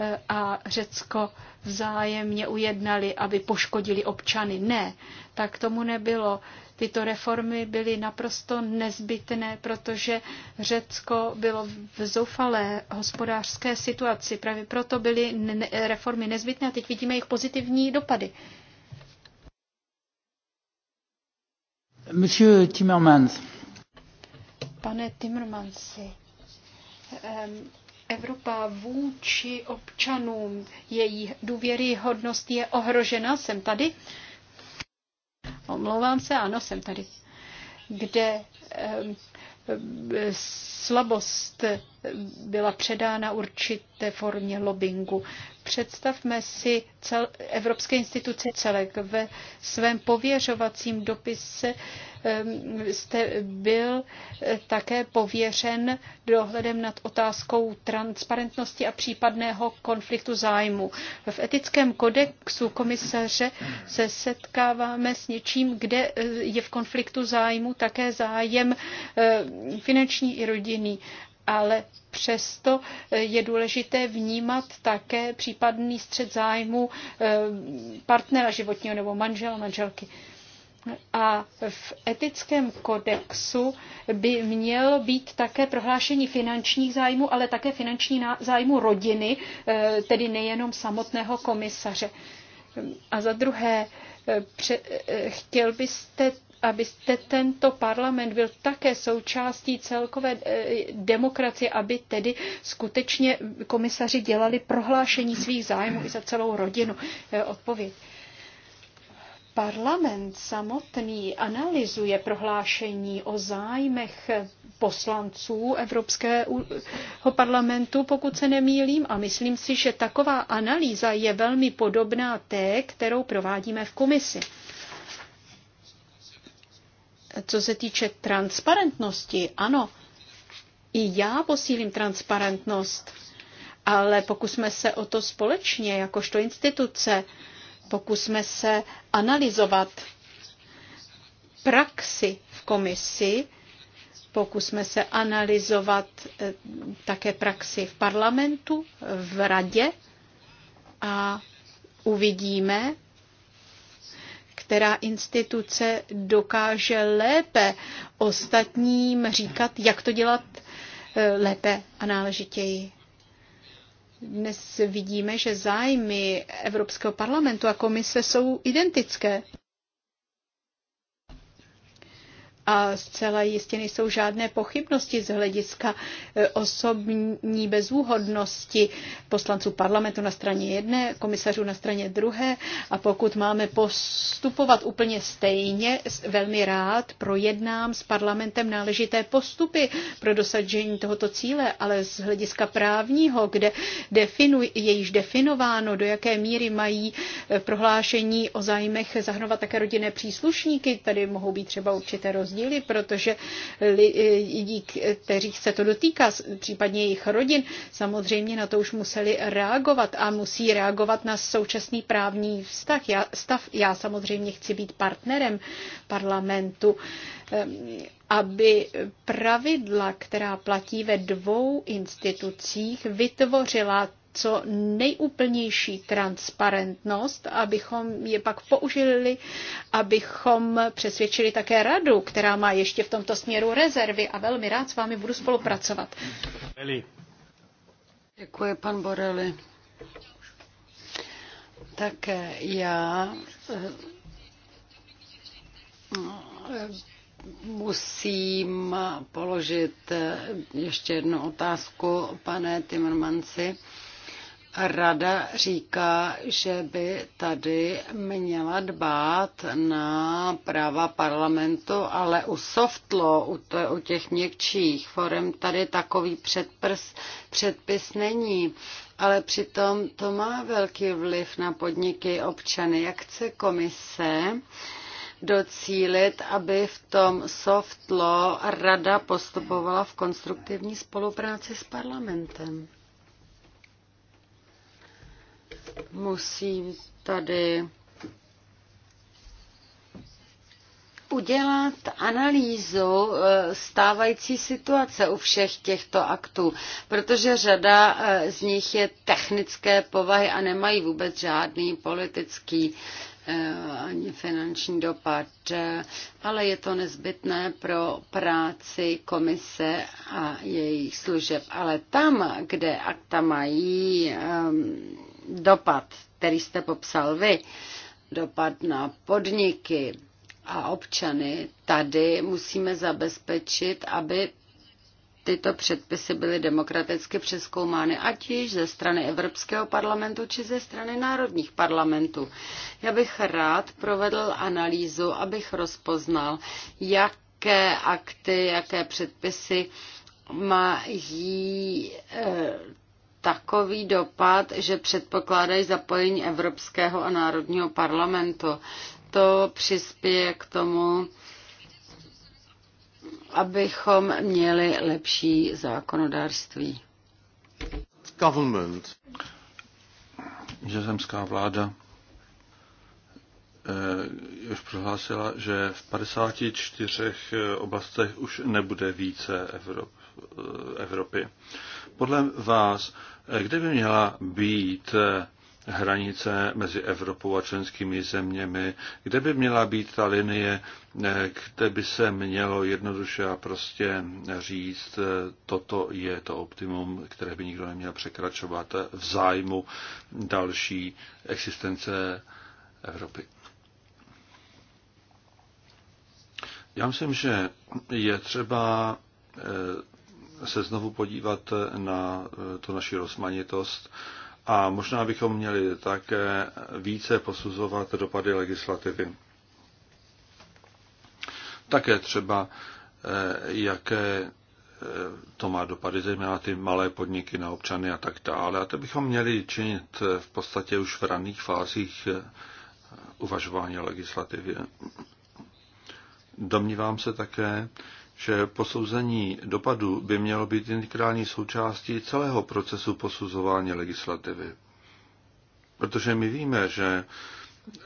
e, a Řecko vzájemně ujednali, aby poškodili občany. Ne, tak tomu nebylo. Tyto reformy byly naprosto nezbytné, protože Řecko bylo v zoufalé hospodářské situaci. Právě proto byly reformy nezbytné a teď vidíme jejich pozitivní dopady. Monsieur Timmermans. Pane Timmermansi, Evropa vůči občanům, její důvěryhodnost je ohrožena. Jsem tady? Omlouvám se, ano, jsem tady. Kde slabost byla předána určité formě lobbingu. Představme si cel, Evropské instituce celek ve svém pověřovacím dopise Ehm, jste byl eh, také pověřen dohledem nad otázkou transparentnosti a případného konfliktu zájmu. V etickém kodexu komisaře se setkáváme s něčím, kde eh, je v konfliktu zájmu také zájem eh, finanční i rodinný ale přesto je důležité vnímat také případný střed zájmu partnera životního nebo manžela, manželky a v etickém kodexu by měl být také prohlášení finančních zájmů, ale také finanční zájmu rodiny, eh, tedy nejenom samotného komisaře. A za druhé, eh, eh, chtěl byste abyste tento parlament byl také součástí celkové demokracie, aby tedy skutečně komisaři dělali prohlášení svých zájmů i za celou rodinu. Odpověď. Parlament samotný analyzuje prohlášení o zájmech poslanců Evropského parlamentu, pokud se nemýlím, a myslím si, že taková analýza je velmi podobná té, kterou provádíme v komisi. Co se týče transparentnosti, ano, i já posílím transparentnost, ale pokusme se o to společně, jakožto instituce. Uh, Pokusme se analyzovat praxi v komisi, pokusme se analyzovat eh, také praxi v parlamentu, v radě a uvidíme, která instituce dokáže lépe ostatním říkat, jak to dělat eh, lépe a náležitěji. Dnes vidíme, že zájmy Evropského parlamentu a komise jsou identické. A zcela jistě nejsou žádné pochybnosti z hlediska e, osobní bezúhodnosti poslanců parlamentu na straně jedné, komisařů na straně druhé. A pokud máme postupovat úplně stejně, velmi rád projednám s parlamentem náležité postupy pro dosažení tohoto cíle, ale z hlediska právního, kde definuj, je již definováno, do jaké míry mají e, prohlášení o zájmech zahrnovat také rodinné příslušníky, tady mohou být třeba určité rozdíly rozdíly, protože e, lidí, kteřích se to dotýká, případně jejich rodin, samozřejmě na to už museli reagovat a musí reagovat na současný právní vztah. Já, stav. Já samozřejmě chci být partnerem parlamentu aby pravidla, která platí ve dvou institucích, vytvořila co nejúplnější transparentnost, abychom je pak použili, abychom přesvědčili také radu, která má ještě v tomto směru rezervy a velmi rád s vámi budu spolupracovat.
Děkuji, pan Borelli. Tak já eh, musím položit eh, ještě jednu otázku, pane Timmermansi. Rada říká, že by tady měla dbát na práva parlamentu, ale u softlo, u, to, u těch měkčích forem tady takový předprs, předpis není. Ale přitom to má velký vliv na podniky občany. Jak chce komise docílit, aby v tom soft law rada postupovala v konstruktivní spolupráci s parlamentem? Musím tady udělat analýzu eh, stávající situace u všech těchto aktů, protože řada eh, z nich je technické povahy a nemají vůbec žádný politický eh, ani finanční dopad, ale je to nezbytné pro práci komise a jejich služeb. Ale tam, kde akta mají um, dopad, který jste popsal vy, dopad na podniky a občany, tady musíme zabezpečit, aby tyto předpisy byly demokraticky přeskoumány, ať již ze strany Evropského parlamentu, či ze strany národních parlamentů. Já bych rád provedl analýzu, abych rozpoznal, jaké akty, jaké předpisy mají eh, takový dopad, že předpokládají zapojení Evropského a Národního parlamentu. To přispěje k tomu, abychom měli lepší zákonodárství.
Government. Nizozemská vláda eh, už prohlásila, že v 54 eh, oblastech už nebude více Evropy. Eh, Evropy. Podle vás, eh, kde by měla být eh, hranice mezi Evropou a členskými zeměmi, kde by měla být ta linie, kde by se mělo jednoduše a prostě říct, toto je to optimum, které by nikdo neměl překračovat v zájmu další existence Evropy. Já myslím, že je třeba se znovu podívat na eh, tu naši rozmanitost a možná bychom měli také více posuzovat dopady legislativy. Také třeba, eh, jaké eh, to má dopady, zejména ty malé podniky na občany a tak dále. A to bychom měli činit v podstatě už v raných fázích uvažování o legislativě. Domnívám se také, že posouzení dopadu by mělo být integrální součástí celého procesu posuzování legislativy. Protože my víme, že eh,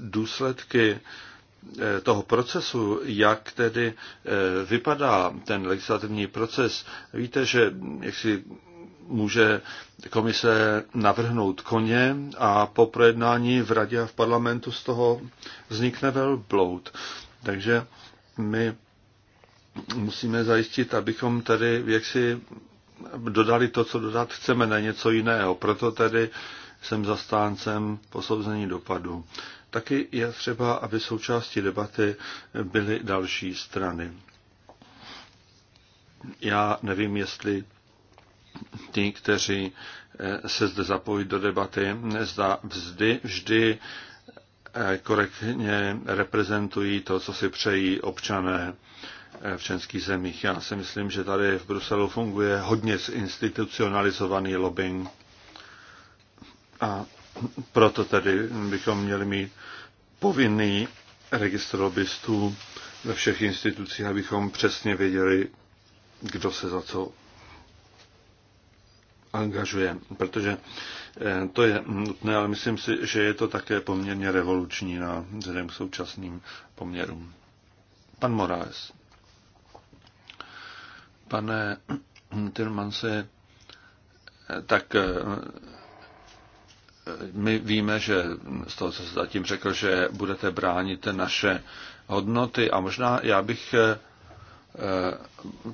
důsledky eh, toho procesu, jak tedy eh, vypadá ten legislativní proces, víte, že jak si může komise navrhnout koně a po projednání v radě a v parlamentu z toho vznikne velbloud. Takže my musíme zajistit, abychom tedy jaksi dodali to, co dodat chceme, ne něco jiného. Proto tedy jsem zastáncem posouzení dopadu. Taky je třeba, aby součástí debaty byly další strany. Já nevím, jestli ti, kteří eh, se zde zapojí do debaty, zda vzdy, vždy korektně reprezentují to, co si přejí občané eh, v členských zemích. Já si myslím, že tady v Bruselu funguje hodně zinstitucionalizovaný lobbying a proto tedy bychom měli mít povinný registr lobbystů ve všech institucích, abychom přesně věděli, kdo se za co angažuje, protože eh, to je nutné, ale myslím si, že je to také poměrně revoluční na vzhledem k současným poměrům. Pan Morales. Pane Tilmanse, eh, tak eh, my víme, že z toho, co jste zatím řekl, že budete bránit naše hodnoty a možná já bych Eh,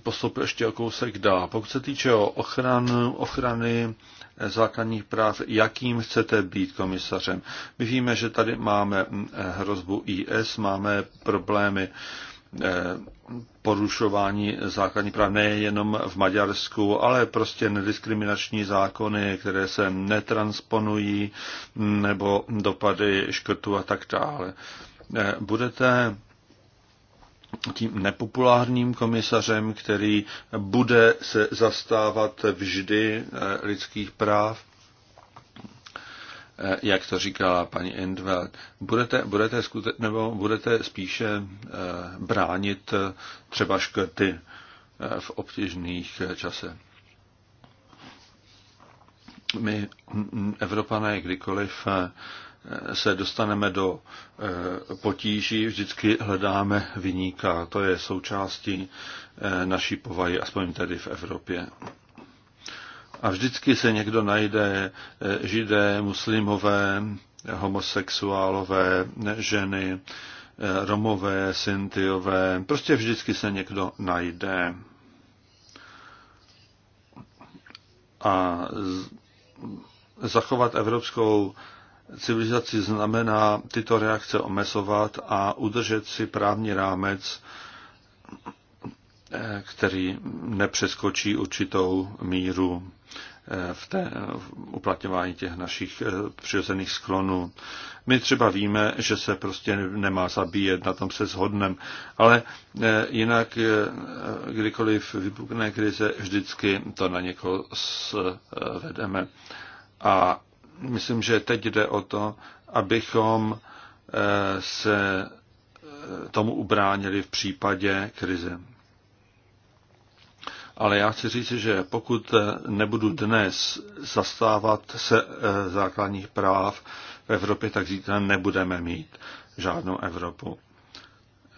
postoupil ještě o kousek dál. Pokud se týče o ochranu, ochrany eh, základních práv, jakým chcete být komisařem. My víme, že tady máme mm, eh, hrozbu IS, máme problémy porušování základních práv nejenom v Maďarsku, ale prostě nediskriminační zákony, které se netransponují, mm, nebo dopady škrtu a tak dále. Budete tím nepopulárním komisařem, který bude se zastávat vždy eh, lidských práv, eh, jak to říkala paní Endveld, budete, budete, skute- nebo budete spíše eh, bránit třeba škrty v obtížných čase. My, mm, Evropané, kdykoliv se dostaneme do eh, potíží, vždycky hledáme vyníka. To je součástí eh, naší povahy, aspoň tedy v Evropě. A vždycky se někdo najde eh, židé, muslimové, homosexuálové, ženy, romové, syntiové, Prostě vždycky se někdo najde. A zachovat evropskou civilizaci znamená tyto reakce omezovat a udržet si právní rámec, eh, který nepřeskočí určitou míru eh, v, té, v uplatňování těch našich eh, přirozených sklonů. My třeba víme, že se prostě nemá zabíjet, na tom se shodneme, ale jinak, kdykoliv vypukne krize, vždycky to na někoho svedeme. A myslím, že teď jde o to, abychom eh, se eh, tomu ubránili v případě krize. Ale já chci říct, že pokud eh, nebudu dnes zastávat se základních práv v Evropě, tak zítra nebudeme mít žádnou Evropu.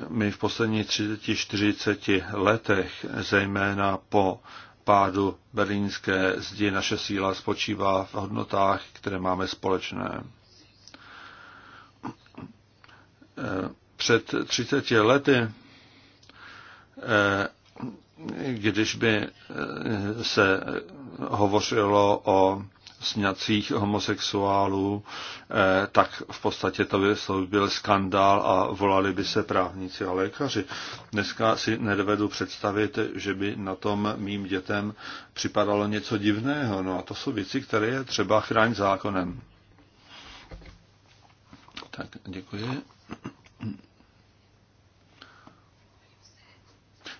My v posledních 30-40 letech, zejména po pádu berlínské zdi naše síla spočívá v hodnotách, které máme společné. Eh, před 30 lety, eh, když by eh, se hovořilo o sňacích homosexuálů, eh, tak v podstatě to by byl skandál a volali by se právníci a lékaři. Dneska si nedovedu představit, že by na tom mým dětem připadalo něco divného. No a to jsou věci, které je třeba chránit zákonem. Tak, děkuji.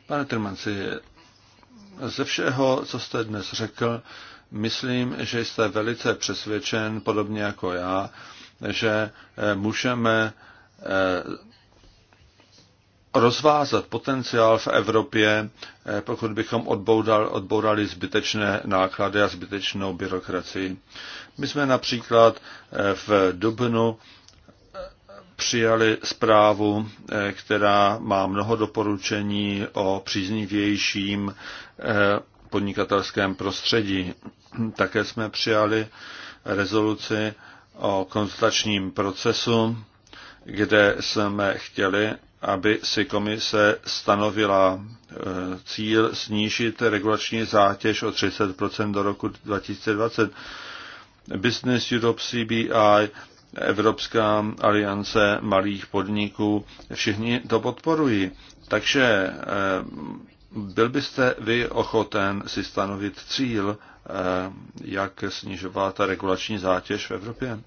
Pane Trmanci, ze všeho, co jste dnes řekl, Myslím, že jste velice přesvědčen, podobně jako já, že eh, můžeme eh, rozvázat potenciál v Evropě, eh, pokud bychom odbourali zbytečné náklady a zbytečnou byrokracii. My jsme například v Dubnu přijali zprávu, která má mnoho doporučení o příznivějším podnikatelském prostředí. Také jsme přijali rezoluci o konzultačním procesu, kde jsme chtěli, aby si komise stanovila e, cíl snížit regulační zátěž o 30 do roku 2020. Business Europe CBI, Evropská aliance malých podniků, všichni to podporují. Takže e, byl byste vy ochoten si stanovit cíl, eh, jak snižovat regulační zátěž v Evropě?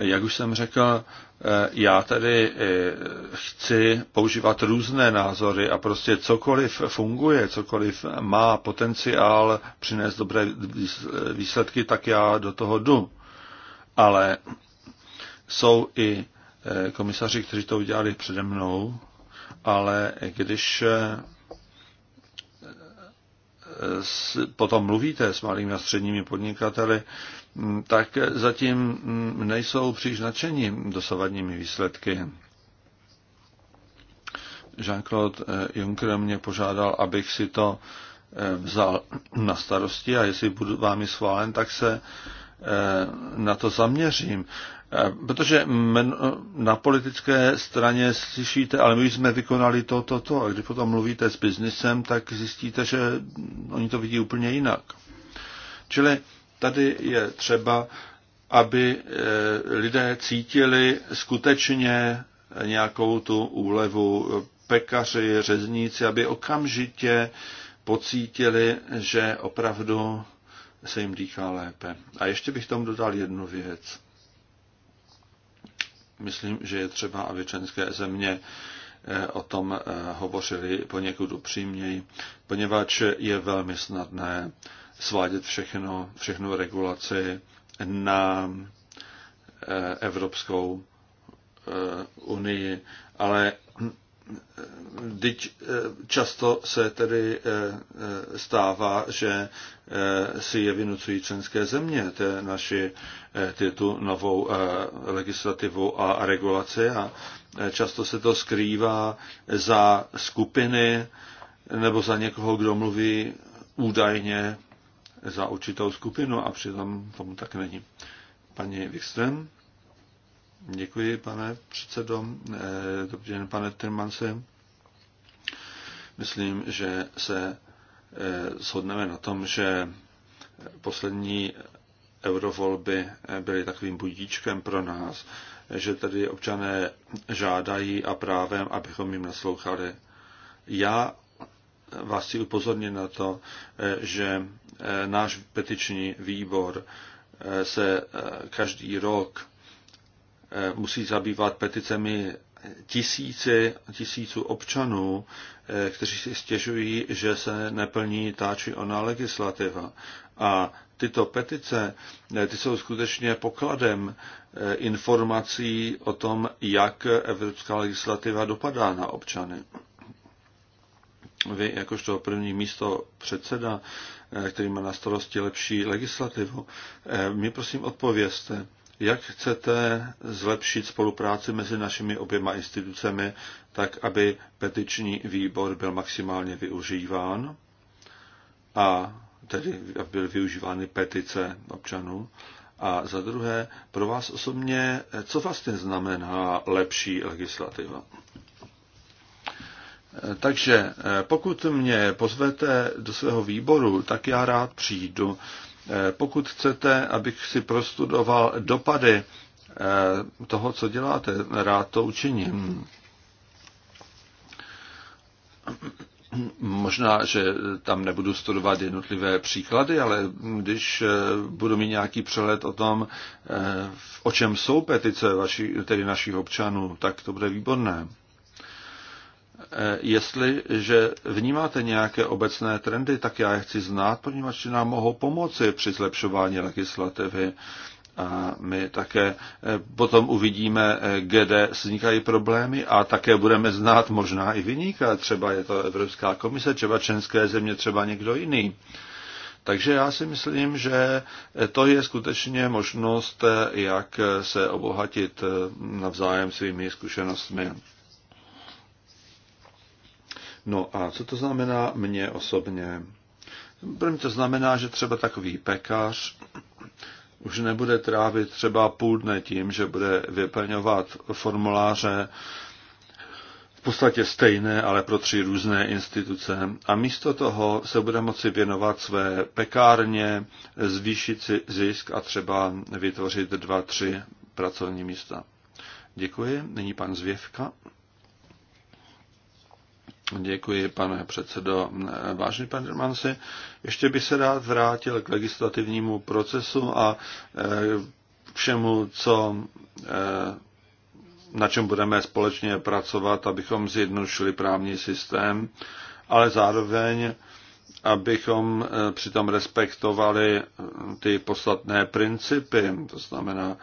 Jak už jsem řekl, eh, já tedy eh, chci používat různé názory a prostě cokoliv funguje, cokoliv má potenciál přinést dobré výsledky, tak já do toho jdu. Ale jsou i komisaři, kteří to udělali přede mnou ale když eh, potom mluvíte s malými a středními podnikateli, mm, tak zatím mm, nejsou příliš nadšení dosavadními výsledky. Jean-Claude eh, Juncker mě požádal, abych si to eh, vzal na starosti a jestli budu vámi schválen, tak se Eh, na to zaměřím. Eh, protože na politické straně slyšíte, ale my jsme vykonali to, to, to. A když potom mluvíte s biznisem, tak zjistíte, že oni to vidí úplně jinak. Čili tady je třeba, aby eh, lidé cítili skutečně nějakou tu úlevu pekaři, řezníci, aby okamžitě pocítili, že opravdu se jim dýchá lépe. A ještě bych tomu dodal jednu věc. Myslím, že je třeba, aby členské země eh, o tom eh, hovořili poněkud upřímněji, poněvadž je velmi snadné svádět všechno, všechnu regulaci na eh, Evropskou unii, ale Teď eh, často se tedy eh, eh, stává, že si je vynucují členské země té naši ty, tu novou legislativu a regulaci a často se to skrývá za skupiny nebo za někoho, kdo mluví údajně za určitou skupinu a přitom tomu tak není. Paní Wikström. Děkuji, pane předsedo. Eh, dobrý den, pane Tyrmanse. Myslím, že se eh, shodneme na tom, že poslední eurovolby eh, byly takovým budíčkem pro nás, že tady občané žádají a právem, abychom jim naslouchali. Já vás chci upozornit na to, že náš petiční výbor se každý rok Eh, musí zabývat peticemi tisíci, tisíců občanů, eh, kteří si stěžují, že se neplní ta či ona legislativa. A tyto petice, eh, ty jsou skutečně pokladem informací o tom, jak evropská legislativa dopadá na občany. Vy, jakožto první místo předseda, který má na starosti lepší legislativu, mi prosím odpověste, jak chcete zlepšit spolupráci mezi našimi oběma institucemi, tak aby petiční výbor byl maximálně využíván a tedy aby byly využívány petice občanů. A za druhé, pro vás osobně, co vlastně znamená lepší legislativa? Takže pokud mě pozvete do svého výboru, tak já rád přijdu. Eh, pokud chcete, abych si prostudoval dopady eh, toho, co děláte, rád to učiním. Možná, že tam nebudu studovat jednotlivé příklady, ale když eh, budu mít nějaký přehled o tom, o čem jsou petice vaši, tedy našich občanů, tak to bude výborné. Eh, jestliže vnímáte nějaké obecné trendy, tak já je chci znát, poněvadž nám mohou pomoci při zlepšování legislativy. A my také eh, potom uvidíme, eh, kde vznikají problémy a také budeme znát možná i vyníka. Třeba je to Evropská komise, třeba členské země, třeba někdo jiný. Takže já si myslím, že to je skutečně možnost, jak se obohatit navzájem svými zkušenostmi. No a co to znamená mně osobně? První to znamená, že třeba takový pekař už nebude trávit třeba půl dne tím, že bude vyplňovat formuláře v podstatě stejné, ale pro tři různé instituce. A místo toho se bude moci věnovat své pekárně, zvýšit si zisk a třeba vytvořit dva, tři pracovní místa. Děkuji. Nyní pan Zvěvka. Děkuji, pane předsedo. Vážený pane Mansi, ještě bych se rád vrátil k legislativnímu procesu a e, všemu, co, e, na čem budeme společně pracovat, abychom zjednodušili právní systém, ale zároveň abychom e, přitom respektovali ty podstatné principy, to znamená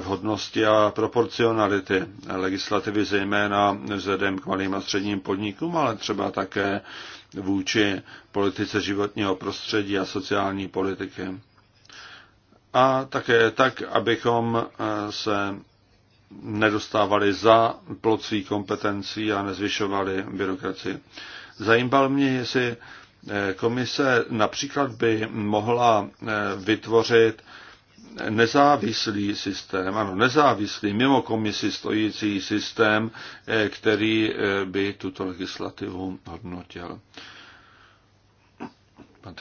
vhodnosti a proporcionality legislativy, zejména vzhledem k malým a středním podnikům, ale třeba také vůči politice životního prostředí a sociální politiky. A také tak, abychom eh, se nedostávali za plot svých kompetencí a nezvyšovali byrokracii. Zajímal mě, jestli eh, komise například by mohla eh, vytvořit nezávislý systém, ano, nezávislý, mimo komisi stojící systém, eh, který eh, by tuto legislativu hodnotil. Pan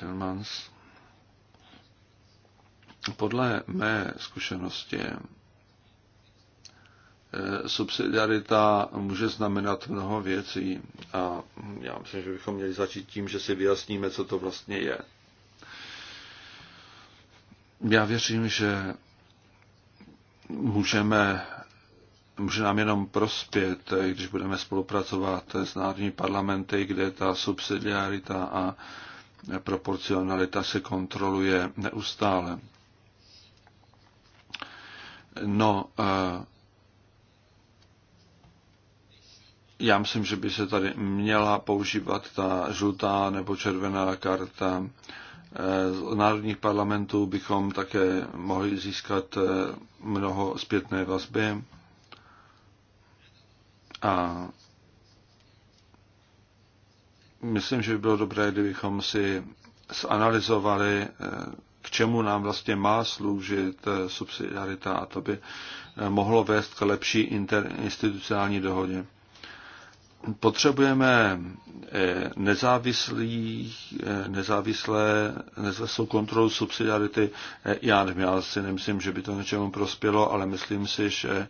Podle mé zkušenosti eh, subsidiarita může znamenat mnoho věcí a já myslím, že bychom měli začít tím, že si vyjasníme, co to vlastně je. Já věřím, že můžeme, může nám jenom prospět, když budeme spolupracovat s národní parlamenty, kde ta subsidiarita a proporcionalita se kontroluje neustále. No, eh, já myslím, že by se tady měla používat ta žlutá nebo červená karta z eh, národních parlamentů bychom také mohli získat eh, mnoho zpětné vazby. A myslím, že by bylo dobré, kdybychom si zanalizovali, eh, k čemu nám vlastně má sloužit subsidiarita a to by mohlo vést k lepší interinstitucionální dohodě potřebujeme eh, nezávislý, eh, nezávislé, nezávislou kontrolu subsidiarity. Eh, já nevím, já si nemyslím, že by to něčemu prospělo, ale myslím si, že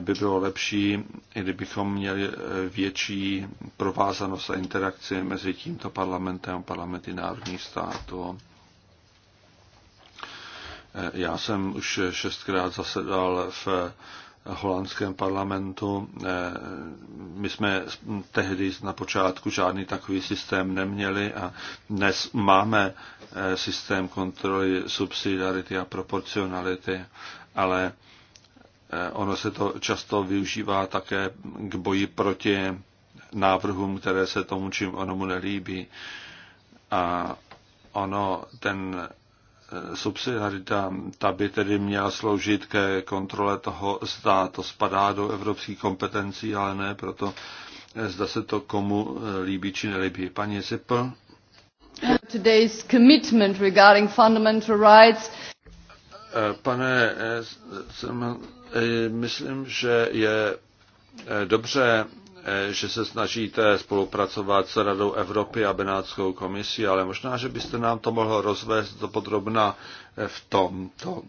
by bylo lepší, kdybychom měli větší provázanost a interakci mezi tímto parlamentem a parlamenty národních států. Já jsem už šestkrát zasedal v holandském parlamentu. Eh, my jsme tehdy na počátku žádný takový systém neměli a dnes máme eh, systém kontroly subsidiarity a proporcionality, ale eh, ono se to často využívá také k boji proti návrhům, které se tomu čím onomu nelíbí. A ono, ten Eh, subsidiarita, ta by tedy měla sloužit ke kontrole toho, zda to spadá do evropských kompetencí, ale ne proto, eh, zda se to komu eh, líbí či nelíbí. Paní Zippel?
Today's commitment regarding fundamental rights.
Pane, myslím, že je dobře Eh, že se snažíte spolupracovat s Radou Evropy a Benátskou komisí, ale možná, že byste nám to mohl rozvést do podrobna eh, v tomto.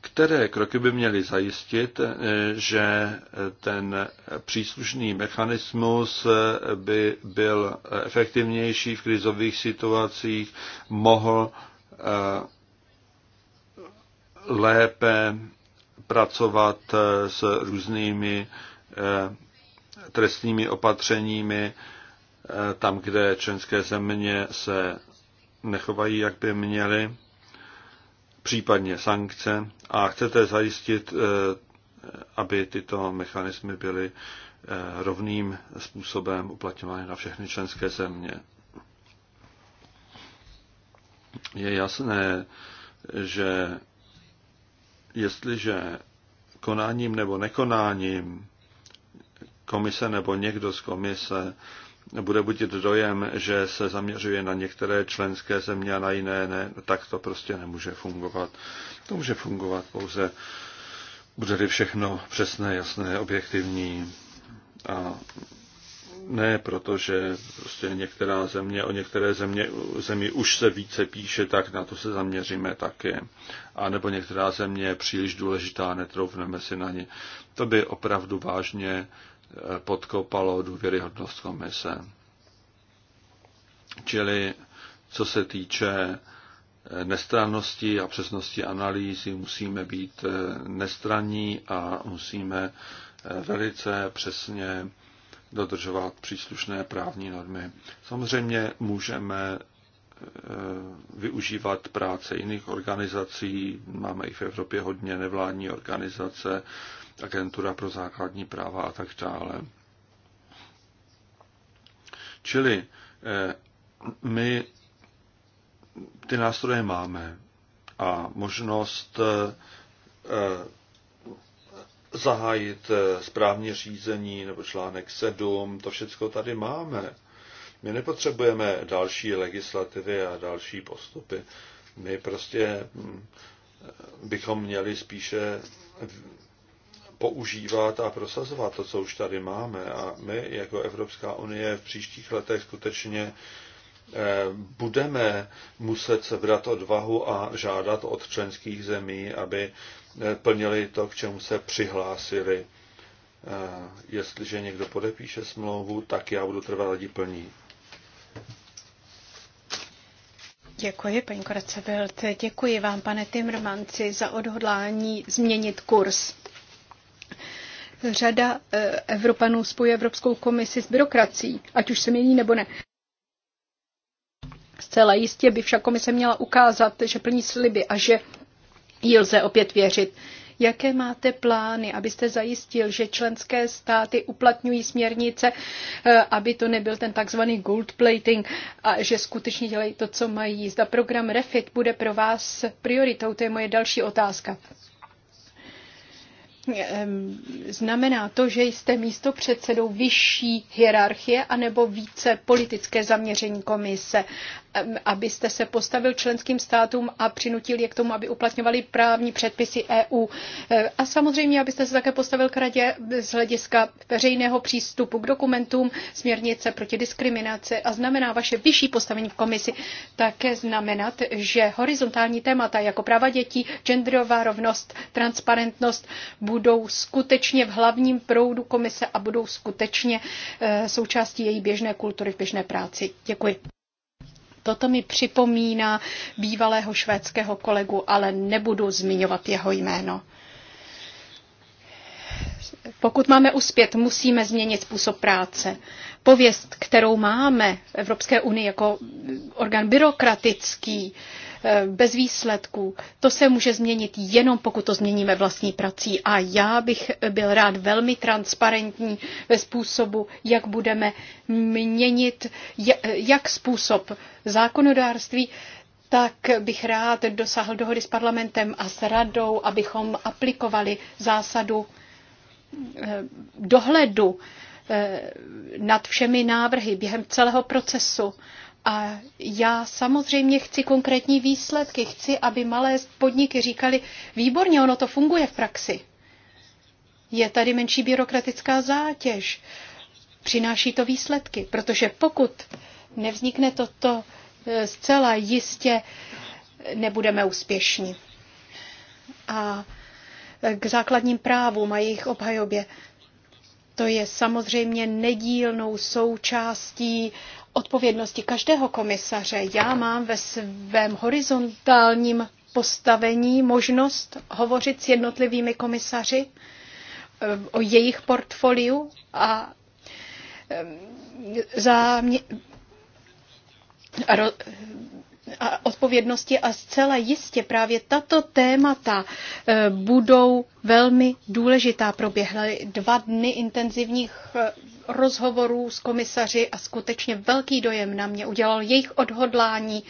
Které kroky by měly zajistit, eh, že ten příslušný mechanismus by byl efektivnější v krizových situacích, mohl lépe pracovat s různými trestními opatřeními eh, tam, kde členské země se nechovají, jak by měly, případně sankce a chcete zajistit, eh, aby tyto mechanismy byly eh, rovným způsobem uplatňovány na všechny členské země. Je jasné, že jestliže konáním nebo nekonáním komise nebo někdo z komise bude budit dojem, že se zaměřuje na některé členské země a na jiné ne, tak to prostě nemůže fungovat. To může fungovat pouze, bude-li všechno přesné, jasné, objektivní a ne proto, že prostě některá země, o některé země, zemi už se více píše, tak na to se zaměříme taky. A nebo některá země je příliš důležitá, netroufneme si na ně. To by opravdu vážně podkopalo důvěryhodnost komise. Čili co se týče eh, nestrannosti a přesnosti analýzy, musíme být eh, nestranní a musíme eh, velice přesně dodržovat příslušné právní normy. Samozřejmě můžeme využívat práce jiných organizací, máme i v Evropě hodně nevládní organizace, agentura pro základní práva a tak dále. Čili eh, my ty nástroje máme a možnost eh, eh, zahájit správně řízení nebo článek 7, to všechno tady máme. My nepotřebujeme další legislativy a další postupy. My prostě hm, bychom měli spíše používat a prosazovat to, co už tady máme. A my jako Evropská unie v příštích letech skutečně eh, budeme muset sebrat odvahu a žádat od členských zemí, aby eh, plnili to, k čemu se přihlásili. Eh, jestliže někdo podepíše smlouvu, tak já budu trvat lidi plní.
Děkuji, paní Koracebelt. Děkuji vám, pane Timrmanci, za odhodlání změnit kurz řada eh, Evropanů spojuje Evropskou komisi s byrokracií, ať už se mění nebo ne. Zcela jistě by však komise měla ukázat, že plní sliby a že jí lze opět věřit. Jaké máte plány, abyste zajistil, že členské státy uplatňují směrnice, eh, aby to nebyl ten takzvaný gold plating a že skutečně dělají to, co mají? Zda program Refit bude pro vás prioritou, to je moje další otázka znamená to, že jste místo předsedou vyšší hierarchie anebo více politické zaměření komise abyste se postavil členským státům a přinutil je k tomu, aby uplatňovali právní předpisy EU. E, a samozřejmě, abyste se také postavil k radě z hlediska veřejného přístupu k dokumentům, směrnice proti diskriminaci a znamená vaše vyšší postavení v komisi také znamenat, že horizontální témata jako práva dětí, genderová rovnost, transparentnost budou skutečně v hlavním proudu komise a budou skutečně e, součástí její běžné kultury v běžné práci. Děkuji. Toto mi připomíná bývalého švédského kolegu, ale nebudu zmiňovat jeho jméno. Pokud máme uspět, musíme změnit způsob práce. Pověst, kterou máme v Evropské unii jako orgán byrokratický, Eh, bez výsledků. To se může změnit jenom pokud to změníme vlastní prací a já bych byl rád velmi transparentní ve způsobu, jak budeme měnit jak způsob zákonodárství, tak bych rád dosáhl dohody s parlamentem a s radou, abychom aplikovali zásadu eh, dohledu eh, nad všemi návrhy během celého procesu a já samozřejmě chci konkrétní výsledky, chci, aby malé podniky říkali, výborně, ono to funguje v praxi. Je tady menší byrokratická zátěž, přináší to výsledky, protože pokud nevznikne toto e, zcela jistě, nebudeme úspěšní. A e, k základním právům a jejich obhajobě. To je samozřejmě nedílnou součástí odpovědnosti každého komisaře. Já mám ve svém horizontálním postavení možnost hovořit s jednotlivými komisaři eh, o jejich portfoliu a eh, za mě, ro, a odpovědnosti a zcela jistě právě tato témata eh, budou velmi důležitá. Proběhly dva dny intenzivních eh, rozhovorů s komisaři a skutečně velký dojem na mě udělal jejich odhodlání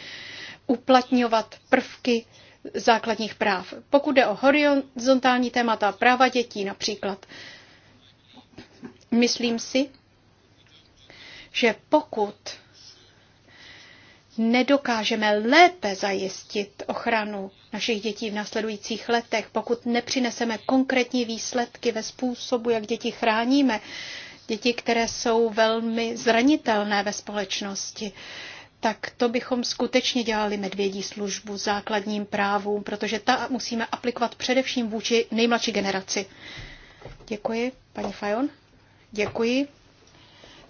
uplatňovat prvky základních práv. Pokud jde o horizontální témata práva dětí například, myslím si, že pokud nedokážeme lépe zajistit ochranu našich dětí v následujících letech, pokud nepřineseme konkrétní výsledky ve způsobu, jak děti chráníme, děti, které jsou velmi zranitelné ve společnosti, tak to bychom skutečně dělali medvědí službu základním právům, protože ta musíme aplikovat především vůči nejmladší generaci. Děkuji, paní Fajon. Děkuji.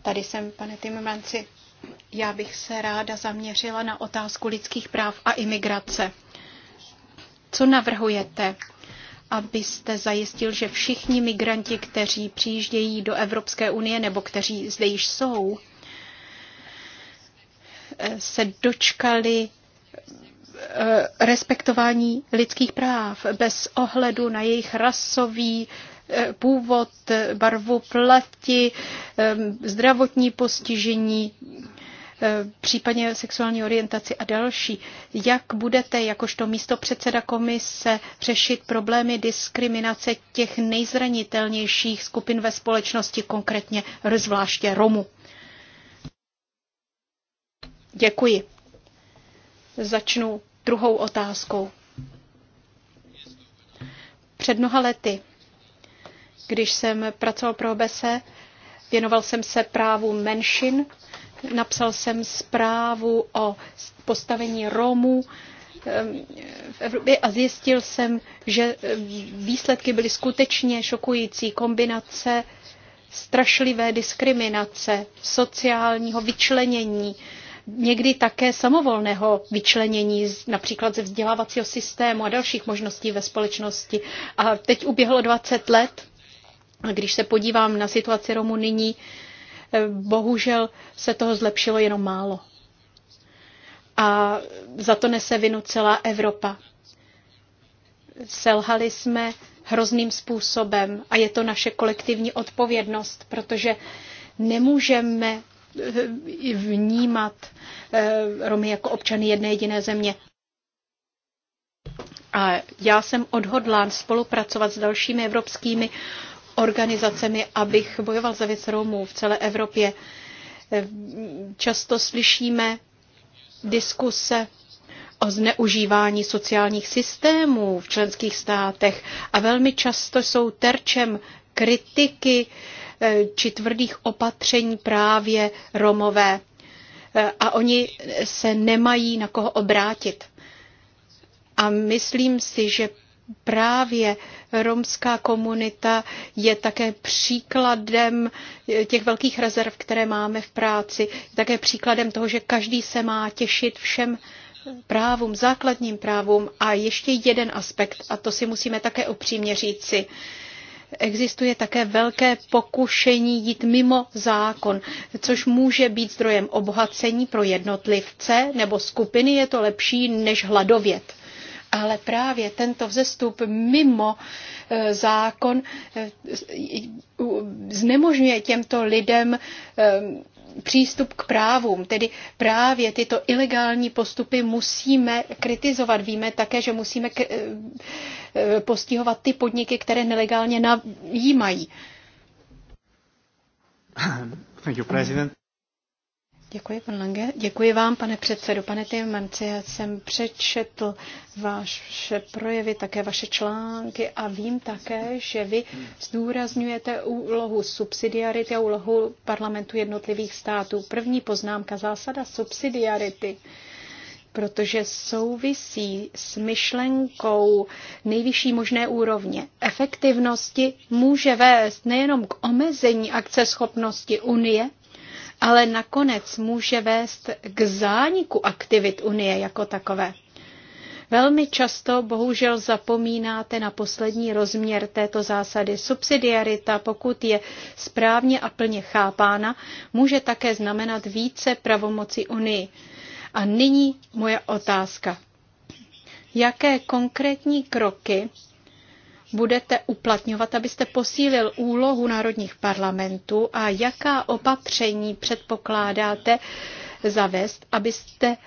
Tady jsem, pane Timmermansi. Já bych se ráda zaměřila na otázku lidských práv a imigrace. Co navrhujete, abyste zajistil, že všichni migranti, kteří přijíždějí do Evropské unie nebo kteří zde již jsou, se dočkali eh, respektování lidských práv bez ohledu na jejich rasový eh, původ, barvu pleti, eh, zdravotní postižení, Eh, případně sexuální orientaci a další. Jak budete jakožto místo předseda komise řešit problémy diskriminace těch nejzranitelnějších skupin ve společnosti, konkrétně zvláště Romu? Děkuji. Začnu druhou otázkou. Před mnoha lety, když jsem pracoval pro OBSE, věnoval jsem se právu menšin Napsal jsem zprávu o postavení Romů ehm, v Evropě a zjistil jsem, že ehm, výsledky byly skutečně šokující. Kombinace strašlivé diskriminace, sociálního vyčlenění, někdy také samovolného vyčlenění, například ze vzdělávacího systému a dalších možností ve společnosti. A teď uběhlo 20 let a když se podívám na situaci Romů nyní, bohužel se toho zlepšilo jenom málo. A za to nese vinu celá Evropa. Selhali jsme hrozným způsobem a je to naše kolektivní odpovědnost, protože nemůžeme eh, vnímat eh, Romy jako občany jedné jediné země. A já jsem odhodlán spolupracovat s dalšími evropskými organizacemi, abych bojoval za věc Romů v celé Evropě. Často slyšíme diskuse o zneužívání sociálních systémů v členských státech a velmi často jsou terčem kritiky eh, či tvrdých opatření právě Romové. Eh, a oni se nemají na koho obrátit. A myslím si, že právě romská komunita je také příkladem těch velkých rezerv, které máme v práci, také příkladem toho, že každý se má těšit všem právům, základním právům a ještě jeden aspekt, a to si musíme také upřímně říci existuje také velké pokušení jít mimo zákon, což může být zdrojem obohacení pro jednotlivce nebo skupiny, je to lepší než hladovět. Ale právě tento vzestup mimo e, zákon e, znemožňuje těmto lidem e, přístup k právům. Tedy právě tyto ilegální postupy musíme kritizovat. Víme také, že musíme postihovat ty podniky, které nelegálně najímají.
Thank you, president.
Děkuji, pan Lange. Děkuji vám, pane předsedu. Pane Timmermanci, já jsem přečetl vaše projevy, také vaše články a vím také, že vy zdůrazňujete úlohu subsidiarity a úlohu parlamentu jednotlivých států. První poznámka, zásada subsidiarity protože souvisí s myšlenkou nejvyšší možné úrovně. Efektivnosti může vést nejenom k omezení akceschopnosti Unie, ale nakonec může vést k zániku aktivit Unie jako takové. Velmi často bohužel zapomínáte na poslední rozměr této zásady. Subsidiarita, pokud je správně a plně chápána, může také znamenat více pravomoci Unii. A nyní moje otázka. Jaké konkrétní kroky budete uplatňovat, abyste posílil úlohu národních parlamentů a jaká opatření předpokládáte zavést, abyste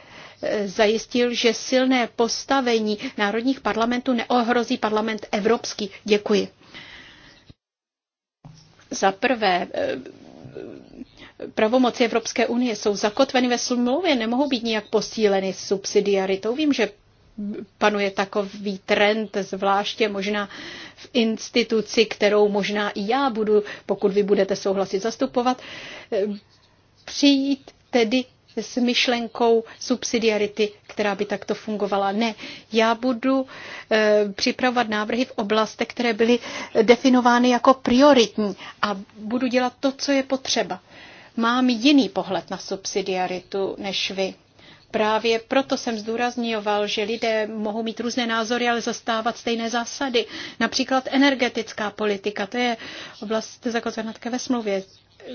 eh, zajistil, že silné postavení národních parlamentů neohrozí parlament evropský. Děkuji. Za prvé, eh, pravomoci Evropské unie jsou zakotveny ve smlouvě, nemohou být nijak posíleny subsidiaritou. Vím, že panuje takový trend, zvláště možná v instituci, kterou možná i já budu, pokud vy budete souhlasit zastupovat, přijít tedy s myšlenkou subsidiarity, která by takto fungovala. Ne, já budu e, připravovat návrhy v oblastech, které byly definovány jako prioritní a budu dělat to, co je potřeba. Mám jiný pohled na subsidiaritu než vy. Právě proto jsem zdůrazňoval, že lidé mohou mít různé názory, ale zastávat stejné zásady. Například energetická politika, to je oblast zakotvená také ve smlouvě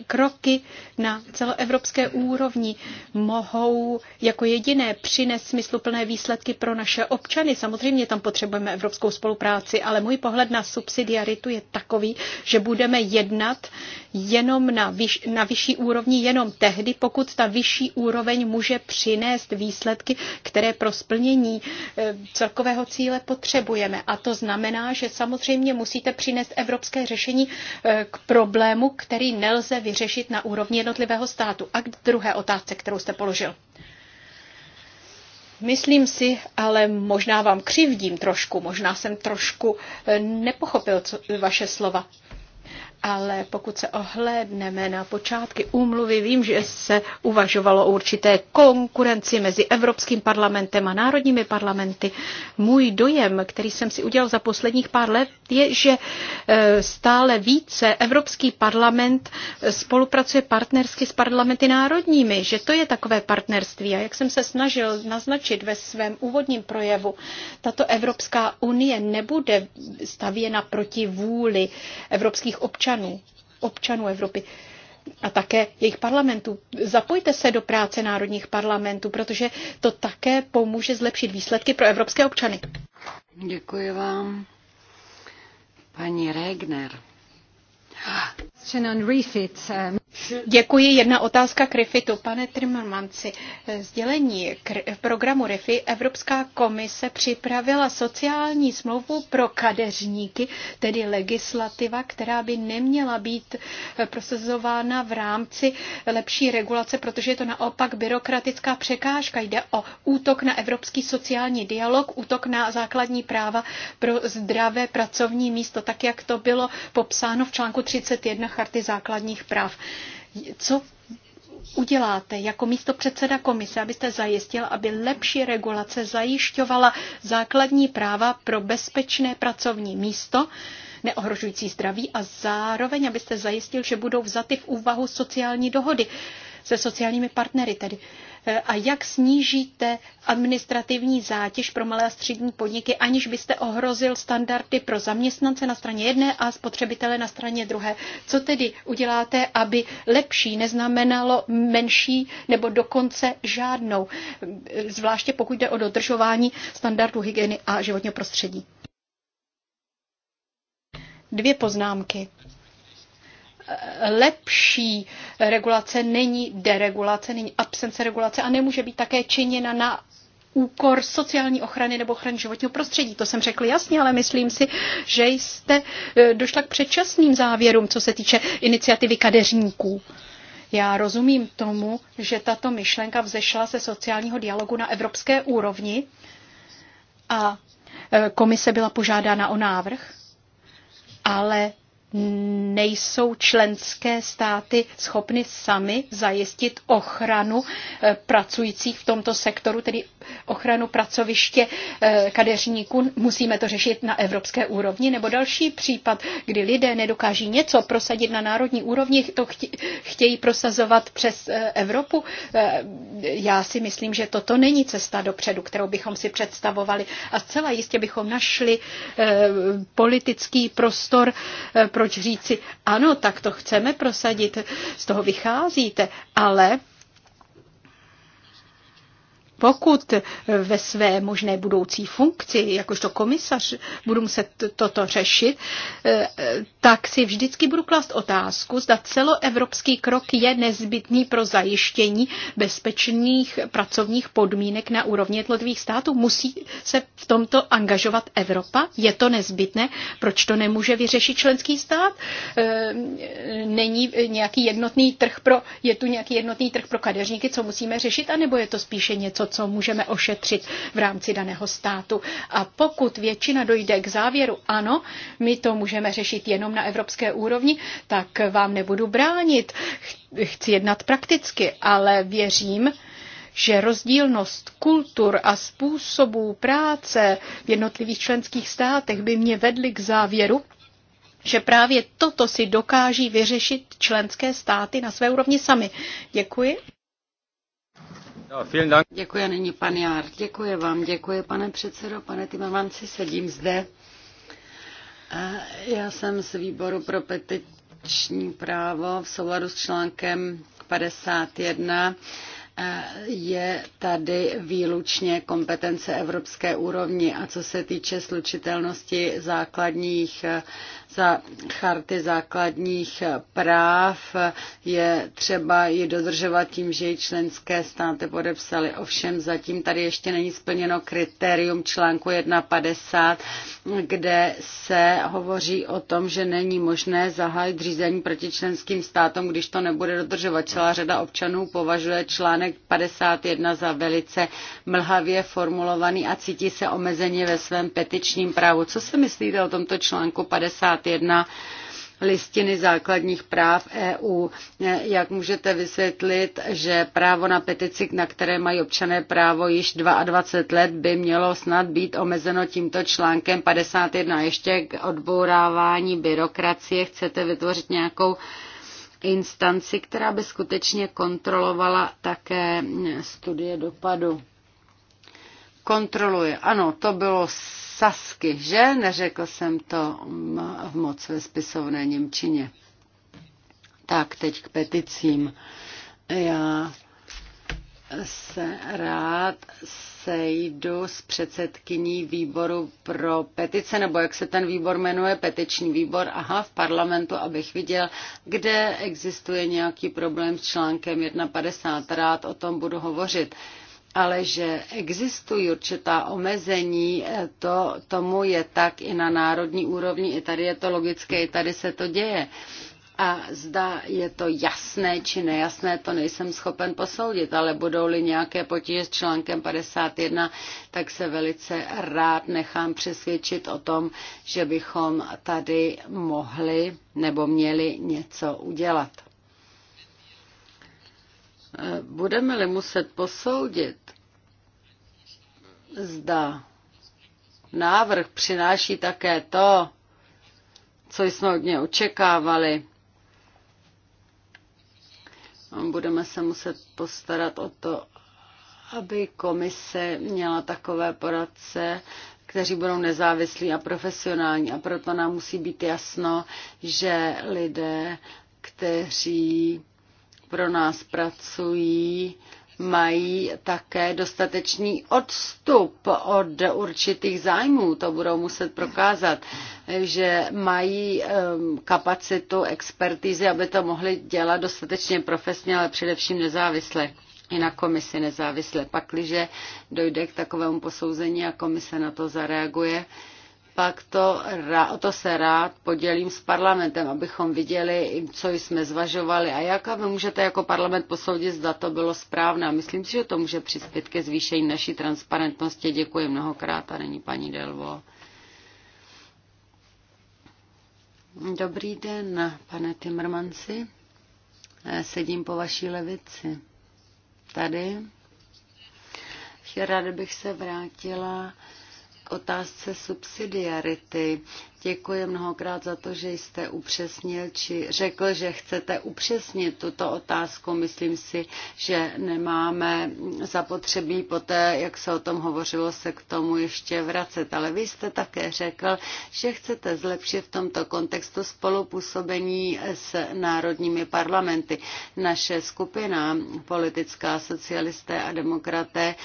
kroky na celoevropské úrovni mohou jako jediné přinést smysluplné výsledky pro naše občany. Samozřejmě tam potřebujeme evropskou spolupráci, ale můj pohled na subsidiaritu je takový, že budeme jednat jenom na, vyš, na vyšší úrovni, jenom tehdy, pokud ta vyšší úroveň může přinést výsledky, které pro splnění eh, celkového cíle potřebujeme. A to znamená, že samozřejmě musíte přinést evropské řešení eh, k problému, který nelze lze vyřešit na úrovni jednotlivého státu. A k druhé otázce, kterou jste položil. Myslím si, ale možná vám křivdím trošku, možná jsem trošku eh, nepochopil co, vaše slova ale pokud se ohlédneme na počátky úmluvy, vím, že se uvažovalo o určité konkurenci mezi Evropským parlamentem a národními parlamenty. Můj dojem, který jsem si udělal za posledních pár let, je, že e, stále více Evropský parlament spolupracuje partnersky s parlamenty národními, že to je takové partnerství. A jak jsem se snažil naznačit ve svém úvodním projevu, tato Evropská unie nebude stavěna proti vůli evropských občanů, občanů, občanů Evropy a také jejich parlamentů. Zapojte se do práce národních parlamentů, protože to také pomůže zlepšit výsledky pro evropské občany.
Děkuji vám. Paní Regner.
Refit. Eh, Děkuji. Jedna otázka k RIFITu. Pane Trimmermanci, sdělení k programu REFI Evropská komise připravila sociální smlouvu pro kadeřníky, tedy legislativa, která by neměla být prosazována v rámci lepší regulace, protože je to naopak byrokratická překážka. Jde o útok na evropský sociální dialog, útok na základní práva pro zdravé pracovní místo, tak jak to bylo popsáno v článku 31 Charty základních práv. Co uděláte jako místo předseda komise, abyste zajistil, aby lepší regulace zajišťovala základní práva pro bezpečné pracovní místo, neohrožující zdraví a zároveň, abyste zajistil, že budou vzaty v úvahu sociální dohody se sociálními partnery tedy. Uh, Eh, a jak snížíte administrativní zátěž pro malé a střední podniky, aniž byste ohrozil standardy pro zaměstnance na straně jedné a spotřebitele na straně druhé. Co tedy uděláte, aby lepší neznamenalo menší nebo dokonce žádnou, eh, zvláště pokud jde o dodržování standardů hygieny a životního prostředí? Dvě poznámky lepší regulace není deregulace, není absence regulace a nemůže být také činěna na úkor sociální ochrany nebo ochrany životního prostředí. To jsem řekl jasně, ale myslím si, že jste eh, došla k předčasným závěrům, co se týče iniciativy kadeřníků. Já rozumím tomu, že tato myšlenka vzešla ze sociálního dialogu na evropské úrovni a eh, komise byla požádána o návrh, ale nejsou členské státy schopny sami zajistit ochranu eh, pracujících v tomto sektoru, tedy ochranu pracoviště eh, kadeřníků. Musíme to řešit na evropské úrovni. Nebo další případ, kdy lidé nedokáží něco prosadit na národní úrovni, to chtějí prosazovat přes eh, Evropu. Já si myslím, že toto není cesta dopředu, kterou bychom si představovali. A zcela jistě bychom našli politický prostor pro proč říci, ano, tak to chceme prosadit, z toho vycházíte, ale pokud ve své možné budoucí funkci, jakožto komisař, budu muset toto řešit, eh, tak si vždycky budu klást otázku, zda celoevropský krok je nezbytný pro zajištění bezpečných pracovních podmínek na úrovni jednotlivých států. Musí se v tomto angažovat Evropa? Je to nezbytné? Proč to nemůže vyřešit členský stát? Eh, není nějaký jednotný trh pro, je tu nějaký jednotný trh pro kadeřníky, co musíme řešit, anebo je to spíše něco, co můžeme ošetřit v rámci daného státu. A pokud většina dojde k závěru, ano, my to můžeme řešit jenom na evropské úrovni, tak vám nebudu bránit. Chci jednat prakticky, ale věřím, že rozdílnost kultur a způsobů práce v jednotlivých členských státech by mě vedly k závěru, že právě toto si dokáží vyřešit členské státy na
své úrovni sami. Děkuji. Děkuji, není pan Jár. Děkuji vám, děkuji, pane předsedo, pane Timamanci, sedím zde. Já jsem z výboru pro petiční právo v souladu s článkem 51 je tady výlučně kompetence evropské úrovni a co se týče slučitelnosti základních za charty základních práv je třeba ji dodržovat tím, že ji členské státy podepsaly. Ovšem zatím tady ještě není splněno kritérium článku 1.50, kde se hovoří o tom, že není možné zahájit řízení proti členským státům, když to nebude dodržovat. Celá řada občanů považuje článek 51 za velice mlhavě formulovaný a cítí se omezeně ve svém petičním právu. Co si myslíte o tomto článku 50? 51 listiny základních práv EU. Jak můžete vysvětlit, že právo na petici, na které mají občané právo již 22 let, by mělo snad být omezeno tímto článkem 51. Ještě k odbourávání byrokracie chcete vytvořit nějakou instanci, která by skutečně kontrolovala také studie dopadu. Kontroluje. Ano, to bylo Sasky, že? Neřekl jsem to v moc ve spisovné Němčině. Tak, teď k peticím. Já se rád sejdu s předsedkyní výboru pro petice, nebo jak se ten výbor jmenuje, petiční výbor, aha, v parlamentu, abych viděl, kde existuje nějaký problém s článkem 1.50. Rád o tom budu hovořit. Uh, ale že existují určitá omezení, eh, to, tomu je tak i na národní úrovni, i tady je to logické, i tady se to děje. A zda je to jasné či nejasné, to nejsem schopen posoudit, ale budou-li nějaké potíže s článkem 51, tak se velice rád nechám přesvědčit o tom, že bychom tady mohli nebo měli něco udělat. Eh, budeme-li muset posoudit, zda návrh přináší také to, co jsme od něj očekávali. Budeme se muset postarat o to, aby komise měla takové poradce, kteří budou nezávislí a profesionální. A proto nám musí být jasno, že lidé, kteří pro nás pracují, mají také dostatečný odstup od určitých zájmů. To budou muset prokázat, že mají kapacitu, expertízy, aby to mohli dělat dostatečně profesně, ale především nezávisle i na komisi nezávisle. Pakliže dojde k takovému posouzení a komise na to zareaguje, pak to, to se rád podělím s parlamentem, abychom viděli, co jsme zvažovali a jak a vy můžete jako parlament posoudit, zda to bylo správné. Myslím si, že to může přispět ke zvýšení naší transparentnosti. Děkuji mnohokrát a není paní Delvo. Dobrý den, pane Timmermansi. Eh, sedím po vaší levici. Tady. Ráda bych se vrátila otázce subsidiarity Děkuji mnohokrát za to, že jste upřesnil, či řekl, že chcete upřesnit tuto otázku. Myslím si, že nemáme zapotřebí poté, jak se o tom hovořilo, se k tomu ještě vracet. Ale vy jste také řekl, že chcete zlepšit v tomto kontextu spolupůsobení s národními parlamenty. Naše skupina politická socialisté a demokraté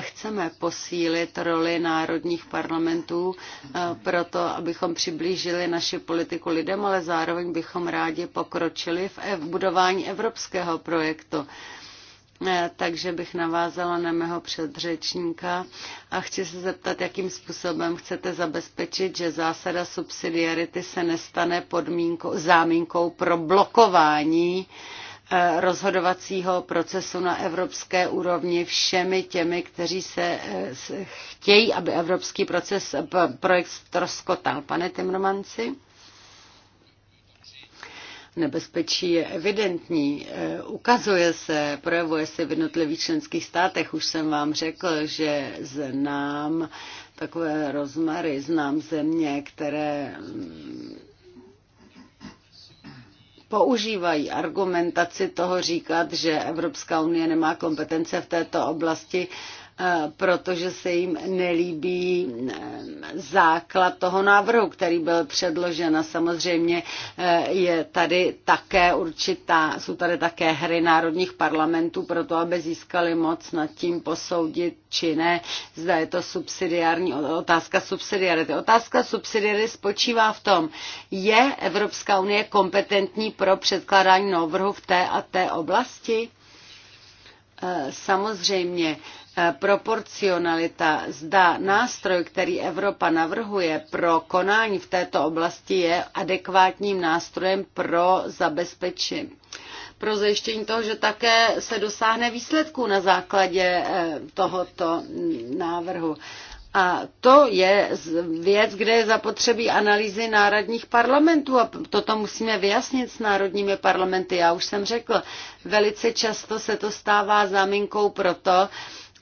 chceme posílit roli národních parlamentů eh, proto, abychom při přiblížili naši politiku lidem, ale zároveň bychom rádi pokročili v budování evropského projektu. Eh, takže bych navázala na mého předřečníka a chci se zeptat, jakým způsobem chcete zabezpečit, že zásada subsidiarity se nestane podmínkou, zámínkou pro blokování eh, Eh, rozhodovacího procesu na evropské úrovni všemi těmi, kteří se eh, chtějí, aby evropský proces, eh, projekt troskotal. Pane Timromanci? Nebezpečí je evidentní, ukazuje se, projevuje se v jednotlivých členských státech. Už jsem vám řekl, že znám takové rozmary, znám země, které používají argumentaci toho říkat, že Evropská unie nemá kompetence v této oblasti, Eh, protože se jim nelíbí eh, základ toho návrhu, který byl předložen. A samozřejmě eh, je tady také určitá, jsou tady také hry národních parlamentů pro to, aby získali moc nad tím posoudit či ne. Zda je to subsidiární, otázka subsidiarity. Otázka subsidiarity spočívá v tom, je Evropská unie kompetentní pro předkládání návrhu v té a té oblasti? Samozřejmě E, proporcionalita, zda nástroj, který Evropa navrhuje pro konání v této oblasti, je adekvátním nástrojem pro zabezpečení pro zajištění toho, že také se dosáhne výsledků na základě e, tohoto návrhu. A to je věc, kde je zapotřebí analýzy národních parlamentů a toto musíme vyjasnit s národními parlamenty. Já už jsem řekl, velice často se to stává záminkou to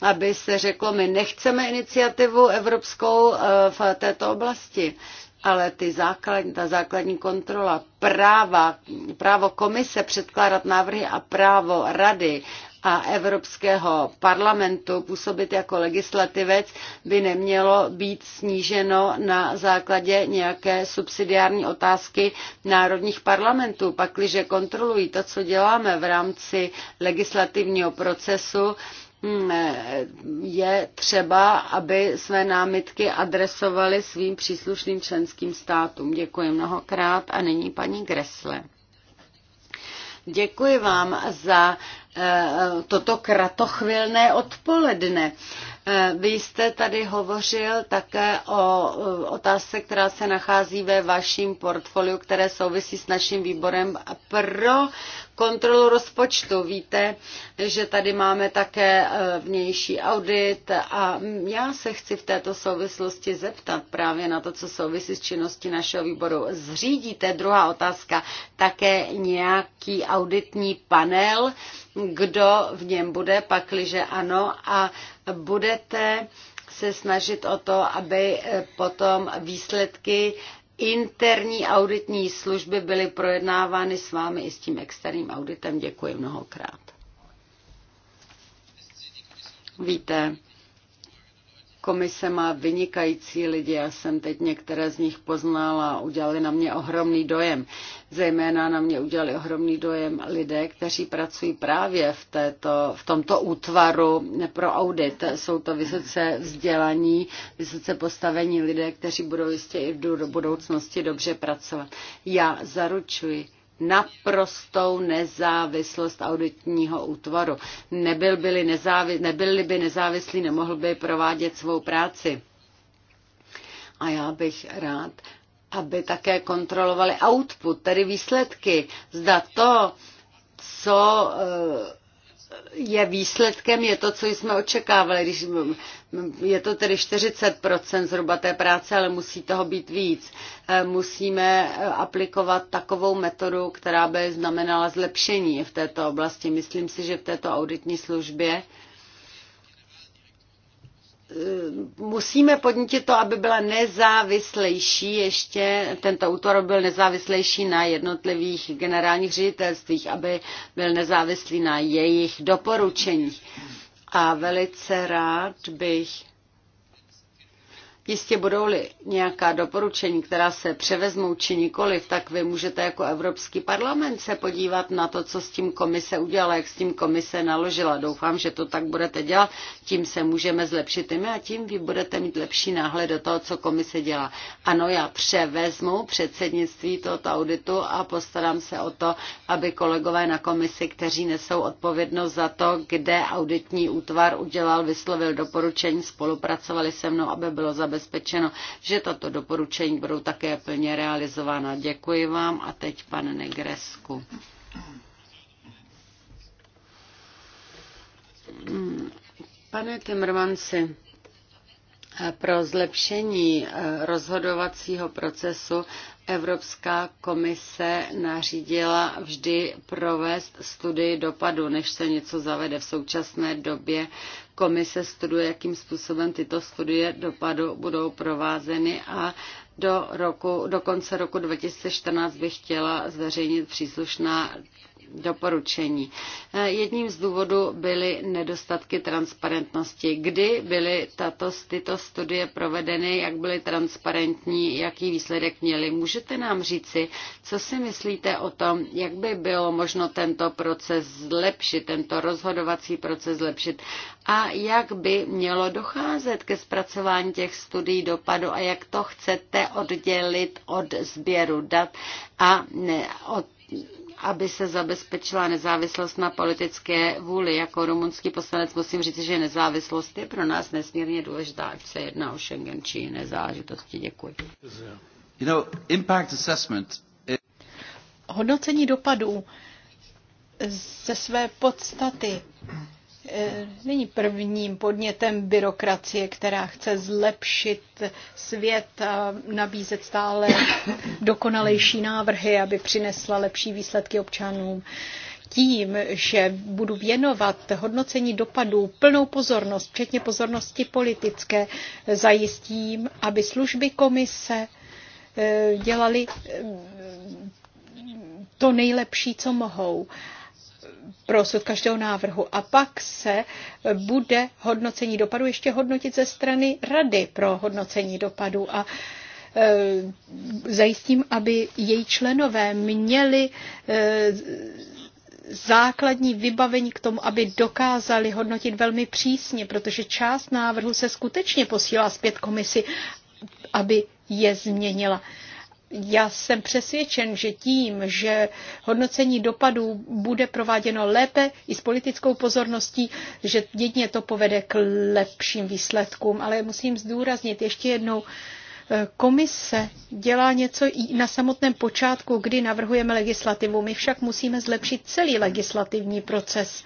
aby se řeklo, my nechceme iniciativu evropskou eh, v této oblasti, ale ty základní, ta základní kontrola, práva, právo komise předkládat návrhy a právo rady a Evropského parlamentu působit jako legislativec by nemělo být sníženo na základě nějaké subsidiární otázky národních parlamentů. Pakliže kontrolují to, co děláme v rámci legislativního procesu, Mm, je třeba, aby své námitky adresovali svým příslušným členským státům. Děkuji mnohokrát a nyní paní Gresle. Děkuji vám za eh, toto kratochvilné odpoledne. Eh, vy jste tady hovořil také o eh, otázce, která se nachází ve vaším portfoliu, které souvisí s naším výborem pro kontrolu rozpočtu. Víte, že tady máme také eh, vnější audit a já se chci v této souvislosti zeptat právě na to, co souvisí s činností našeho výboru. Zřídíte, druhá otázka, také nějaký auditní panel, kdo v něm bude, pakliže ano, a budete se snažit o to, aby eh, potom výsledky interní auditní služby byly projednávány s vámi i s tím externím auditem. Děkuji mnohokrát. Víte, Komise má vynikající lidi, já jsem teď některé z nich poznala, a udělali na mě ohromný dojem. Zejména na mě udělali ohromný dojem lidé, kteří pracují právě v, této, v tomto útvaru pro audit. Jsou to vysoce vzdělaní, vysoce postavení lidé, kteří budou jistě i do budoucnosti dobře pracovat. Já zaručuji, naprostou nezávislost auditního útvaru. Nebyl byli nezávi, nebyli by nezávislí, nemohl by provádět svou práci. A já bych rád, aby také kontrolovali output, tedy výsledky. Zda to, co eh, je výsledkem, je to, co jsme očekávali. Když je to tedy 40% zhruba té práce, ale musí toho být víc. Eh, musíme eh, aplikovat takovou metodu, která by znamenala zlepšení v této oblasti. Myslím si, že v této auditní službě Eh, musíme podnítit to, aby byla nezávislejší ještě, tento útvar byl nezávislejší na jednotlivých generálních ředitelstvích, aby byl nezávislý na jejich doporučeních. A velice rád bych Jistě budou-li nějaká doporučení, která se převezmou či nikoliv, tak vy můžete jako Evropský parlament se podívat na to, co s tím komise udělala, jak s tím komise naložila. Doufám, že to tak budete dělat, tím se můžeme zlepšit my a tím vy budete mít lepší náhled do toho, co komise dělá. Ano, já převezmu předsednictví tohoto auditu a postarám se o to, aby kolegové na komisi, kteří nesou odpovědnost za to, kde auditní útvar udělal, vyslovil doporučení, spolupracovali se mnou, aby bylo zabezpečeno zabezpečeno, že tato doporučení budou také plně realizována. Děkuji vám a teď pan Negresku. Hmm. Pane Timrmansi, pro zlepšení eh, rozhodovacího procesu Evropská komise nařídila vždy provést studii dopadu, než se něco zavede. V současné době komise studuje, jakým způsobem tyto studie dopadu budou provázeny a do, roku, do konce roku 2014 bych chtěla zveřejnit příslušná doporučení. Eh, Jedním z důvodů byly nedostatky transparentnosti. Kdy byly tato, tyto studie provedeny, jak byly transparentní, jaký výsledek měly? Můžete nám říci, co si myslíte o tom, jak by bylo možno tento proces zlepšit, tento rozhodovací proces zlepšit a jak by mělo docházet ke zpracování těch studií dopadu a jak to chcete oddělit od sběru dat a ne, od aby se zabezpečila nezávislost na politické vůli. Jako rumunský poslanec musím říct, že nezávislost je pro nás nesmírně důležitá, ať se jedná o Schengen či jiné záležitosti. Děkuji.
You know, impact assessment is... Hodnocení
dopadů ze
své podstaty E, není prvním podnětem byrokracie, která chce zlepšit svět a nabízet stále dokonalejší návrhy, aby přinesla lepší výsledky občanům tím, že budu věnovat hodnocení dopadů plnou pozornost, včetně pozornosti politické, zajistím, aby služby komise e, dělali e, to nejlepší, co mohou pro osud každého návrhu. A pak se bude hodnocení dopadu ještě hodnotit ze strany Rady pro hodnocení dopadu. A e, zajistím, aby její členové měli e, základní vybavení k tomu, aby dokázali hodnotit velmi přísně, protože část návrhu se skutečně posílá zpět komisi, aby je změnila já jsem přesvědčen, že tím, že hodnocení dopadů bude prováděno lépe i s politickou pozorností, že jedině to povede k lepším výsledkům. Ale musím zdůraznit ještě jednou, eh, Komise dělá něco i na samotném počátku, kdy navrhujeme legislativu. My však musíme zlepšit celý legislativní proces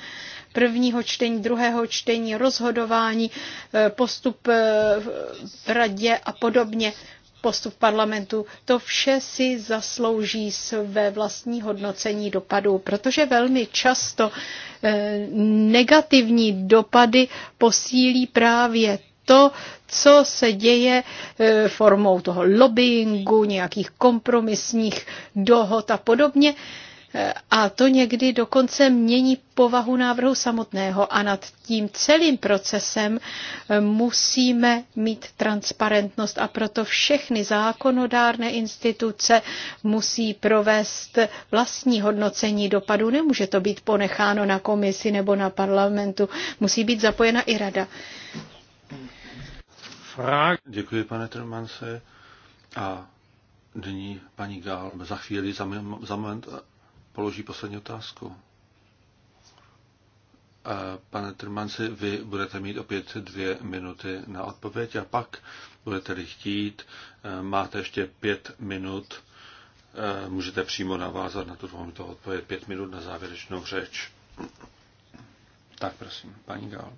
prvního čtení, druhého čtení, rozhodování, eh, postup eh, v radě a podobně postup parlamentu, to vše si zaslouží své vlastní hodnocení dopadů, protože velmi často eh, negativní dopady posílí právě to, co se děje eh, formou toho lobbyingu, nějakých kompromisních dohod a podobně. A to někdy dokonce mění povahu návrhu samotného a nad tím celým procesem eh, musíme mít transparentnost a proto všechny zákonodárné instituce musí provést vlastní hodnocení dopadu. Nemůže to být ponecháno na komisi nebo na parlamentu, musí být zapojena i rada.
Děkuji, pane Trmanse. A nyní paní Gál, za chvíli, za moment, položí poslední otázku. Pane Trmanci, vy budete mít opět dvě minuty na odpověď a pak budete-li chtít, e, máte ještě pět minut, e, můžete přímo navázat na tu dvouminutovou odpověď, pět minut na závěrečnou řeč. Tak prosím, paní Gál.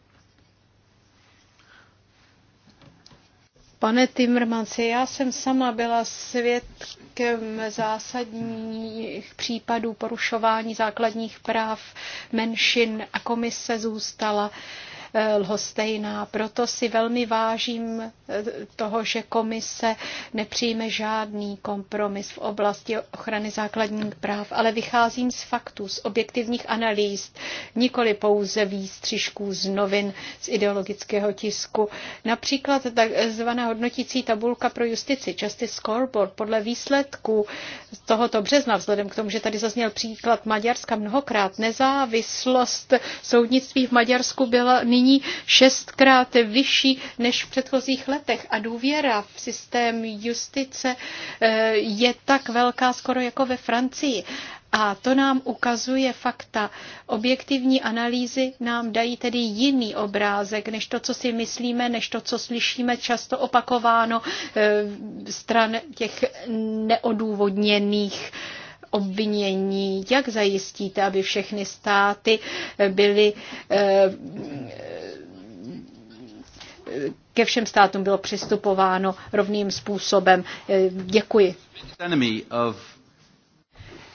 Pane Timmermansi, já jsem sama byla svědkem zásadních případů porušování základních práv menšin a komise zůstala uh, Eh, lhostejná. Proto si velmi vážím eh, toho, že komise nepřijme žádný kompromis v oblasti ochrany základních práv, ale vycházím z faktů, z objektivních analýz, nikoli pouze výstřižků z novin, z ideologického tisku. Například takzvaná hodnotící tabulka pro justici, Justice Scoreboard, podle výsledků tohoto března, vzhledem k tomu, že tady zazněl příklad Maďarska mnohokrát, nezávislost soudnictví v Maďarsku byla nyní nyní šestkrát vyšší než v předchozích letech a důvěra v systém justice eh, je tak velká skoro jako ve Francii. A to nám ukazuje fakta. Objektivní analýzy nám dají tedy jiný obrázek, než to, co si myslíme, než to, co slyšíme často opakováno eh, stran těch neodůvodněných obvinění, jak zajistíte, aby všechny státy byly eh, ke všem státům bylo přistupováno rovným způsobem. Eh, děkuji.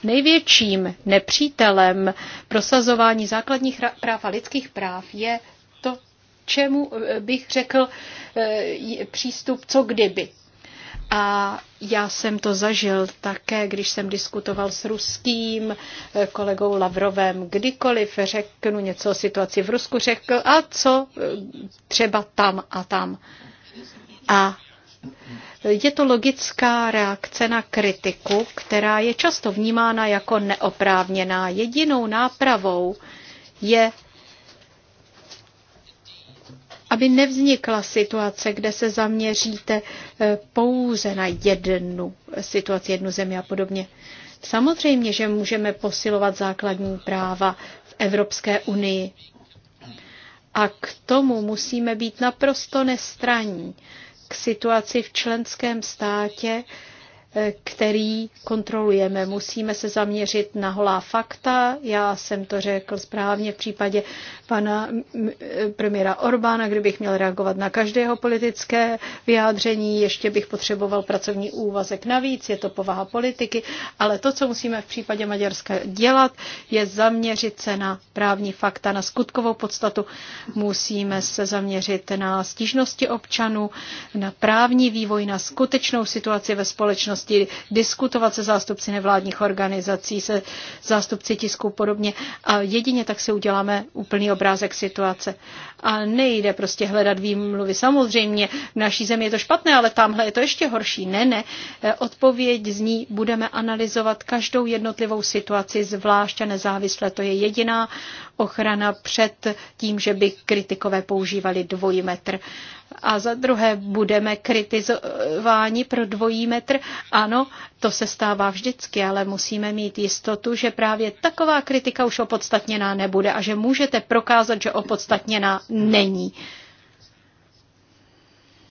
Největším nepřítelem prosazování základních práv a lidských práv je to, čemu eh, bych řekl přístup co kdyby. A já jsem to zažil také, když jsem diskutoval s ruským eh, kolegou Lavrovem. Kdykoliv řeknu něco o situaci v Rusku, řekl, a co eh, třeba tam a tam. A je to logická reakce na kritiku, která je často vnímána jako neoprávněná. Jedinou nápravou je aby nevznikla situace, kde se zaměříte eh, pouze na jednu situaci, jednu zemi a podobně. Samozřejmě, že můžeme posilovat základní práva v Evropské unii. A k tomu musíme být naprosto nestraní k situaci v členském státě, který kontrolujeme. Musíme se zaměřit na holá fakta. Já jsem to řekl správně v případě pana premiéra Orbána, kdybych měl reagovat na každého politické vyjádření, ještě bych potřeboval pracovní úvazek navíc, je to povaha politiky, ale to, co musíme v případě Maďarska dělat, je zaměřit se na právní fakta, na skutkovou podstatu. Musíme se zaměřit na stížnosti občanů, na právní vývoj, na skutečnou situaci ve společnosti možnosti diskutovat se zástupci nevládních organizací, se zástupci tisku podobně. A jedině tak si uděláme úplný obrázek situace. A nejde prostě hledat výmluvy. Samozřejmě v naší zemi je to špatné, ale tamhle je to ještě horší. Ne, ne. Eh, odpověď zní, budeme analyzovat každou jednotlivou situaci zvlášť a nezávisle. To je jediná ochrana před tím, že by kritikové používali dvojmetr. metr. A za druhé budeme kritizováni pro dvojí metr. Ano, to se stává vždycky, ale musíme mít jistotu, že právě taková kritika už opodstatněná nebude a že můžete prokázat, že opodstatněná není.